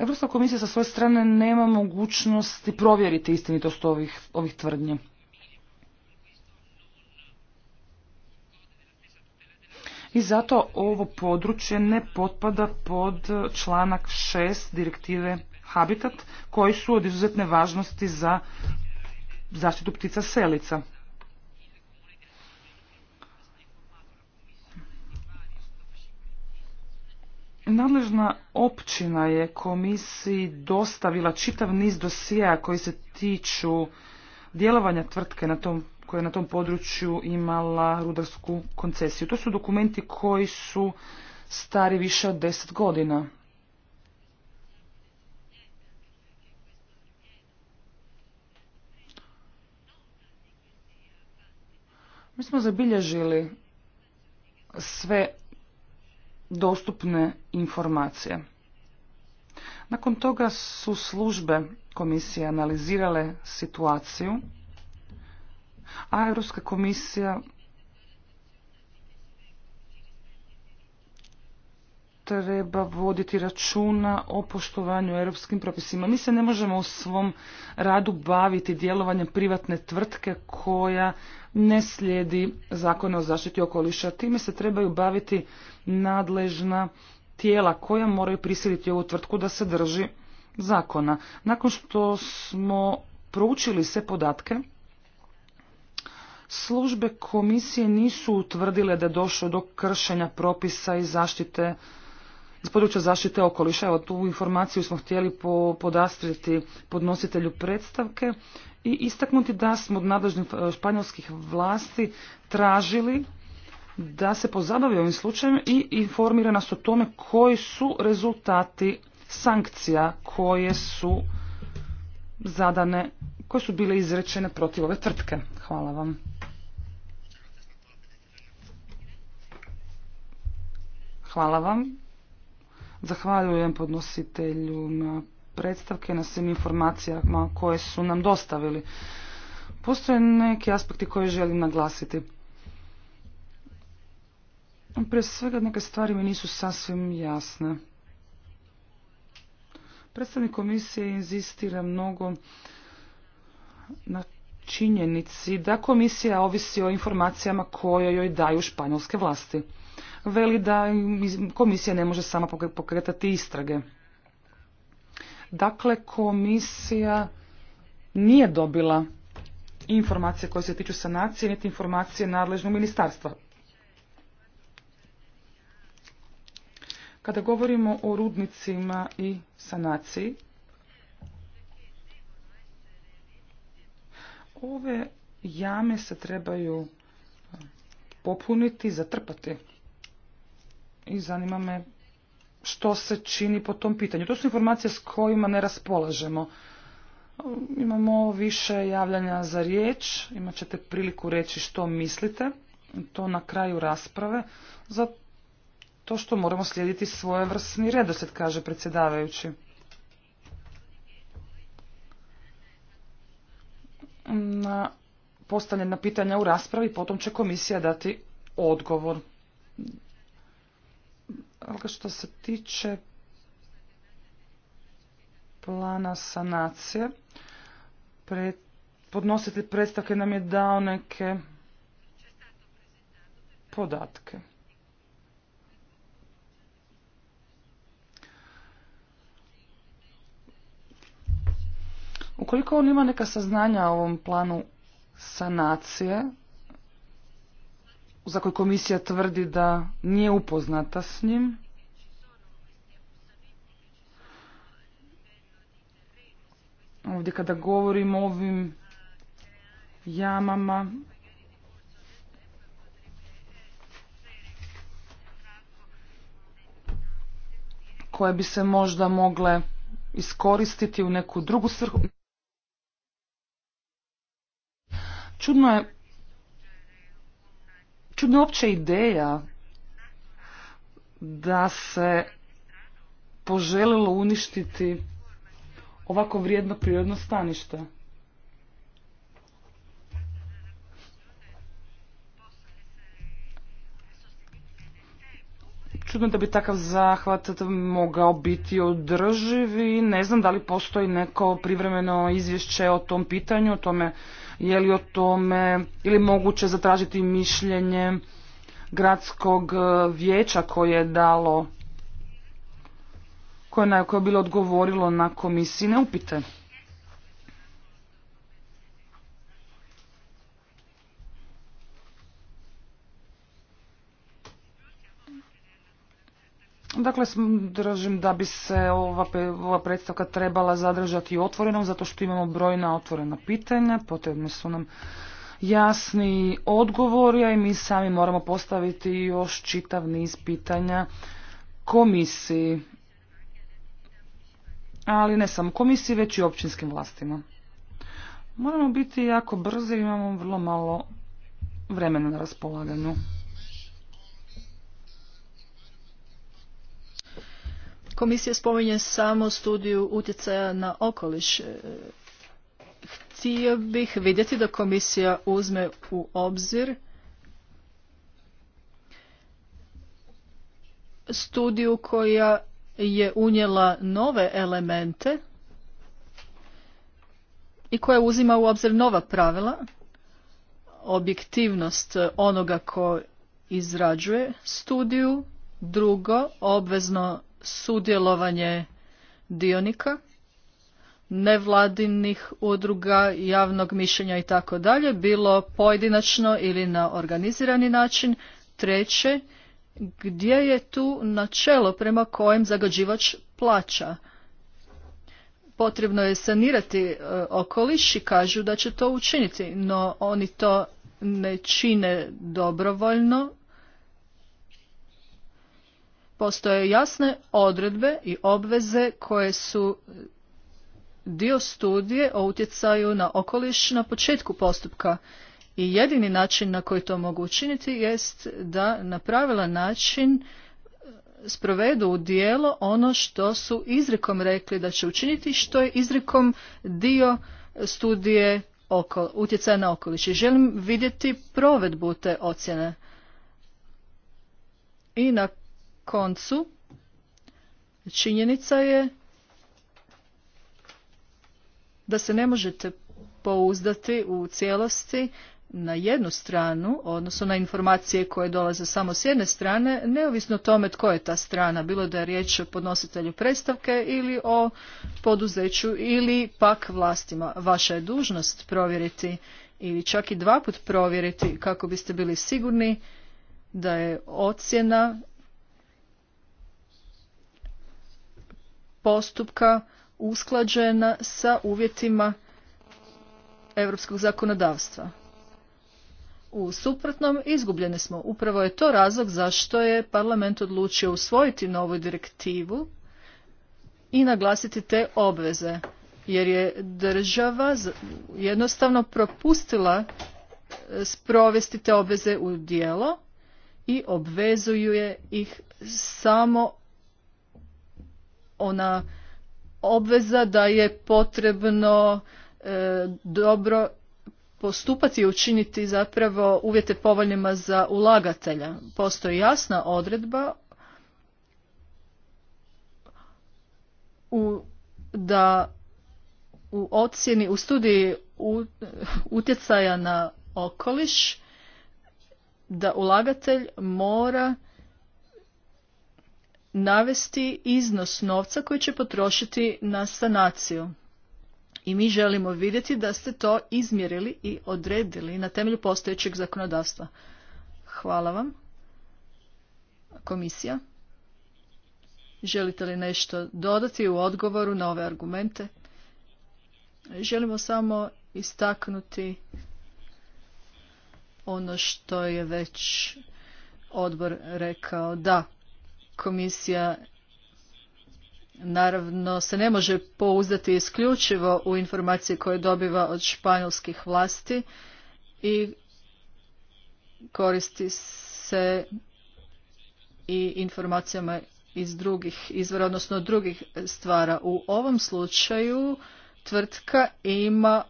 Evropska komisija sa svoje strane nema mogućnosti provjeriti istinitost ovih, ovih tvrdnji. I zato ovo područje ne potpada pod članak 6 direktive Habitat, koji su od izuzetne važnosti za zaštitu ptica selica. Nadležna općina je komisiji dostavila čitav niz dosija koji se tiču djelovanja tvrtke na tom, koja je na tom području imala rudarsku koncesiju. To su dokumenti koji su stari više od deset godina. Mi smo zabilježili sve dostupne informacije. Nakon toga su službe komisije analizirale situaciju, a Europska komisija treba voditi računa o poštovanju europskim propisima. Mi se ne možemo u svom radu baviti djelovanjem privatne tvrtke koja ne slijedi zakon o zaštiti okoliša. Time se trebaju baviti nadležna tijela koja moraju prisiliti ovu tvrtku da se drži zakona. Nakon što smo proučili sve podatke, službe komisije nisu utvrdile da je došlo do kršenja propisa i zaštite iz područja zaštite okoliša. Evo, tu informaciju smo htjeli podastriti podnositelju predstavke istaknuti da smo od nadležnih e, španjolskih vlasti tražili da se pozabavi ovim slučajem i informira nas o tome koji su rezultati sankcija koje su zadane, koje su bile izrečene protiv ove tvrtke. Hvala vam. Hvala vam. Zahvaljujem podnositelju na predstavke, na svim informacijama koje su nam dostavili. Postoje neki aspekti koje želim naglasiti. Prije svega neke stvari mi nisu sasvim jasne. Predstavnik komisije inzistira mnogo na činjenici da komisija ovisi o informacijama koje joj daju španjolske vlasti. Veli da komisija ne može sama pokretati istrage. Dakle, komisija nije dobila informacije koje se tiču sanacije, niti informacije nadležnog ministarstva. Kada govorimo o rudnicima i sanaciji, ove jame se trebaju popuniti, zatrpati. I zanima me što se čini po tom pitanju. To su informacije s kojima ne raspolažemo. Imamo više javljanja za riječ, imat ćete priliku reći što mislite, to na kraju rasprave, Za to što moramo slijediti svojevrsni redosljed, kaže predsjedavajući. Na postavljena pitanja u raspravi, potom će komisija dati odgovor. Ali što se tiče plana sanacije, podnositelj predstavke nam je dao neke podatke. Ukoliko on ima neka saznanja o ovom planu sanacije, za koju komisija tvrdi da nije upoznata s njim. Ovdje kada govorim o ovim jamama, koje bi se možda mogle iskoristiti u neku drugu svrhu. Čudno je čudna opća ideja da se poželilo uništiti ovako vrijedno prirodno stanište. Čudno da bi takav zahvat mogao biti održiv i ne znam da li postoji neko privremeno izvješće o tom pitanju, o tome je li o tome ili moguće zatražiti mišljenje gradskog e, vijeća koje je dalo koje je, bilo odgovorilo na komisijne upite. Dakle, držim da bi se ova, ova predstavka trebala zadržati otvorenom, zato što imamo brojna otvorena pitanja, potrebni su nam jasni odgovori, a i mi sami moramo postaviti još čitav niz pitanja komisiji. Ali ne samo komisiji, već i općinskim vlastima. Moramo biti jako brzi, imamo vrlo
malo vremena na raspolaganju. Komisija spominje samo studiju utjecaja na okoliš. E, htio bih vidjeti da komisija uzme u obzir studiju koja je unijela nove elemente i koja uzima u obzir nova pravila, objektivnost onoga ko izrađuje studiju, drugo, obvezno sudjelovanje dionika, nevladinih udruga, javnog mišljenja i tako dalje, bilo pojedinačno ili na organizirani način. Treće, gdje je tu načelo prema kojem zagađivač plaća? Potrebno je sanirati e, okoliš i kažu da će to učiniti, no oni to ne čine dobrovoljno postoje jasne odredbe i obveze koje su dio studije o utjecaju na okoliš na početku postupka i jedini način na koji to mogu učiniti jest da na pravilan način e, sprovedu u dijelo ono što su izrekom rekli da će učiniti što je izrikom dio studije oko, utjecaja na okoliš i želim vidjeti provedbu te ocjene i na koncu činjenica je da se ne možete pouzdati u cijelosti na jednu stranu, odnosno na informacije koje dolaze samo s jedne strane, neovisno o tome tko je ta strana, bilo da je riječ o podnositelju predstavke ili o poduzeću ili pak vlastima. Vaša je dužnost provjeriti ili čak i dva put provjeriti kako biste bili sigurni da je ocjena postupka usklađena sa uvjetima europskog zakonodavstva. U suprotnom izgubljene smo. Upravo je to razlog zašto je parlament odlučio usvojiti novu direktivu i naglasiti te obveze, jer je država jednostavno propustila e, sprovesti te obveze u dijelo i obvezuju je ih samo ona obveza da je potrebno e, dobro postupati i učiniti zapravo uvjete povoljnima za ulagatelja. Postoji jasna odredba u, da u ocjeni, u studiji utjecaja na okoliš da ulagatelj mora navesti iznos novca koji će potrošiti na sanaciju. I mi želimo vidjeti da ste to izmjerili i odredili na temelju postojećeg zakonodavstva. Hvala vam. Komisija. Želite li nešto dodati u odgovoru na ove argumente? Želimo samo istaknuti ono što je već odbor rekao. Da, Komisija naravno se ne može pouzdati isključivo u informacije koje dobiva od španjolskih vlasti i koristi se i informacijama iz drugih izvora, odnosno drugih stvara. U ovom slučaju tvrtka ima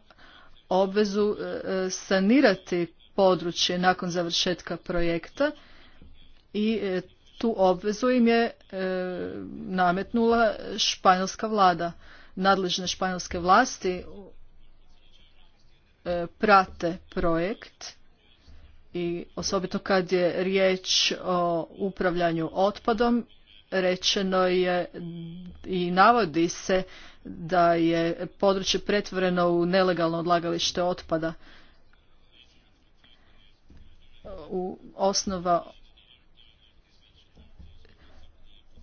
obvezu e, sanirati područje nakon završetka projekta i e, tu obvezu im je e, nametnula španjolska vlada. Nadležne španjolske vlasti e, prate projekt i osobito kad je riječ o upravljanju otpadom, rečeno je i navodi se da je područje pretvoreno u nelegalno odlagalište otpada. U osnova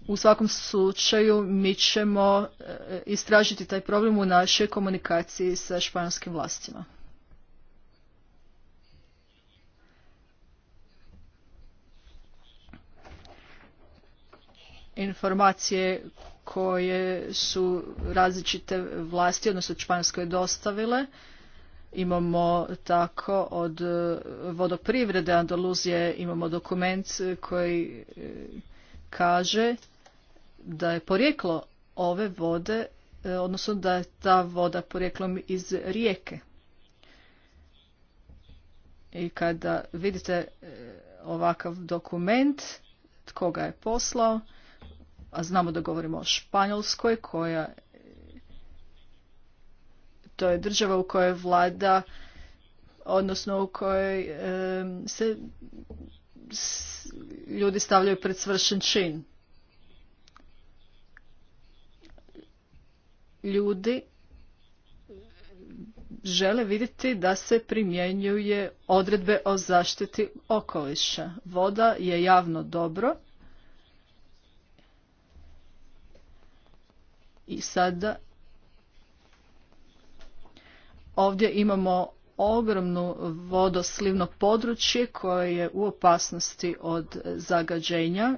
u svakom slučaju mi ćemo e, istražiti taj problem u našoj komunikaciji sa španjolskim vlastima. Informacije koje su različite vlasti, odnosno Španjolskoj dostavile, imamo tako od e, vodoprivrede Andaluzije, imamo dokument koji e, kaže da je porijeklo ove vode, e, odnosno da je ta voda porijeklom iz rijeke. I kada vidite e, ovakav dokument, tko ga je poslao, a znamo da govorimo o Španjolskoj koja e, to je država u kojoj vlada odnosno u kojoj se ljudi stavljaju pred svršen čin. ljudi žele vidjeti da se primjenjuje odredbe o zaštiti okoliša. Voda je javno dobro i sada ovdje imamo ogromnu vodoslivno područje koje je u opasnosti od zagađenja,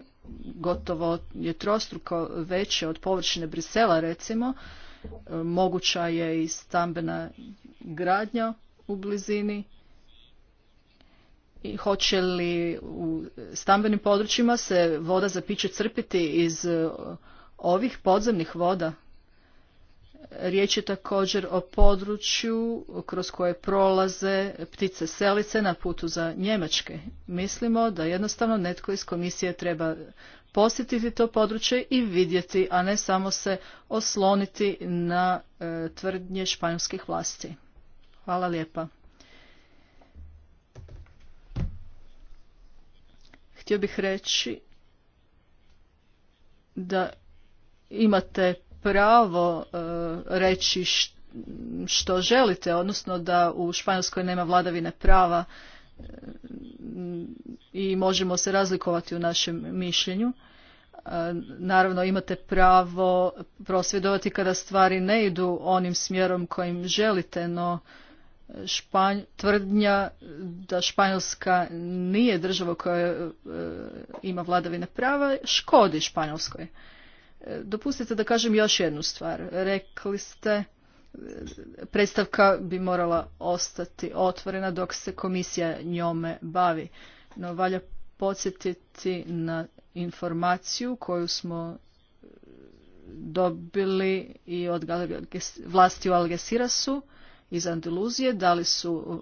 gotovo je trostruko veće od površine Brisela recimo, moguća je i stambena gradnja u blizini i hoće li u stambenim područjima se voda za piće crpiti iz e, ovih podzemnih voda? Riječ je također o području kroz koje prolaze ptice selice na putu za Njemačke. Mislimo da jednostavno netko iz komisije treba posjetiti to područje i vidjeti, a ne samo se osloniti na e, tvrdnje španjolskih vlasti. Hvala lijepa. Htio bih reći da imate pravo e, reći što želite, odnosno da u Španjolskoj nema vladavine prava i možemo se razlikovati u našem mišljenju. E, naravno imate pravo prosvjedovati kada stvari ne idu onim smjerom kojim želite, no tvrdnja da Španjolska nije država koja e, ima vladavine prava škodi Španjolskoj. E, dopustite da kažem još jednu stvar. Rekli ste predstavka bi morala ostati otvorena dok se komisija njome bavi. No valja podsjetiti na informaciju koju smo dobili i od vlasti u Algesirasu iz Andaluzije, da li su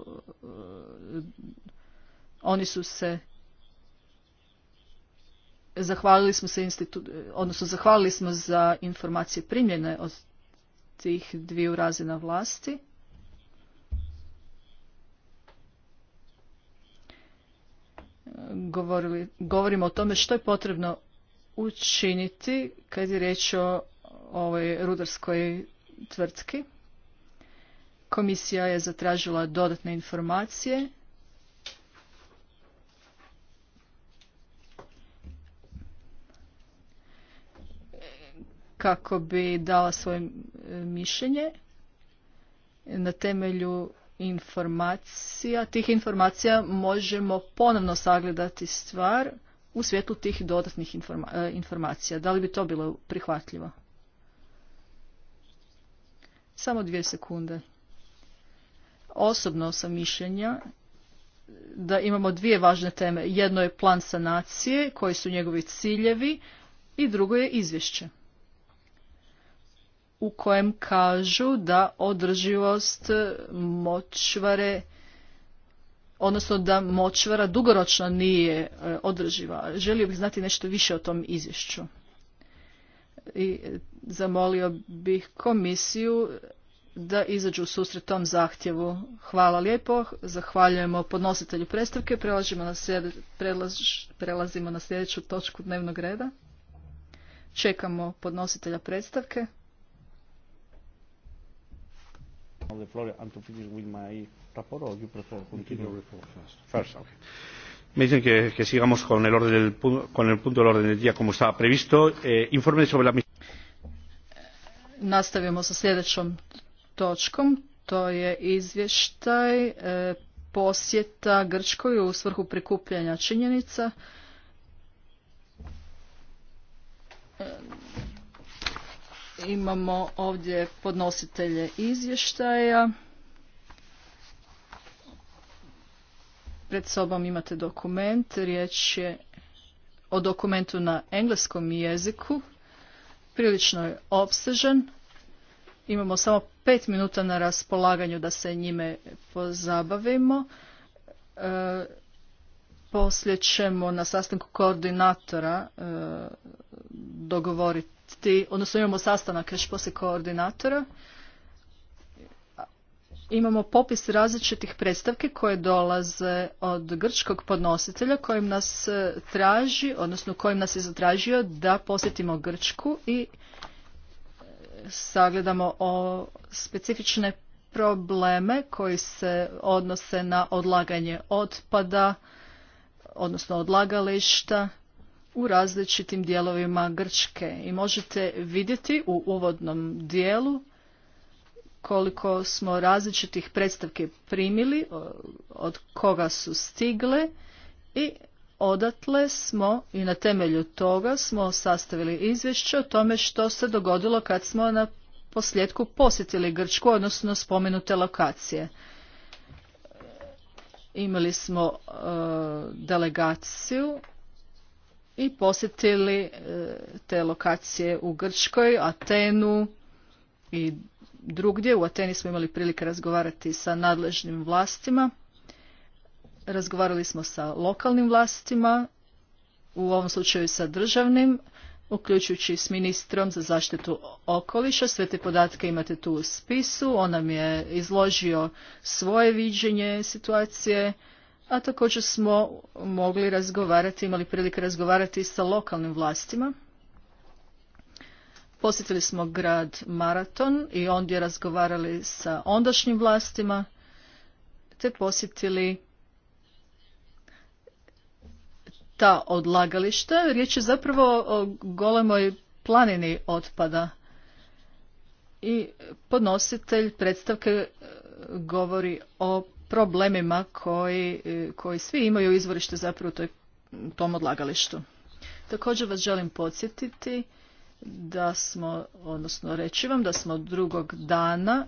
oni su se zahvalili smo se institu, odnosno zahvalili smo za informacije primljene od tih dviju razina vlasti. govorimo o tome što je potrebno učiniti kad je riječ o ovoj rudarskoj tvrtki. Komisija je zatražila dodatne informacije kako bi dala svoje e, mišljenje na temelju informacija. Tih informacija možemo ponovno sagledati stvar u svjetlu tih dodatnih e, informacija. Da li bi to bilo prihvatljivo? Samo dvije sekunde. Osobno sam mišljenja da imamo dvije važne teme. Jedno je plan sanacije, koji su njegovi ciljevi i drugo je izvješće u kojem kažu da održivost močvare odnosno da močvara dugoročno nije e, održiva. Želio bih znati nešto više o tom izvješću. I e, zamolio bih komisiju da izađu u susret tom zahtjevu. Hvala lijepo, zahvaljujemo podnositelju predstavke, prelazimo na, sljede, prelazimo na sljedeću točku dnevnog reda. Čekamo podnositelja predstavke
on the floor and to finish with my report or you prefer continue report first? First, okay. Me dicen que, que sigamos con el, orden del, con el punto del orden del día como estaba previsto. Eh, informe sobre la... Eh,
nastavimo sa sljedećom točkom. To je izvještaj e, posjeta Grčkoj u svrhu prikupljanja činjenica. E, Imamo ovdje podnositelje izvještaja. Pred sobom imate dokument. Riječ je o dokumentu na engleskom jeziku. Prilično je opsežen. Imamo samo pet minuta na raspolaganju da se njime pozabavimo. E, poslije ćemo na sastanku koordinatora e, dogovoriti odnosno imamo sastanak još poslije koordinatora. Imamo popis različitih predstavki koje dolaze od grčkog podnositelja kojim nas e, traži, odnosno kojim nas je zatražio da posjetimo Grčku i e, sagledamo o specifične probleme koji se odnose na odlaganje otpada, odnosno odlagališta, u različitim dijelovima Grčke i možete vidjeti u uvodnom dijelu koliko smo različitih predstavke primili, od koga su stigle i odatle smo i na temelju toga smo sastavili izvješće o tome što se dogodilo kad smo na posljedku posjetili Grčku, odnosno spomenute lokacije. Imali smo e, delegaciju i posjetili e, te lokacije u Grčkoj, Atenu i drugdje. U Ateni smo imali prilike razgovarati sa nadležnim vlastima. Razgovarali smo sa lokalnim vlastima, u ovom slučaju sa državnim, uključujući s ministrom za zaštitu okoliša. Sve te podatke imate tu u spisu. On nam je izložio svoje viđenje situacije a također smo mogli razgovarati, imali prilike razgovarati sa lokalnim vlastima. Posjetili smo grad Maraton i ondje razgovarali sa ondašnjim vlastima, te posjetili ta odlagališta. Riječ je zapravo o golemoj planini otpada. I podnositelj predstavke e, govori o problemima koji, koji svi imaju izvorište zapravo u tom odlagalištu. Također vas želim podsjetiti da smo, odnosno reći vam da smo drugog dana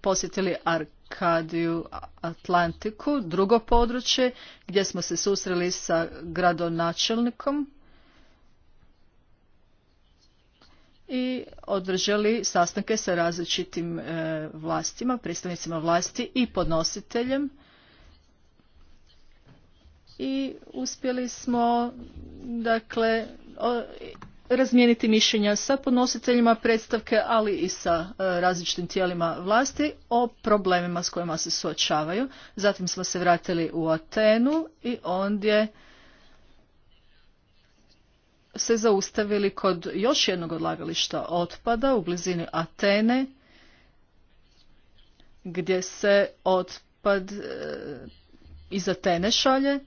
posjetili Arkadiju Atlantiku, drugo područje gdje smo se susreli sa gradonačelnikom i održali sastanke sa različitim e, vlastima, predstavnicima vlasti i podnositeljem i uspjeli smo dakle razmijeniti mišljenja sa podnositeljima predstavke, ali i sa e, različitim tijelima vlasti o problemima s kojima se suočavaju. Zatim smo se vratili u Atenu i ondje se zaustavili kod još jednog odlagališta otpada u blizini Atene gdje se otpad e, iz Atene šalje,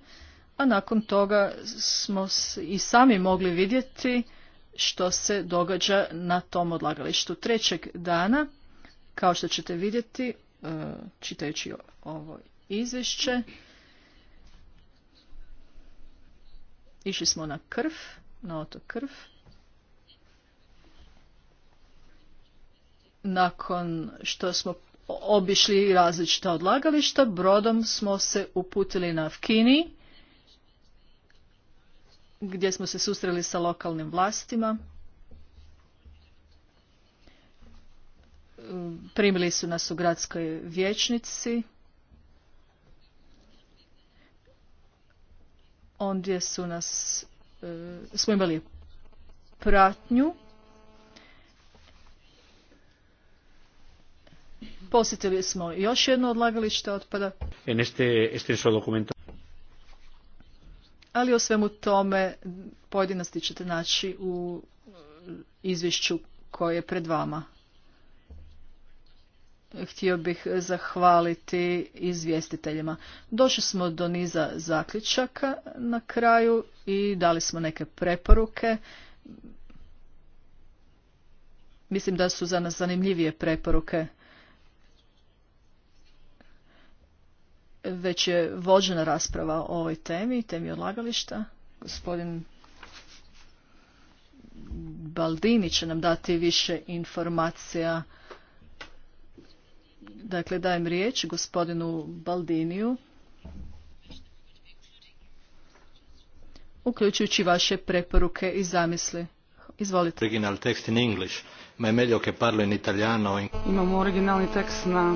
a nakon toga smo i sami mogli vidjeti što se događa na tom odlagalištu. Trećeg dana, kao što ćete vidjeti, e, čitajući ovo izvješće, išli smo na krv, na otok Krv. Nakon što smo obišli različita odlagališta, brodom smo se uputili na Avkini, gdje smo se susreli sa lokalnim vlastima. Primili su nas u gradskoj vječnici. Ondje su nas E, smo imali pratnju. Posjetili smo još jedno odlagalište otpada.
En este,
Ali o svemu tome pojedinosti ćete naći u izvješću koje je pred vama htio bih zahvaliti izvjestiteljima. Došli smo do niza zaključaka na kraju i dali smo neke preporuke. Mislim da su za nas zanimljivije preporuke. Već je vođena rasprava o ovoj temi, temi odlagališta. Gospodin Baldini će nam dati više informacija Dakle, dajem riječ gospodinu Baldiniju. uključujući vaše preporuke i zamisli.
Izvolite. Original tekst in English, ma meglio che in italiano.
Imamo originalni tekst na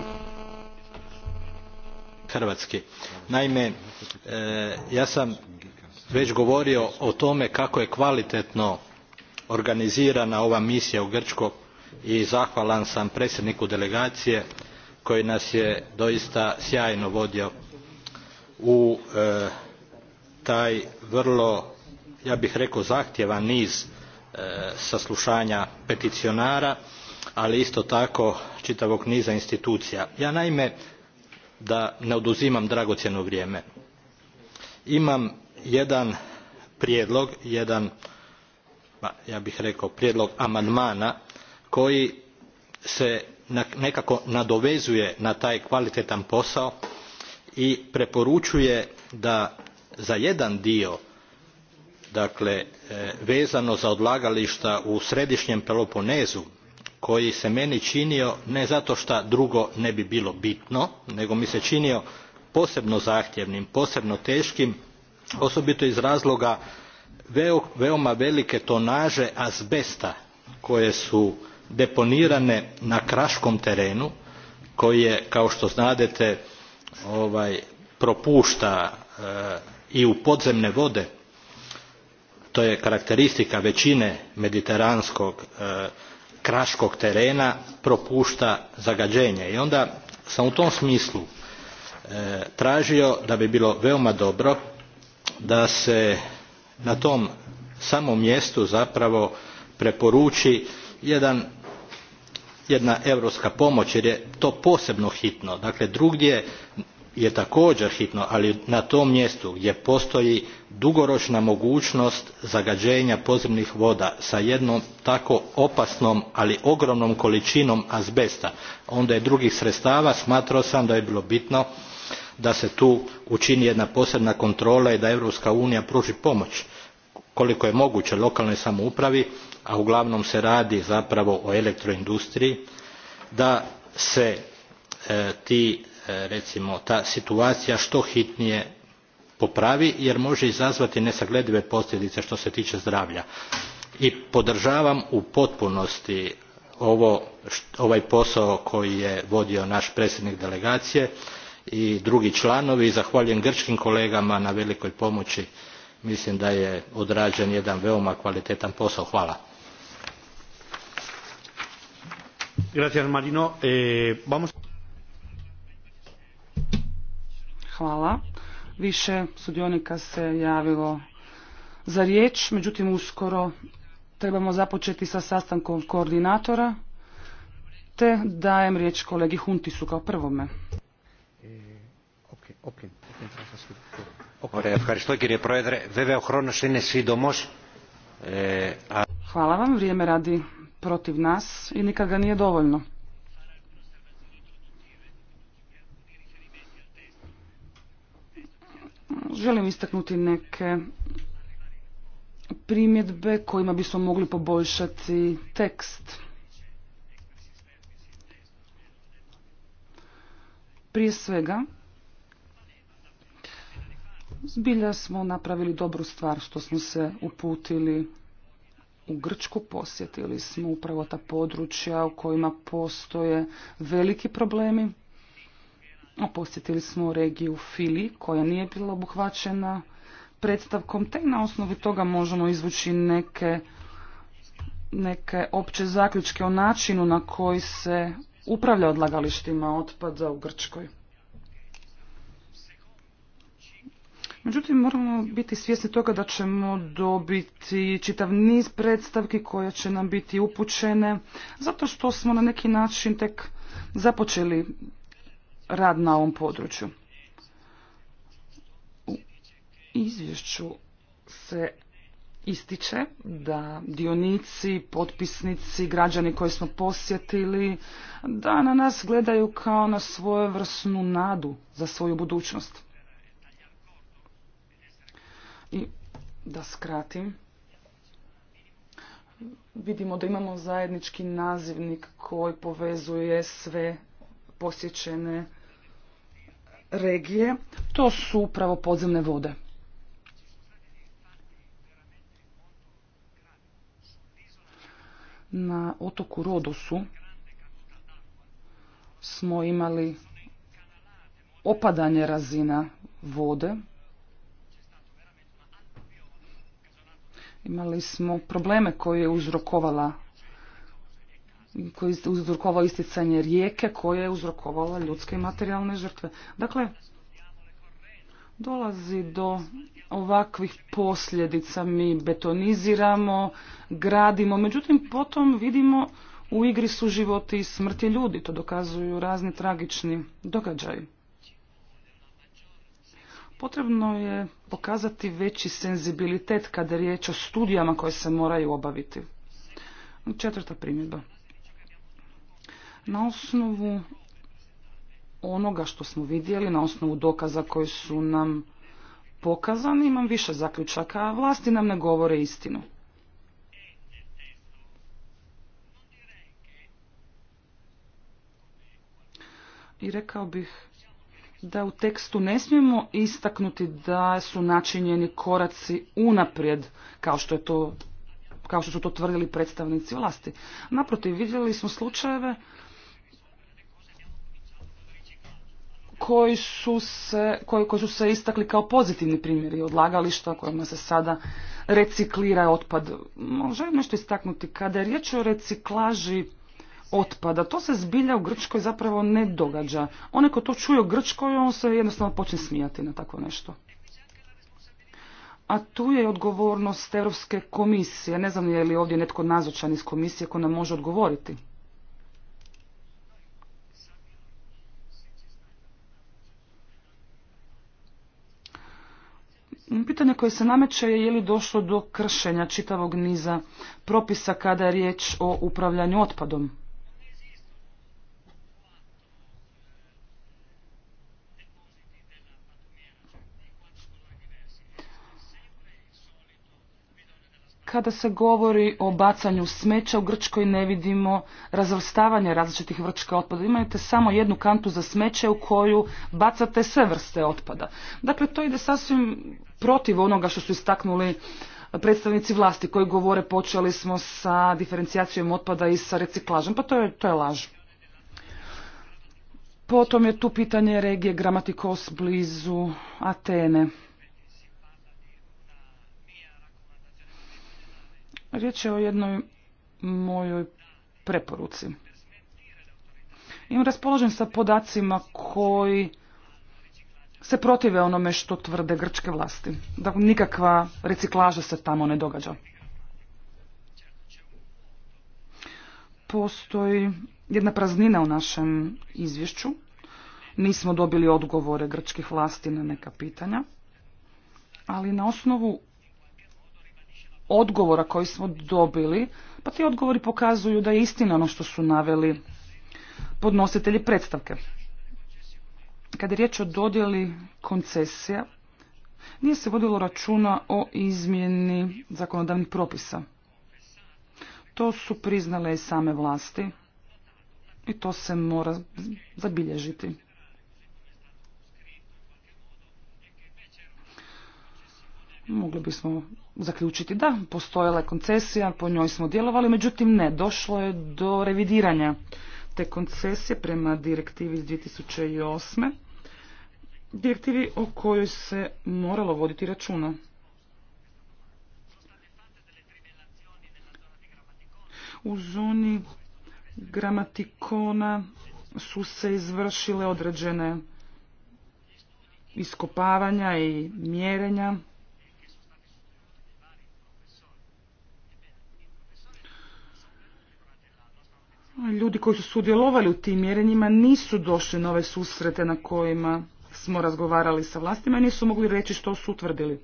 hrvatski. Naime, e, ja sam već govorio o tome kako je kvalitetno organizirana ova misija u Grčko i zahvalan sam predsjedniku delegacije koji nas je doista sjajno vodio u e, taj vrlo ja bih rekao zahtjevan niz e, saslušanja peticionara ali isto tako čitavog niza institucija. ja naime da ne oduzimam dragocjeno vrijeme imam jedan prijedlog jedan ja bih rekao prijedlog amandmana koji se nekako nadovezuje na taj kvalitetan posao i preporučuje da za jedan dio dakle e, vezano za odlagališta u središnjem peloponezu koji se meni činio ne zato što drugo ne bi bilo bitno nego mi se činio posebno zahtjevnim posebno teškim osobito iz razloga veoma velike tonaže azbesta koje su deponirane na kraškom terenu koji je kao što znadete ovaj, propušta eh, i u podzemne vode to je karakteristika većine mediteranskog eh, kraškog terena propušta zagađenje i onda sam u tom smislu eh, tražio da bi bilo veoma dobro da se na tom samom mjestu zapravo preporuči jedan jedna europska pomoć jer je to posebno hitno. Dakle, drugdje je također hitno, ali na tom mjestu gdje postoji dugoročna mogućnost zagađenja podzemnih voda sa jednom tako opasnom, ali ogromnom količinom azbesta, onda je drugih sredstava, smatrao sam da je bilo bitno da se tu učini jedna posebna kontrola i da europska unija pruži pomoć koliko je moguće lokalnoj samoupravi a uglavnom se radi zapravo o elektroindustriji da se e, ti e, recimo ta situacija što hitnije popravi jer može izazvati nesagledive posljedice što se tiče zdravlja i podržavam u potpunosti ovaj posao koji je vodio naš predsjednik delegacije i drugi članovi i zahvaljujem grčkim kolegama na velikoj pomoći mislim da je odrađen jedan veoma kvalitetan posao hvala
Gracias, Marino. Eh, vamos... Hvala.
Više sudionika se javilo za riječ, međutim uskoro trebamo započeti sa sastankom koordinatora, te dajem riječ kolegi Huntisu kao prvome. Hvala vam, vrijeme radi protiv nas i nikad ga nije dovoljno. Želim istaknuti neke primjedbe kojima bismo mogli poboljšati tekst. Prije svega, zbilja smo napravili dobru stvar što smo se uputili u Grčku posjetili smo upravo ta područja u kojima postoje veliki problemi. Posjetili smo regiju Fili koja nije bila obuhvaćena predstavkom, te na osnovi toga možemo izvući neke, neke opće zaključke o načinu na koji se upravlja odlagalištima otpada u Grčkoj. Međutim, moramo biti svjesni toga da ćemo dobiti čitav niz predstavki koje će nam biti upućene, zato što smo na neki način tek započeli rad na ovom području. U izvješću se ističe da dionici, potpisnici, građani koji smo posjetili, da na nas gledaju kao na vrsnu nadu za svoju budućnost. I da skratim, vidimo da imamo zajednički nazivnik koji povezuje sve posjećene regije. To su upravo podzemne vode. Na otoku Rodosu smo imali opadanje razina vode Imali smo probleme koje je uzrokovala koji je uzrokovao isticanje rijeke koje je uzrokovala ljudske i materijalne žrtve. Dakle, dolazi do ovakvih posljedica. Mi betoniziramo, gradimo, međutim potom vidimo u igri su životi i smrti ljudi. To dokazuju razni tragični događaji. Potrebno je pokazati veći senzibilitet kada je riječ o studijama koje se moraju obaviti. Četvrta primjedba. Na osnovu onoga što smo vidjeli, na osnovu dokaza koji su nam pokazani, imam više zaključaka, a vlasti nam ne govore istinu. I rekao bih da u tekstu ne smijemo istaknuti da su načinjeni koraci unaprijed, kao što je to kao što su to tvrdili predstavnici vlasti. Naprotiv, vidjeli smo slučajeve koji su se, koji, su se istakli kao pozitivni primjeri odlagališta kojima se sada reciklira otpad. Želim nešto istaknuti. Kada je riječ o reciklaži otpada. To se zbilja u Grčkoj zapravo ne događa. Onaj ko to čuje u Grčkoj, on se jednostavno počne smijati na takvo nešto. A tu je odgovornost Europske komisije. Ne znam je li ovdje netko nazočan iz komisije ko nam može odgovoriti. Pitanje koje se nameće je je li došlo do kršenja čitavog niza propisa kada je riječ o upravljanju otpadom. Kada se govori o bacanju smeća, u Grčkoj ne vidimo razvrstavanje različitih vrčka otpada. Imate samo jednu kantu za smeće u koju bacate sve vrste otpada. Dakle, to ide sasvim protiv onoga što su istaknuli predstavnici vlasti koji govore počeli smo sa diferencijacijom otpada i sa reciklažom. Pa to je, to je laž. Potom je tu pitanje regije Gramatikos blizu Atene. Riječ je o jednoj mojoj preporuci. Imam raspoložen sa podacima koji se protive onome što tvrde grčke vlasti. Dakle, nikakva reciklaža se tamo ne događa. Postoji jedna praznina u našem izvješću. Nismo dobili odgovore grčkih vlasti na neka pitanja, ali na osnovu odgovora koji smo dobili, pa ti odgovori pokazuju da je istina ono što su naveli podnositelji predstavke. Kada je riječ o dodjeli koncesija, nije se vodilo računa o izmjeni zakonodavnih propisa. To su priznale i same vlasti i to se mora zabilježiti. Mogli bismo zaključiti da, postojala je koncesija, po njoj smo djelovali, međutim ne, došlo je do revidiranja te koncesije prema direktivi iz 2008. Direktivi o kojoj se moralo voditi računa. U zoni gramatikona su se izvršile određene iskopavanja i mjerenja. Ljudi koji su sudjelovali u tim mjerenjima nisu došli na ove susrete na kojima smo razgovarali sa vlastima i nisu mogli reći što su utvrdili.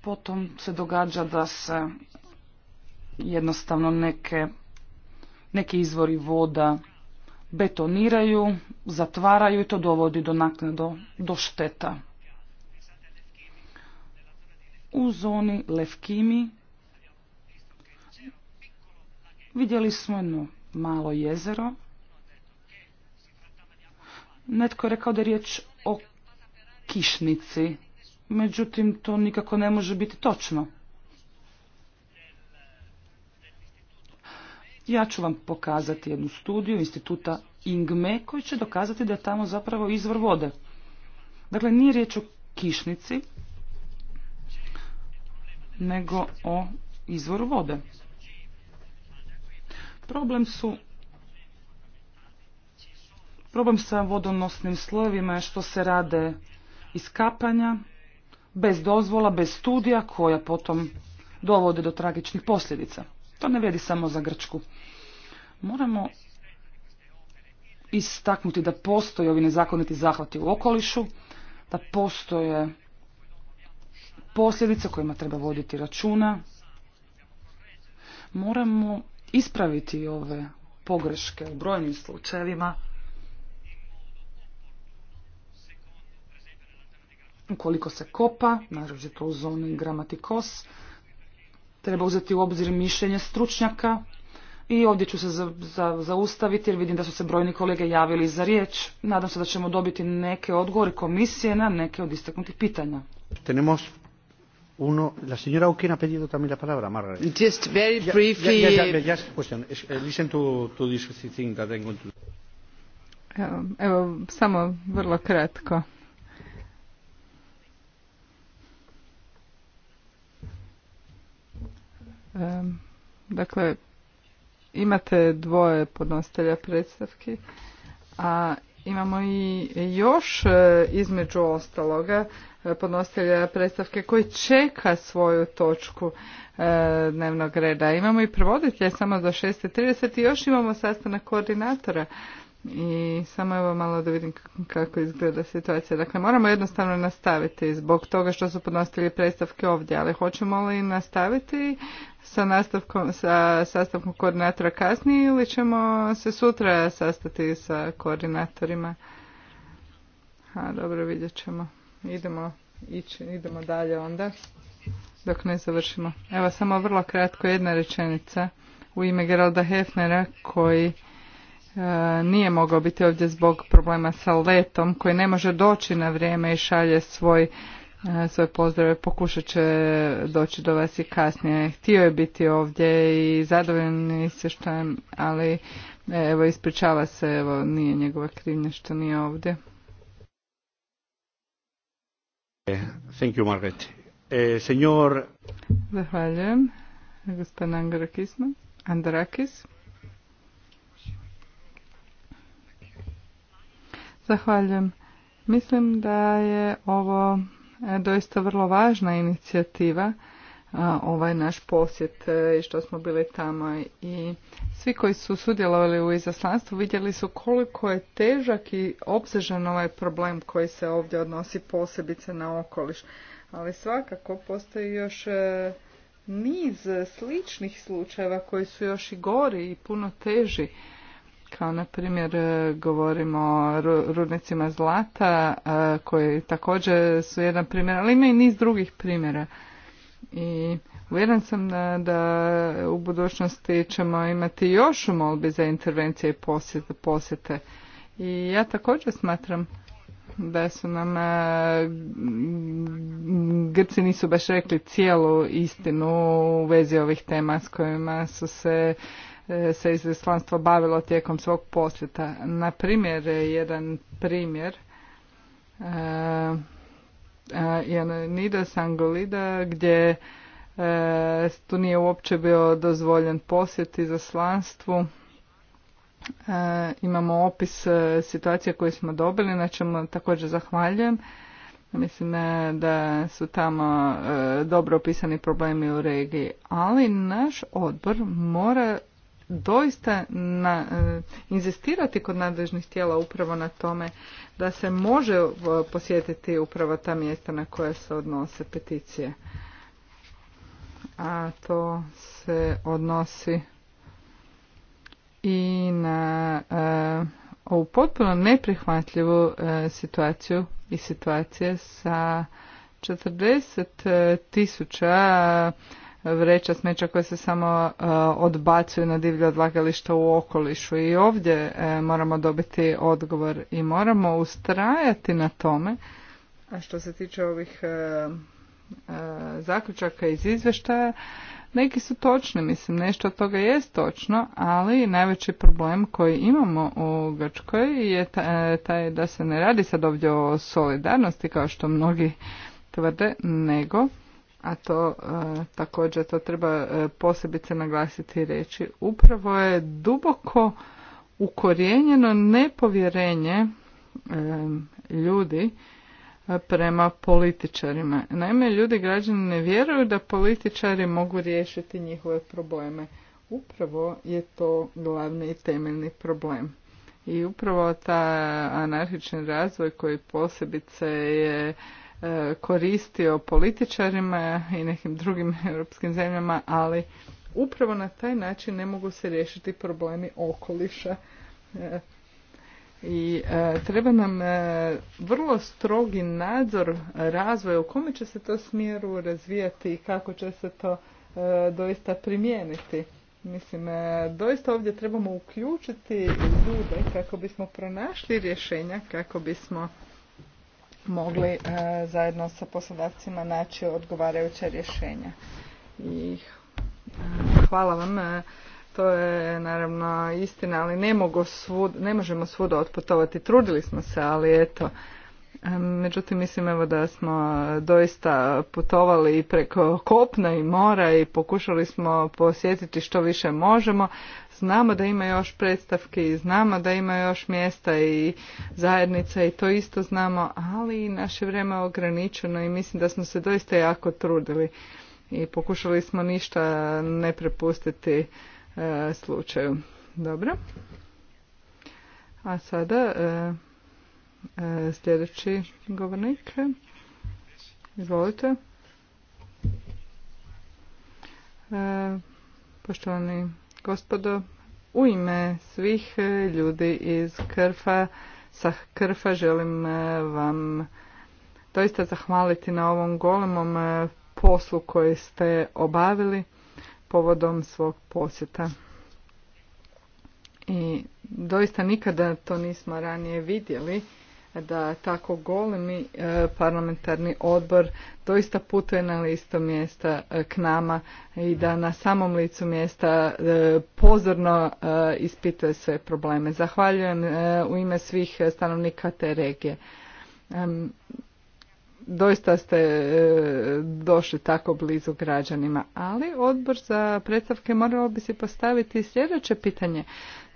Potom se događa da se jednostavno neke, neki izvori voda betoniraju, zatvaraju i to dovodi do naknado, do šteta u zoni Levkimi vidjeli smo jedno malo jezero. Netko je rekao da je riječ o kišnici, međutim to nikako ne može biti točno. Ja ću vam pokazati jednu studiju instituta Ingme koji će dokazati da je tamo zapravo izvor vode. Dakle, nije riječ o kišnici, nego o izvoru vode. Problem su Problem sa vodonosnim slojevima je što se rade iskapanja bez dozvola, bez studija koja potom dovode do tragičnih posljedica. To ne vedi samo za Grčku. Moramo istaknuti da postoje ovi nezakoniti zahvati u okolišu, da postoje posljedice kojima treba voditi računa. Moramo ispraviti ove pogreške u brojnim slučajevima. Ukoliko se kopa, naročito u zoni gramatikos, treba uzeti u obzir mišljenje stručnjaka i ovdje ću se za, zaustaviti jer vidim da su se brojni kolege javili za riječ. Nadam se da ćemo dobiti neke odgovore komisije na neke od istaknutih pitanja.
Uno, la señora Auken ha pedido también la palabra, Margaret. Just very briefly. Yeah, yeah, yeah, just question. Eh, listen to, to this thing that I'm going to...
Evo, evo, samo vrlo kratko. E, dakle, imate dvoje podnostelja predstavki, a Imamo i još e, između ostaloga e, podnositelja predstavke koji čeka svoju točku e, dnevnog reda. Imamo i provoditelja samo do 6.30 i još imamo sastanak koordinatora i samo evo malo da vidim kako izgleda situacija. Dakle, moramo jednostavno nastaviti zbog toga što su podnosili predstavke ovdje, ali hoćemo li nastaviti sa, nastavkom, sa sastavkom koordinatora kasnije ili ćemo se sutra sastati sa koordinatorima? A, dobro, vidjet ćemo. Idemo, ići, idemo dalje onda dok ne završimo. Evo, samo vrlo kratko jedna rečenica u ime Geralda Hefnera koji E, nije mogao biti ovdje zbog problema sa letom koji ne može doći na vrijeme i šalje svoj e, svoje pozdrave, pokušat će doći do vas i kasnije. Htio je biti ovdje i zadovoljni se što je, ali e, evo ispričava se, evo nije njegova krivnja što nije ovdje.
Eh, thank you, Margaret. Eh,
Zahvaljujem. Gospodin Andrakis. Zahvaljujem. Mislim da je ovo e, doista vrlo važna inicijativa, ovaj naš posjet e, i što smo bili tamo i svi koji su sudjelovali u izaslanstvu vidjeli su koliko je težak i obsežan ovaj problem koji se ovdje odnosi posebice na okoliš. Ali svakako postoji još e, niz sličnih slučajeva koji su još i gori i puno teži kao na primjer e, govorimo o rudnicima zlata e, koji također su jedan primjer, ali ima i niz drugih primjera. I uvjeren sam da, u budućnosti ćemo imati još molbi za intervencije i posjete, posjete. I ja također smatram da su nam e, Grci nisu baš rekli cijelu istinu u vezi ovih tema s kojima su se E, se izveslanstvo bavilo tijekom svog posjeta. Na primjer, jedan primjer e, e, je Nida Sangolida gdje tu nije uopće bio dozvoljen posjet izaslanstvu. Imamo opis situacije koju smo dobili, na čemu također zahvaljujem. Mislim da su tamo dobro opisani problemi u regiji, ali naš odbor mora doista na, e, inzistirati kod nadležnih tijela upravo na tome da se može e, posjetiti upravo ta mjesta na koja se odnose peticije. A to se odnosi i na e, ovu potpuno neprihvatljivu situaciju i situacije sa 40 tisuća vreća smeća koje se samo e, odbacuju na divlja odlagališta u okolišu. I ovdje e, moramo dobiti odgovor i moramo ustrajati na tome. A što se tiče ovih e, zaključaka iz izvještaja, neki su točni, mislim, nešto od toga je točno, ali najveći problem koji imamo u Grčkoj je taj da se ne radi sad ovdje o solidarnosti, kao što mnogi tvrde, nego a to e, također to treba e, posebice naglasiti i reći, upravo je duboko ukorijenjeno nepovjerenje e, ljudi prema političarima. Naime, ljudi građani ne vjeruju da političari mogu riješiti njihove probleme. Upravo je to glavni i temeljni problem. I upravo ta anarhični razvoj koji posebice je E, koristio političarima i nekim drugim europskim zemljama, ali upravo na taj način ne mogu se riješiti problemi okoliša. E, I e, treba nam vrlo strogi nadzor razvoja u kome će se to smjeru razvijati i kako će se to doista primijeniti. Mislim, doista ovdje trebamo uključiti ljude kako bismo pronašli rješenja, kako bismo mogli e, zajedno sa poslodavcima naći odgovarajuća rješenja. I e, hvala vam. E, to je naravno istina, ali ne, mogu svud, ne možemo svuda otputovati. Trudili smo se, ali eto. Međutim, mislim evo da smo doista putovali i preko kopna i mora i pokušali smo posjetiti što više možemo znamo da ima još predstavke i znamo da ima još mjesta i zajednica i to isto znamo, ali naše vrijeme je ograničeno i mislim da smo se doista jako trudili i pokušali smo ništa ne prepustiti e, slučaju. Dobro. A sada e, e, sljedeći govornik. Izvolite. Poštovani gospodo, u ime svih e, ljudi iz Krfa, sa Krfa želim e, vam doista zahvaliti na ovom golemom e, poslu koji ste obavili povodom svog posjeta. I doista nikada to nismo ranije vidjeli da tako golemi e, parlamentarni odbor doista putuje na listo mjesta e, k nama i da na samom licu mjesta e, pozorno ispituje sve probleme. Zahvaljujem u ime svih stanovnika te regije. Doista ste došli tako blizu građanima, ali odbor za predstavke morao bi si postaviti sljedeće pitanje.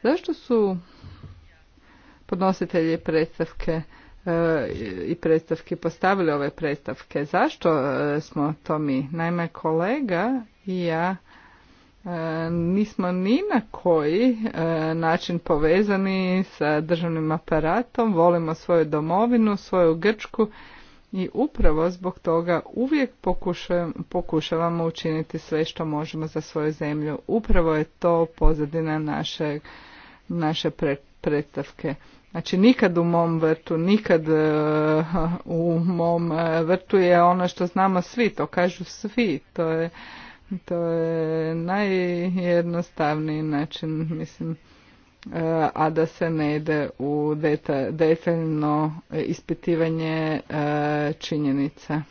Zašto su podnositelji predstavke e, i predstavke postavili ove predstavke. Zašto e, smo to mi? Naime, kolega i ja e, nismo ni na koji način povezani sa državnim aparatom, volimo svoju domovinu, svoju Grčku i upravo zbog toga uvijek pokušavamo učiniti sve što možemo za svoju zemlju. Upravo je to pozadina naše, naše predstavke. Znači nikad u mom vrtu, nikad e, u mom e, vrtu je ono što znamo svi, to kažu svi, to je, to je najjednostavniji način, mislim, e, a da se ne ide u detaljno ispitivanje činjenica.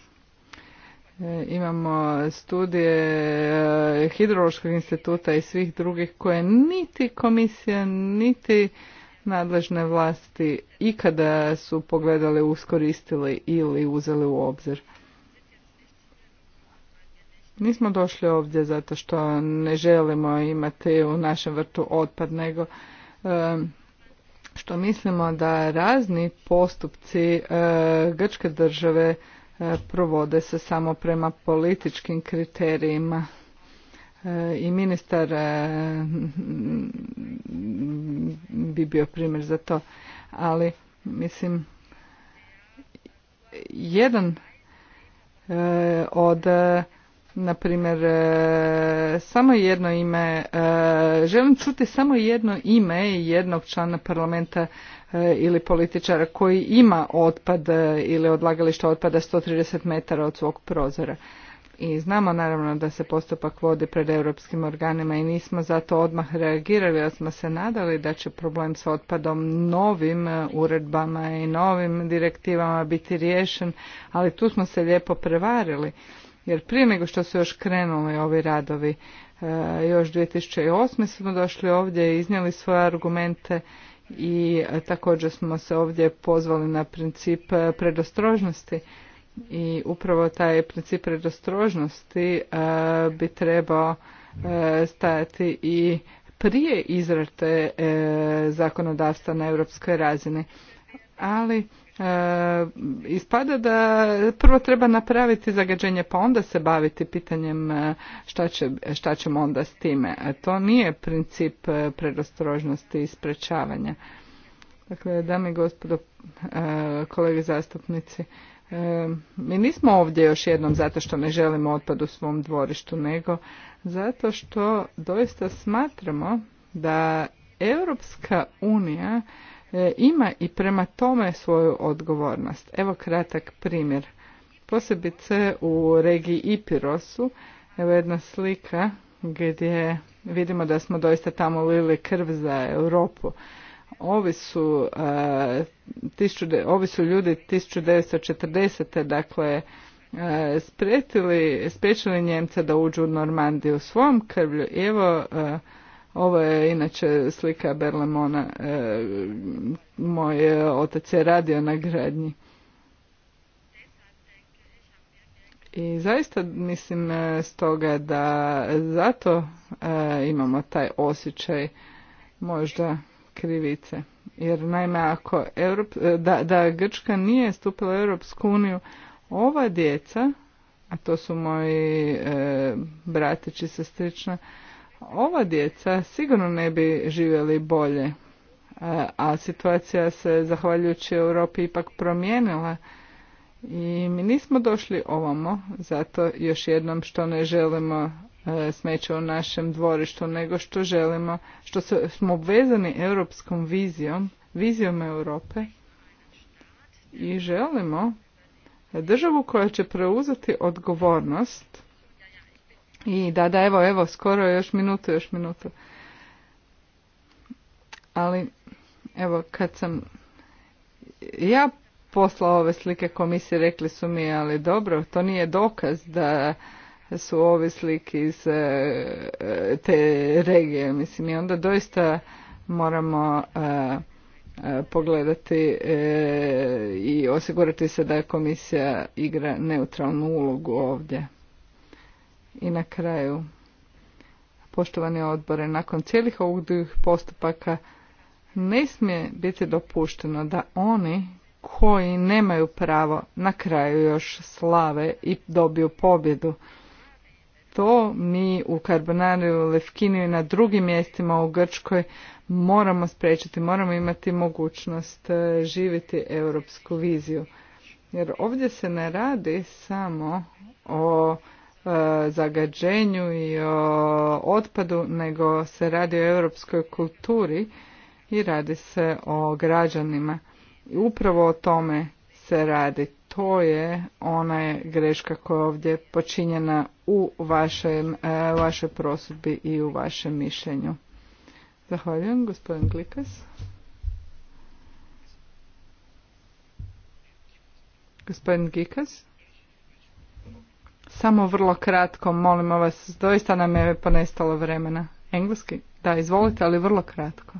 Imamo studije Hidrološkog instituta i svih drugih koje niti komisija, niti nadležne vlasti ikada su pogledali, uskoristili ili uzeli u obzir. Nismo došli ovdje zato što ne želimo imati u našem vrtu otpad, nego što mislimo da razni postupci e, grčke države e, provode se samo prema političkim kriterijima E, i ministar e, bi bio primjer za to, ali mislim jedan e, od na primjer samo jedno ime želim čuti samo jedno ime jednog člana parlamenta ili političara koji ima otpad ili odlagalište otpada 130 metara od svog prozora i znamo naravno da se postupak vodi pred europskim organima i nismo zato odmah reagirali jer smo se nadali da će problem s otpadom novim e, uredbama i novim direktivama biti riješen, ali tu smo se lijepo prevarili. Jer prije nego što su još krenuli ovi radovi, e, još 2008. smo došli ovdje i iznijeli svoje argumente i e, također smo se ovdje pozvali na princip predostrožnosti i upravo taj princip predostrožnosti e, bi trebao e, stajati i prije izrate e, zakonodavstva na europskoj razini. Ali ispada da prvo treba napraviti zagađenje pa onda se baviti pitanjem šta, će, šta ćemo onda s time. A to nije princip predostrožnosti i sprečavanja. Dakle, dame i gospodo, kolege zastupnici, E, mi nismo ovdje još jednom zato što ne želimo otpad u svom dvorištu, nego zato što doista smatramo da Europska unija e, ima i prema tome svoju odgovornost. Evo kratak primjer. Posebice u regiji Ipirosu, evo jedna slika gdje vidimo da smo doista tamo lili krv za Europu ovi su, e, ovi su ljudi 1940. dakle spretili, spriječili Njemce da uđu u Normandiju svom krvlju. I evo, e, ovo je inače slika Berlemona, e, moj otac je radio na gradnji. I zaista mislim stoga da zato imamo taj osjećaj možda krivice. Jer naime, ako e, da, Grčka nije stupila u Europsku uniju, ova djeca, a to su moji e, bratići, sestrična, ova djeca sigurno ne bi živjeli bolje. E, a situacija se, zahvaljujući Europi, ipak promijenila. I mi nismo došli ovamo, zato još jednom što ne želimo E, smeće u našem dvorištu, nego što želimo, što smo obvezani europskom vizijom, vizijom Europe i želimo državu koja će preuzeti odgovornost i da, da, evo, evo, skoro još minutu, još minutu. Ali, evo, kad sam ja poslao ove slike komisije, rekli su mi, ali dobro, to nije dokaz da su ovislik iz e, te regije. Mislim, i onda doista moramo e, e, pogledati i osigurati se da komisija igra neutralnu ulogu ovdje. I na kraju, poštovani odbore, nakon cijelih ovih postupaka ne smije biti dopušteno da oni koji nemaju pravo na kraju još slave i dobiju pobjedu to mi u Karbonariju, Lefkini i na drugim mjestima u Grčkoj moramo spriječiti, moramo imati mogućnost e, živjeti europsku viziju. Jer ovdje se ne radi samo o e, zagađenju i o otpadu, nego se radi o europskoj kulturi i radi se o građanima. I upravo o tome se radi to je ona greška koja je ovdje počinjena u vašem, e, vašoj prosudbi i u vašem mišljenju. Zahvaljujem, gospodin glikas Gospodin Gikas. Samo vrlo kratko, molim vas, doista nam je ponestalo vremena. Engleski? Da, izvolite, ali vrlo kratko.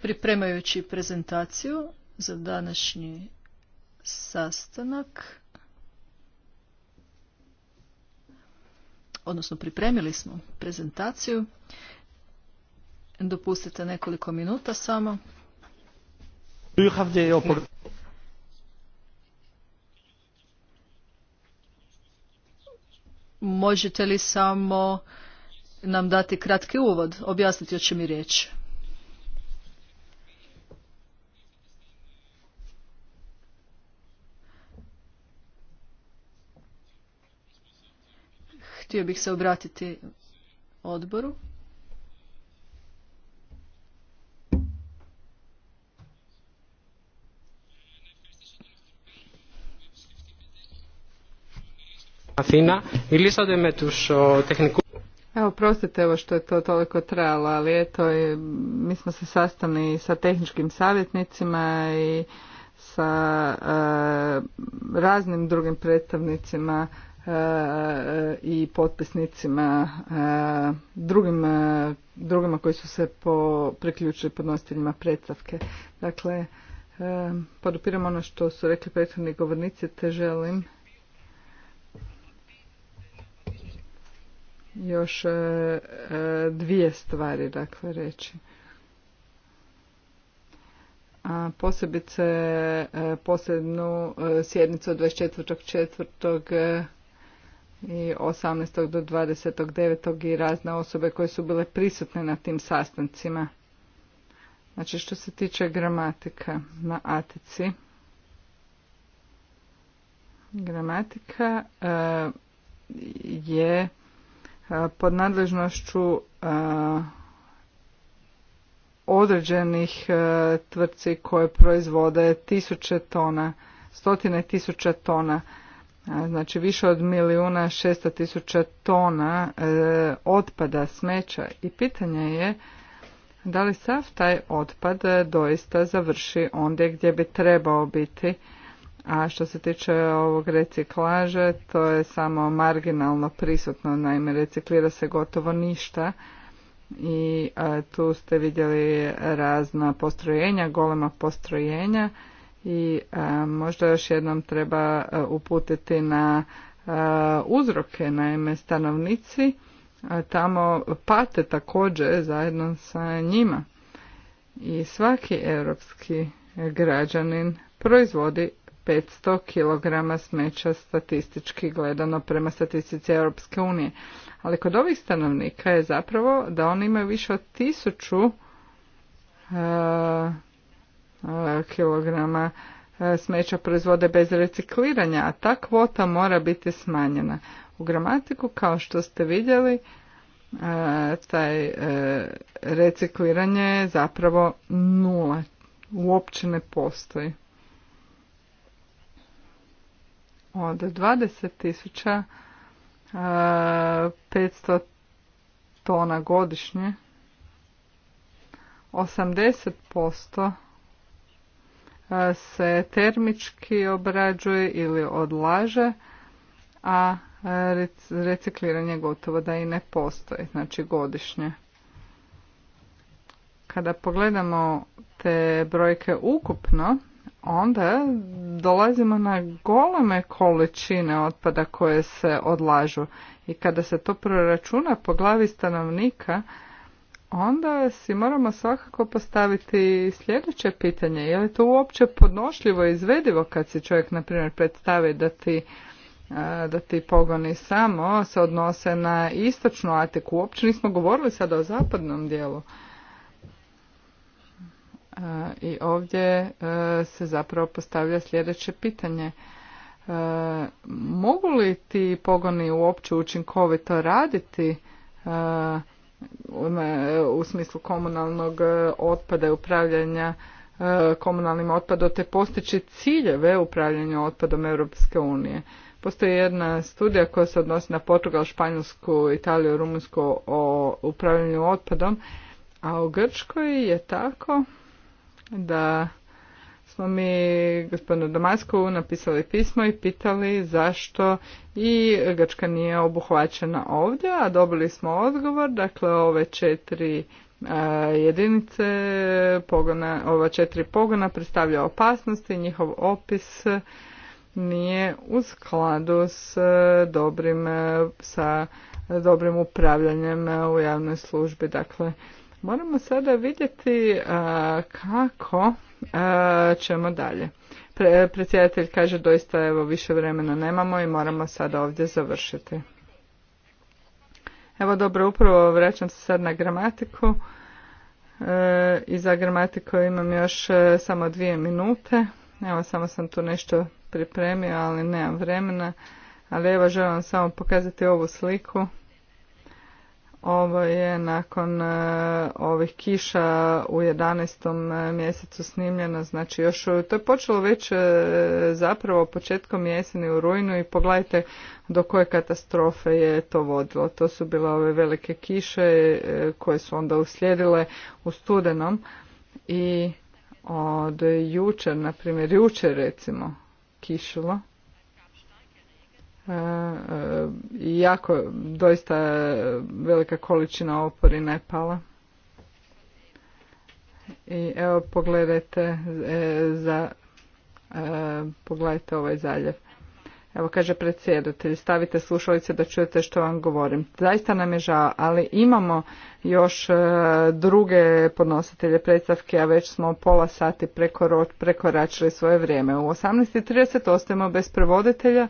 Pripremajući prezentaciju za današnji sastanak, odnosno pripremili smo prezentaciju, dopustite nekoliko minuta samo.
You have the opportunity?
Možete li samo nam dati kratki uvod, objasniti o čem je riječ? Htio bih se obratiti odboru.
Athena i me o tehniku.
Evo, prostite evo što je to toliko trajalo, ali eto, mi smo se sastali sa tehničkim savjetnicima i sa e, raznim drugim predstavnicima e, i potpisnicima, e, drugim, drugima koji su se po, priključili podnositeljima predstavke. Dakle, podupiram ono što su rekli prethodni govornici, te želim još e, e, dvije stvari dakle reći. A posebice e, posebnu sjednicu od 24.4. i 18. do 29. i razne osobe koje su bile prisutne na tim sastancima. Znači što se tiče gramatika na Atici. Gramatika je pod nadležnošću određenih tvrci koje proizvode tisuće tona, stotine tisuća tona, znači više od milijuna šesto tisuća tona e, otpada, smeća i pitanje je da li sav taj otpad e, doista završi ondje gdje bi trebao biti a što se tiče ovog reciklaže, to je samo marginalno prisutno, naime reciklira se gotovo ništa i e, tu ste vidjeli razna postrojenja, golema postrojenja i e, možda još jednom treba e, uputiti na uzroke, naime stanovnici tamo pate također zajedno sa njima. I svaki europski građanin proizvodi 500 kg smeća statistički gledano prema statistici Europske unije. Ali kod ovih stanovnika je zapravo da oni imaju više od 1000 uh, e, e, kilograma e, smeća proizvode bez recikliranja, a ta kvota mora biti smanjena. U gramatiku, kao što ste vidjeli, taj recikliranje je zapravo nula. Uopće ne postoji. od 20.500 e, tona godišnje 80% e, se termički obrađuje ili odlaže, a e, recikliranje gotovo da i ne postoji, znači godišnje. Kada pogledamo te brojke ukupno, onda dolazimo na goleme količine otpada koje se odlažu i kada se to proračuna po glavi stanovnika onda si moramo svakako postaviti sljedeće pitanje je li to uopće podnošljivo i izvedivo kad si čovjek na primjer predstavi da ti e, da ti pogoni samo se odnose na istočnu Atiku. Uopće nismo govorili sada o zapadnom dijelu. I ovdje e, se zapravo postavlja sljedeće pitanje. E, mogu li ti pogoni uopće učinkovito raditi e, u smislu komunalnog otpada i upravljanja komunalnim otpadom te postići ciljeve upravljanja otpadom Europske unije. Postoji jedna studija koja se odnosi na Portugal, Španjolsku, Italiju, Rumunjsku o upravljanju otpadom, a u Grčkoj je tako da smo mi gospodinu Damaskovu napisali pismo i pitali zašto i Grčka nije obuhvaćena ovdje, a dobili smo odgovor, dakle ove četiri jedinice pogona, ova četiri pogona predstavlja opasnost i njihov opis nije u skladu s e, dobrim, e, sa dobrim upravljanjem e, u javnoj službi. Dakle, Moramo sada vidjeti e, kako e, ćemo dalje. predsjedatelj kaže doista evo više vremena nemamo i moramo sada ovdje završiti. Evo dobro, upravo vraćam se sad na gramatiku e, i za gramatiku imam još e, samo dvije minute. Evo samo sam tu nešto pripremio, ali nemam vremena. Ali evo želim vam samo pokazati ovu sliku. Ovo je nakon e, ovih kiša u 11. E, mjesecu snimljeno, znači još to je počelo već e, zapravo početkom jeseni u rujnu i pogledajte do koje katastrofe je to vodilo. To su bile ove velike kiše koje su onda uslijedile u studenom i od jučer, na primjer jučer recimo kišilo E, e, jako doista velika količina opori nepala. I evo pogledajte e, za pogledajte ovaj zaljev. Evo kaže predsjedatelj, stavite slušalice da čujete što vam govorim. Zaista nam je žao, ali imamo još druge podnositelje predstavke, a već smo pola sati prekoračili svoje vrijeme. U 18.30 ostajemo bez prevoditelja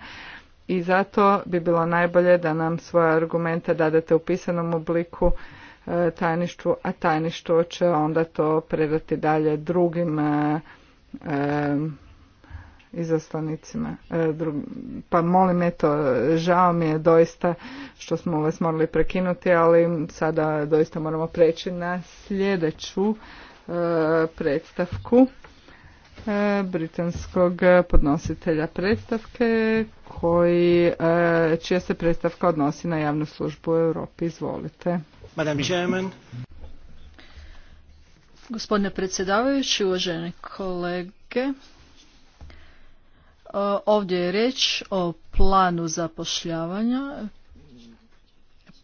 i zato bi bilo najbolje da nam svoje argumente dadete u pisanom obliku e, tajništvu, a tajništvo će onda to predati dalje drugim e, e, izaslanicima. Pa molim, eto, žao mi je doista što smo vas morali prekinuti, ali sada doista moramo preći na sljedeću predstavku. E, britanskog podnositelja predstavke koji, e, čija se predstavka odnosi na javnu službu u Europi. Izvolite.
Madam
Gospodine predsjedavajući, uvažene kolege, ovdje je riječ o planu zapošljavanja.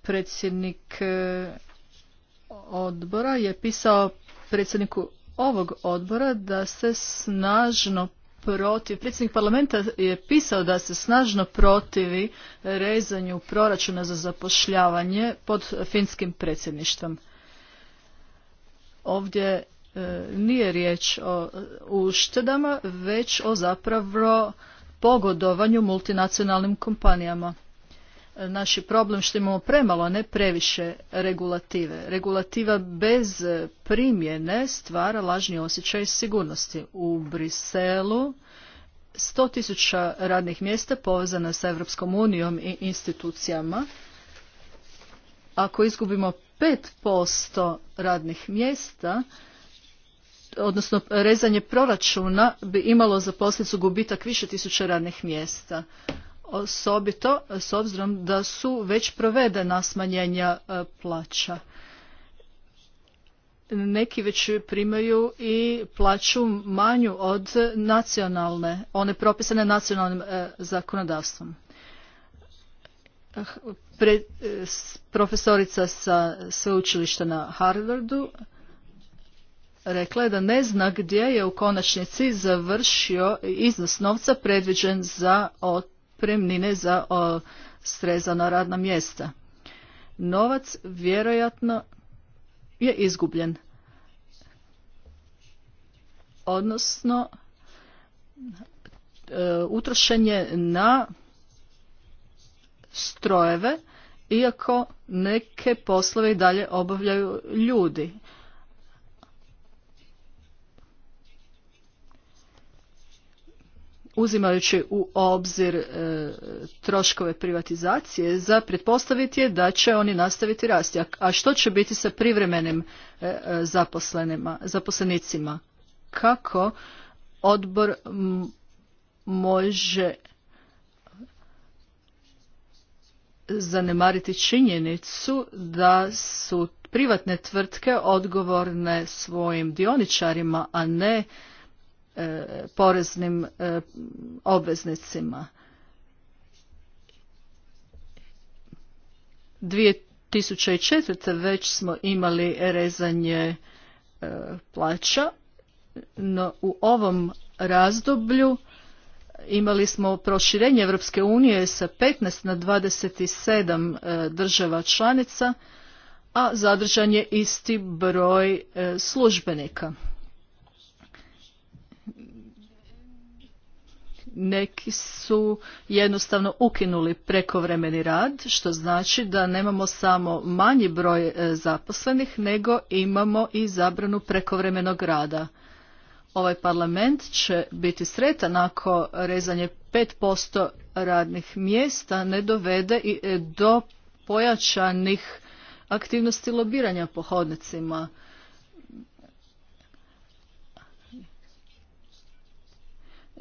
Predsjednik e, odbora je pisao predsjedniku ovog odbora da se snažno protiv, predsjednik parlamenta je pisao da se snažno protivi rezanju proračuna za zapošljavanje pod finskim predsjedništvom. Ovdje e, nije riječ o uštedama, već o zapravo pogodovanju multinacionalnim kompanijama naš je problem što imamo premalo, a ne previše regulative. Regulativa bez primjene stvara lažni osjećaj sigurnosti. U Briselu 100.000 radnih mjesta povezana sa Europskom unijom i institucijama. Ako izgubimo 5% radnih mjesta, odnosno rezanje proračuna bi imalo za posljedicu gubitak više tisuća radnih mjesta osobito s obzirom da su već provedena smanjenja e, plaća. Neki već primaju i plaću manju od nacionalne, one propisane nacionalnim e, zakonodavstvom. Ah, e, profesorica sa sveučilišta na Harvardu rekla je da ne zna gdje je u konačnici završio iznos novca predviđen za od premnine za srezano radna mjesta. Novac vjerojatno je izgubljen. Odnosno, e, utrošen je na strojeve, iako neke poslove i dalje obavljaju ljudi. uzimajući u obzir e, troškove privatizacije, za pretpostaviti je da će oni nastaviti rasti. A, što će biti sa privremenim e, e, zaposlenicima? Kako odbor može zanemariti činjenicu da su privatne tvrtke odgovorne svojim dioničarima, a ne E, poreznim e, obveznicima. 2004. već smo imali rezanje e, plaća, no u ovom razdoblju imali smo proširenje Europske unije sa 15 na 27 država članica, a zadržan je isti broj službenika. neki su jednostavno ukinuli prekovremeni rad, što znači da nemamo samo manji broj e, zaposlenih, nego imamo i zabranu prekovremenog rada. Ovaj parlament će biti sretan ako rezanje 5% radnih mjesta ne dovede i e, do pojačanih aktivnosti lobiranja po hodnicima.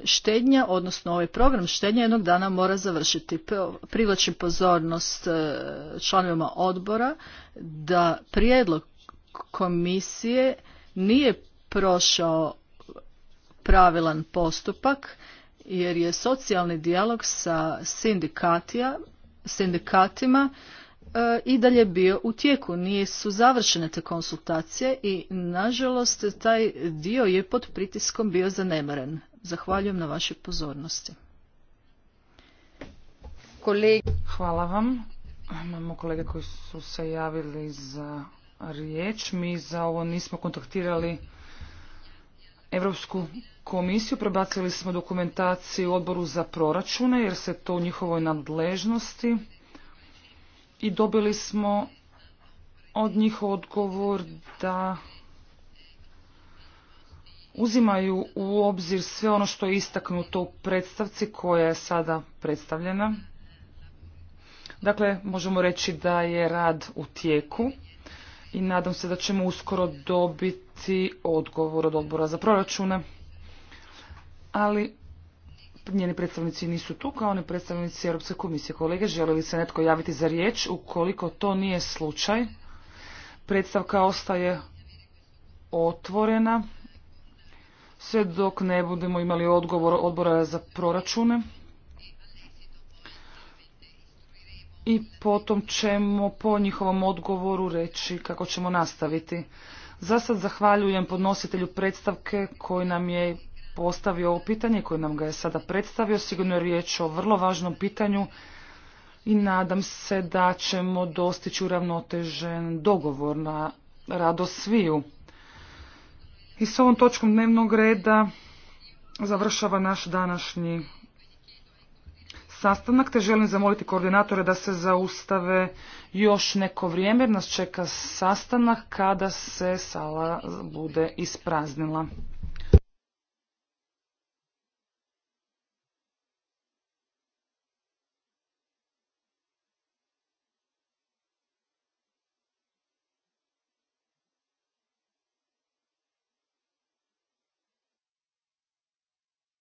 štednja, odnosno ovaj program štednja jednog dana mora završiti. Privlačim pozornost e, članovima odbora da prijedlog komisije nije prošao pravilan postupak jer je socijalni dijalog sa sindikatima e, i dalje bio u tijeku. su završene te konsultacije i nažalost taj dio je pod pritiskom bio zanemaren. Zahvaljujem na vašoj pozornosti. Hvala vam. Imamo kolege koji su se javili
za riječ. Mi za ovo nismo kontaktirali Evropsku komisiju. Prebacili smo dokumentaciju odboru za proračune jer se to u njihovoj nadležnosti i dobili smo od njih odgovor da uzimaju u obzir sve ono što je istaknuto u predstavci koja je sada predstavljena. Dakle, možemo reći da je rad u tijeku i nadam se da ćemo uskoro dobiti odgovor od odbora za proračune. Ali njeni predstavnici nisu tu, kao oni predstavnici Europske komisije. Kolege, želi li se netko javiti za riječ? Ukoliko to nije slučaj, predstavka ostaje otvorena sve dok ne budemo imali odgovor odbora za proračune. I potom ćemo po njihovom odgovoru reći kako ćemo nastaviti. Za sad zahvaljujem podnositelju predstavke koji nam je postavio ovo pitanje, koji nam ga je sada predstavio. Sigurno je riječ o vrlo važnom pitanju i nadam se da ćemo dostići uravnotežen dogovor na rado sviju. I s ovom točkom dnevnog reda završava naš današnji sastanak, te želim zamoliti koordinatore da se zaustave još neko vrijeme, jer nas čeka sastanak kada se sala bude ispraznila.